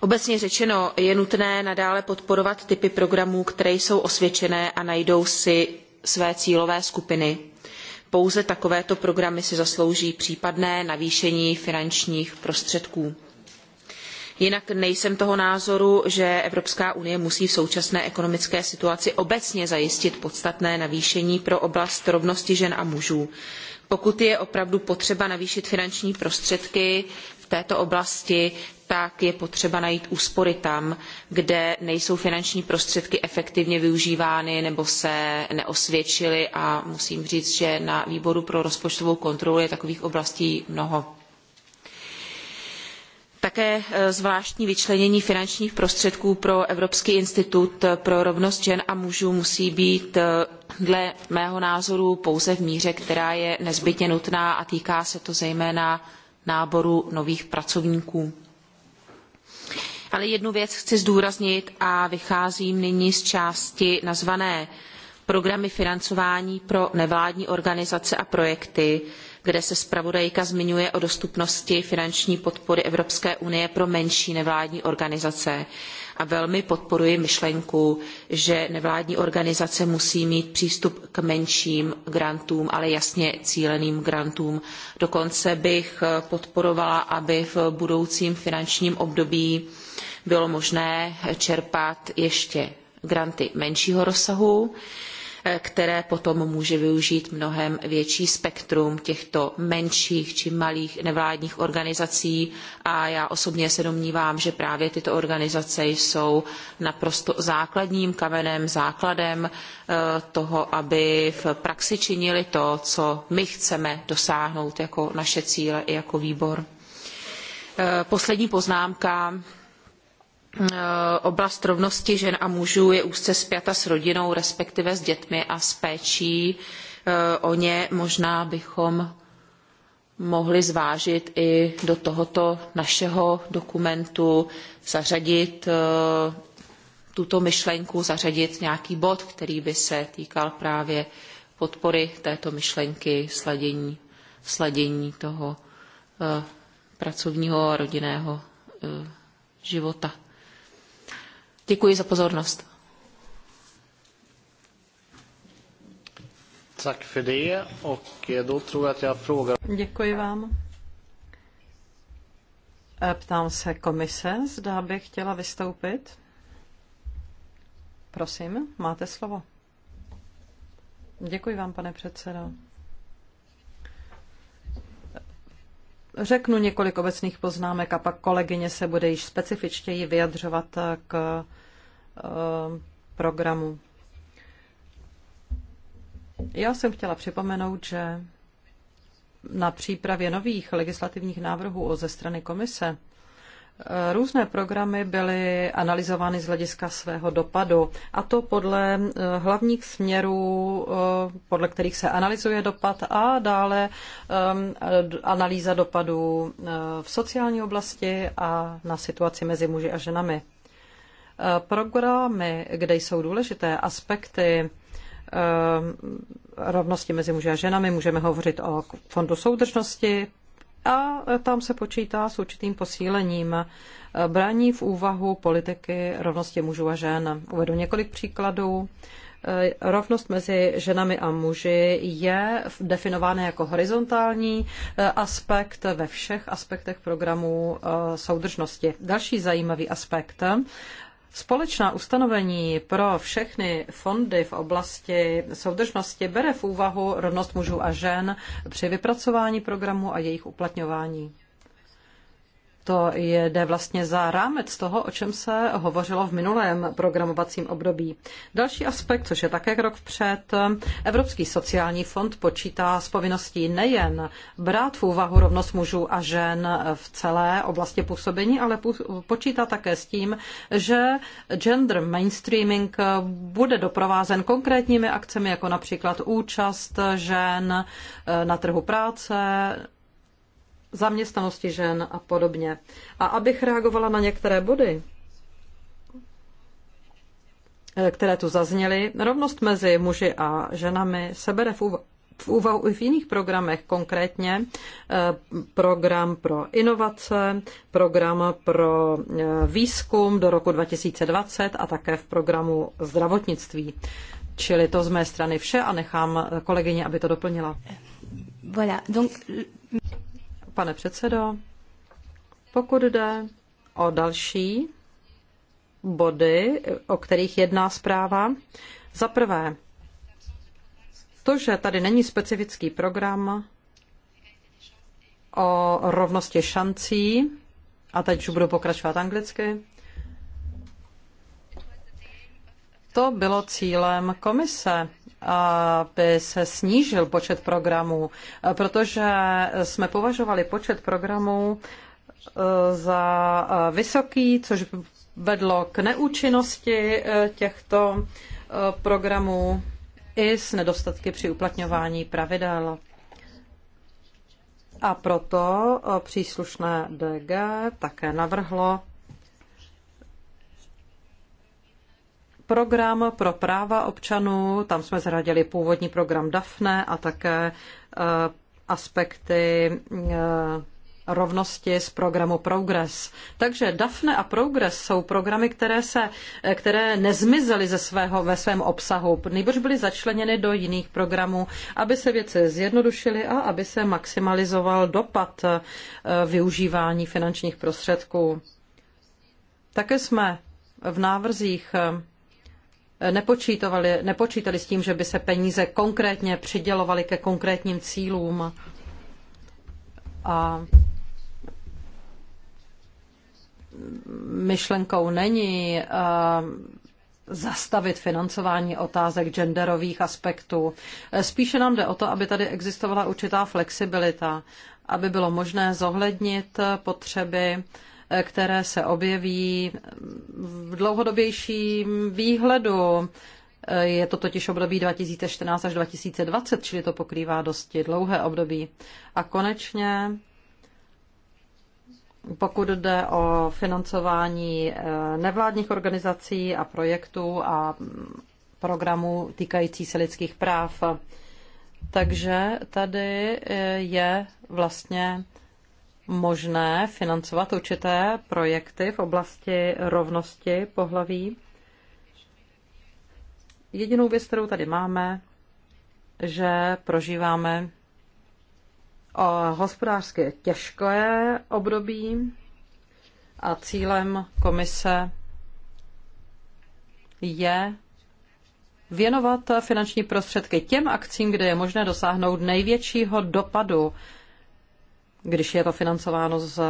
Obecně řečeno je nutné nadále podporovat typy programů, které jsou osvědčené a najdou si své cílové skupiny. Pouze takovéto programy si zaslouží případné navýšení finančních prostředků. Jinak nejsem toho názoru, že Evropská unie musí v současné ekonomické situaci obecně zajistit podstatné navýšení pro oblast rovnosti žen a mužů. Pokud je opravdu potřeba navýšit finanční prostředky v této oblasti, tak je potřeba najít úspory tam, kde nejsou finanční prostředky efektivně využívány nebo se neosvědčily a musím říct, že na výboru pro rozpočtovou kontrolu je takových oblastí mnoho také eh, zvláštní vyčlenění finančních prostředků pro Evropský institut eh, pro rovnost žen a mužů musí být eh, dle mého názoru pouze v míře, která je nezbytně nutná a týká se to zejména náboru nových pracovníků. Ale jednu věc chci zdůraznit a vycházím nyní z části nazvané programy financování pro nevládní organizace a projekty, kde se zpravodajka zmiňuje o dostupnosti finanční podpory Evropské unie pro menší nevládní organizace a velmi podporuji myšlenku, že nevládní organizace musí mít přístup k menším grantům, ale jasně cíleným grantům. Dokonce bych podporovala, aby v budoucím finančním období bylo možné čerpat ještě granty menšího rozsahu. Uh, které potom může využít mnohem větší spektrum těchto menších či malých nevládních organizací a já osobně se domnívám, že právě tyto organizace jsou naprosto základním kamenem, základem eh, toho, aby v praxi činili to, co my chceme dosáhnout jako naše cíle i jako výbor. Eh, poslední poznámka Eh, oblast rovnosti žen a mužů je úzce spjata s rodinou, respektive s dětmi a s péčí eh, o ně. Možná bychom mohli zvážit i do tohoto našeho dokumentu zařadit eh, tuto myšlenku, zařadit nějaký bod, který by se týkal právě podpory této myšlenky, sladění, sladění toho pracovního a rodinného života. Děkuji za pozornost. Tack för det. Och eh, då tror jag att jag frågar... Děkuji vám. Eh, ptám se komise, zda bych chtěla vystoupit. Prosím, máte slovo. Děkuji vám, pane předsedo. Řeknu několik obecných poznámek a pak kolegyně se bude již specifičtěji vyjadřovat k eh, programu. Já jsem chtěla připomenout, že na přípravě nových legislativních návrhů ze strany komise Eh, různé programy byly analyzovány z hlediska svého dopadu, a to podle eh, hlavních směrů, eh, podle kterých se analyzuje dopad a dále ehm, analýza dopadů v sociální oblasti a na situaci mezi muži a ženami. Programy, kde jsou důležité aspekty ehm, rovnosti mezi muži a ženami, můžeme hovořit o fondu soudržnosti, a tam se počítá s určitým posílením brání v úvahu politiky rovnosti mužů a žen. Uvedu několik příkladů. Rovnost mezi ženami a muži je definována jako horizontální eh, aspekt ve všech aspektech programů eh, soudržnosti. Další zajímavý aspekt Společná ustanovení pro všechny fondy v oblasti soudržnosti bere v úvahu rovnost mužů a žen při vypracování programu a jejich uplatňování to jde vlastně za rámec toho, o čem se hovořilo v minulém programovacím období. Další aspekt, což je také krok vpřed, Evropský sociální fond počítá s povinností nejen brát v úvahu rovnost mužů a žen v celé oblasti působení, ale počítá také s tím, že gender mainstreaming bude doprovázen konkrétními akcemi, jako například účast žen na trhu práce, zaměstnanosti žen a podobně. A abych reagovala na některé body, eh, které tu zazněly, rovnost mezi muži a ženami se bere v úvahu v úvahu i v jiných programech, konkrétně eh, program pro inovace, program pro eh, výzkum do roku 2020 a také v programu zdravotnictví. Čili to z mé strany vše a nechám kolegyně, aby to doplnila. Voilà, donc pane předsedo. Pokud jde o další body, o kterých jedná zpráva, za prvé, to, že tady není specifický program o rovnosti šancí, a teď už budu pokračovat anglicky, to bylo cílem komise aby se snížil počet programů, protože jsme považovali počet programů e, za e, vysoký, což vedlo k neúčinnosti e, těchto programů i s nedostatky při uplatňování pravidel. A proto příslušné DG také navrhlo program pro práva občanů, tam jsme zradili původní program DAFNE a také eh, aspekty eh, rovnosti z programu Progress. Takže DAFNE a Progress jsou programy, které, se, eh, které nezmizely ze svého, ve svém obsahu, nejbrž byly začleněny do jiných programů, aby se věci zjednodušily a aby se maximalizoval dopad využívání finančních prostředků. Také jsme v návrzích nepočítali, nepočítali s tím, že by se peníze konkrétně přidělovaly ke konkrétním cílům. A myšlenkou není eh, zastavit financování otázek genderových aspektů. Eh, spíše nám jde o to, aby tady existovala určitá flexibilita, aby bylo možné zohlednit eh, potřeby které se objeví v dlouhodobějším výhledu. Je to totiž období 2014 až 2020, čili to pokrývá dosti dlouhé období. A konečně, pokud jde o financování eh, nevládních organizací a projektů a programů týkající se lidských práv, takže tady eh, je vlastně možné financovat určité projekty v oblasti rovnosti pohlaví. Jedinou věc, kterou tady máme, že prožíváme hospodářské těžké období a cílem komise je věnovat finanční prostředky těm akcím, kde je možné dosáhnout největšího dopadu když je to financováno z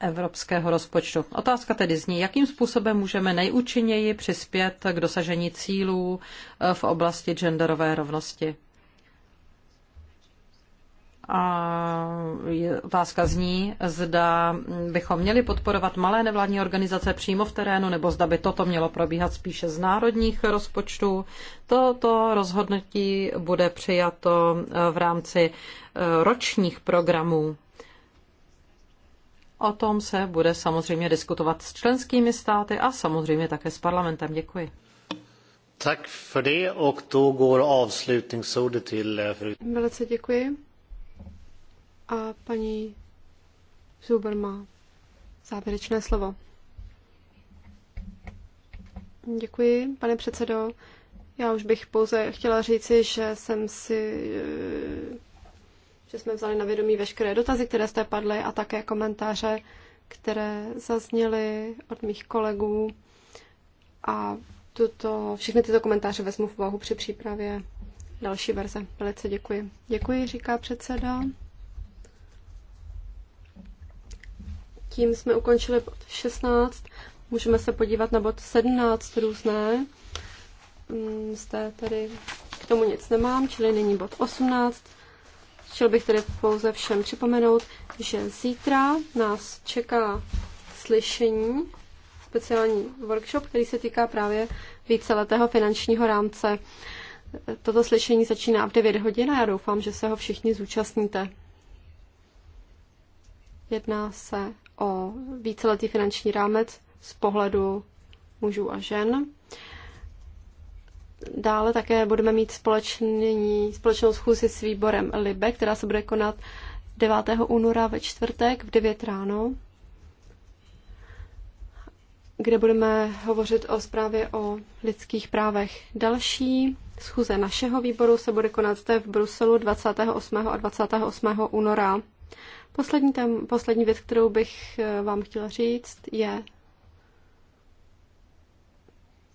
evropského rozpočtu. Otázka tedy zní, jakým způsobem můžeme nejúčinněji přispět k dosažení cílů eh, v oblasti genderové rovnosti. A otázka zní, zda bychom měli podporovat malé nevládní organizace přímo v terénu, nebo zda by toto mělo probíhat spíše z národních rozpočtů. Toto rozhodnutí bude přijato eh, v rámci Eh, ročních programů. O tom se bude samozřejmě diskutovat s členskými státy a samozřejmě také s parlamentem. Děkuji. Tak för det och då går avslutningsordet till eh, fru... Velice děkuji. A paní Zuber má závěrečné slovo. Děkuji, pane předsedo. Já už bych pouze chtěla říci, že jsem si eh, že jsme vzali na vědomí veškeré dotazy, které jste padly a také komentáře, které zazněly od mých kolegů. A tuto, všechny tyto komentáře vezmu v úvahu při přípravě další verze. Velice děkuji. Děkuji, říká předseda. Tím jsme ukončili bod 16. Můžeme se podívat na bod 17 různé. Mm, zde tedy k tomu nic nemám, čili nyní bod 18. Chtěl bych tedy pouze všem připomenout, že zítra nás čeká slyšení, speciální workshop, který se týká právě víceletého finančního rámce. Toto slyšení začíná v 9 hodin a já doufám, že se ho všichni zúčastníte. Jedná se o víceletý finanční rámec z pohledu mužů a žen. Dále také budeme mít společný, společnou schůzi s výborem LIBE, která se bude konat 9. února ve čtvrtek v 9 ráno, kde budeme hovořit o zprávě o lidských právech. Další schůze našeho výboru se bude konat zde v Bruselu 28. a 28. února. Poslední, tém, poslední věc, kterou bych eh, vám chtěla říct, je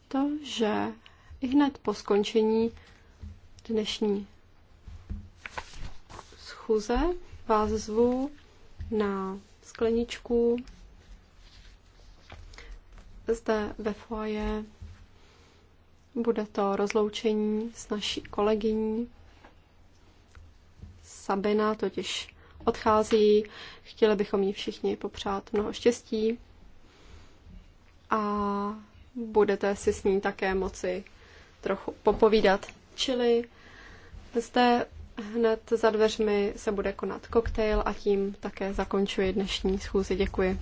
to, že i hned po skončení dnešní schůze vás zvu na skleničku zde ve foaje. Bude to rozloučení s naší kolegyní. Sabina totiž odchází. Chtěli bychom jí všichni popřát mnoho štěstí a budete si s ní také moci trochu popovídat. Čili zde hned za dveřmi se bude konat koktejl a tím také zakončuji dnešní schůzi. Děkuji.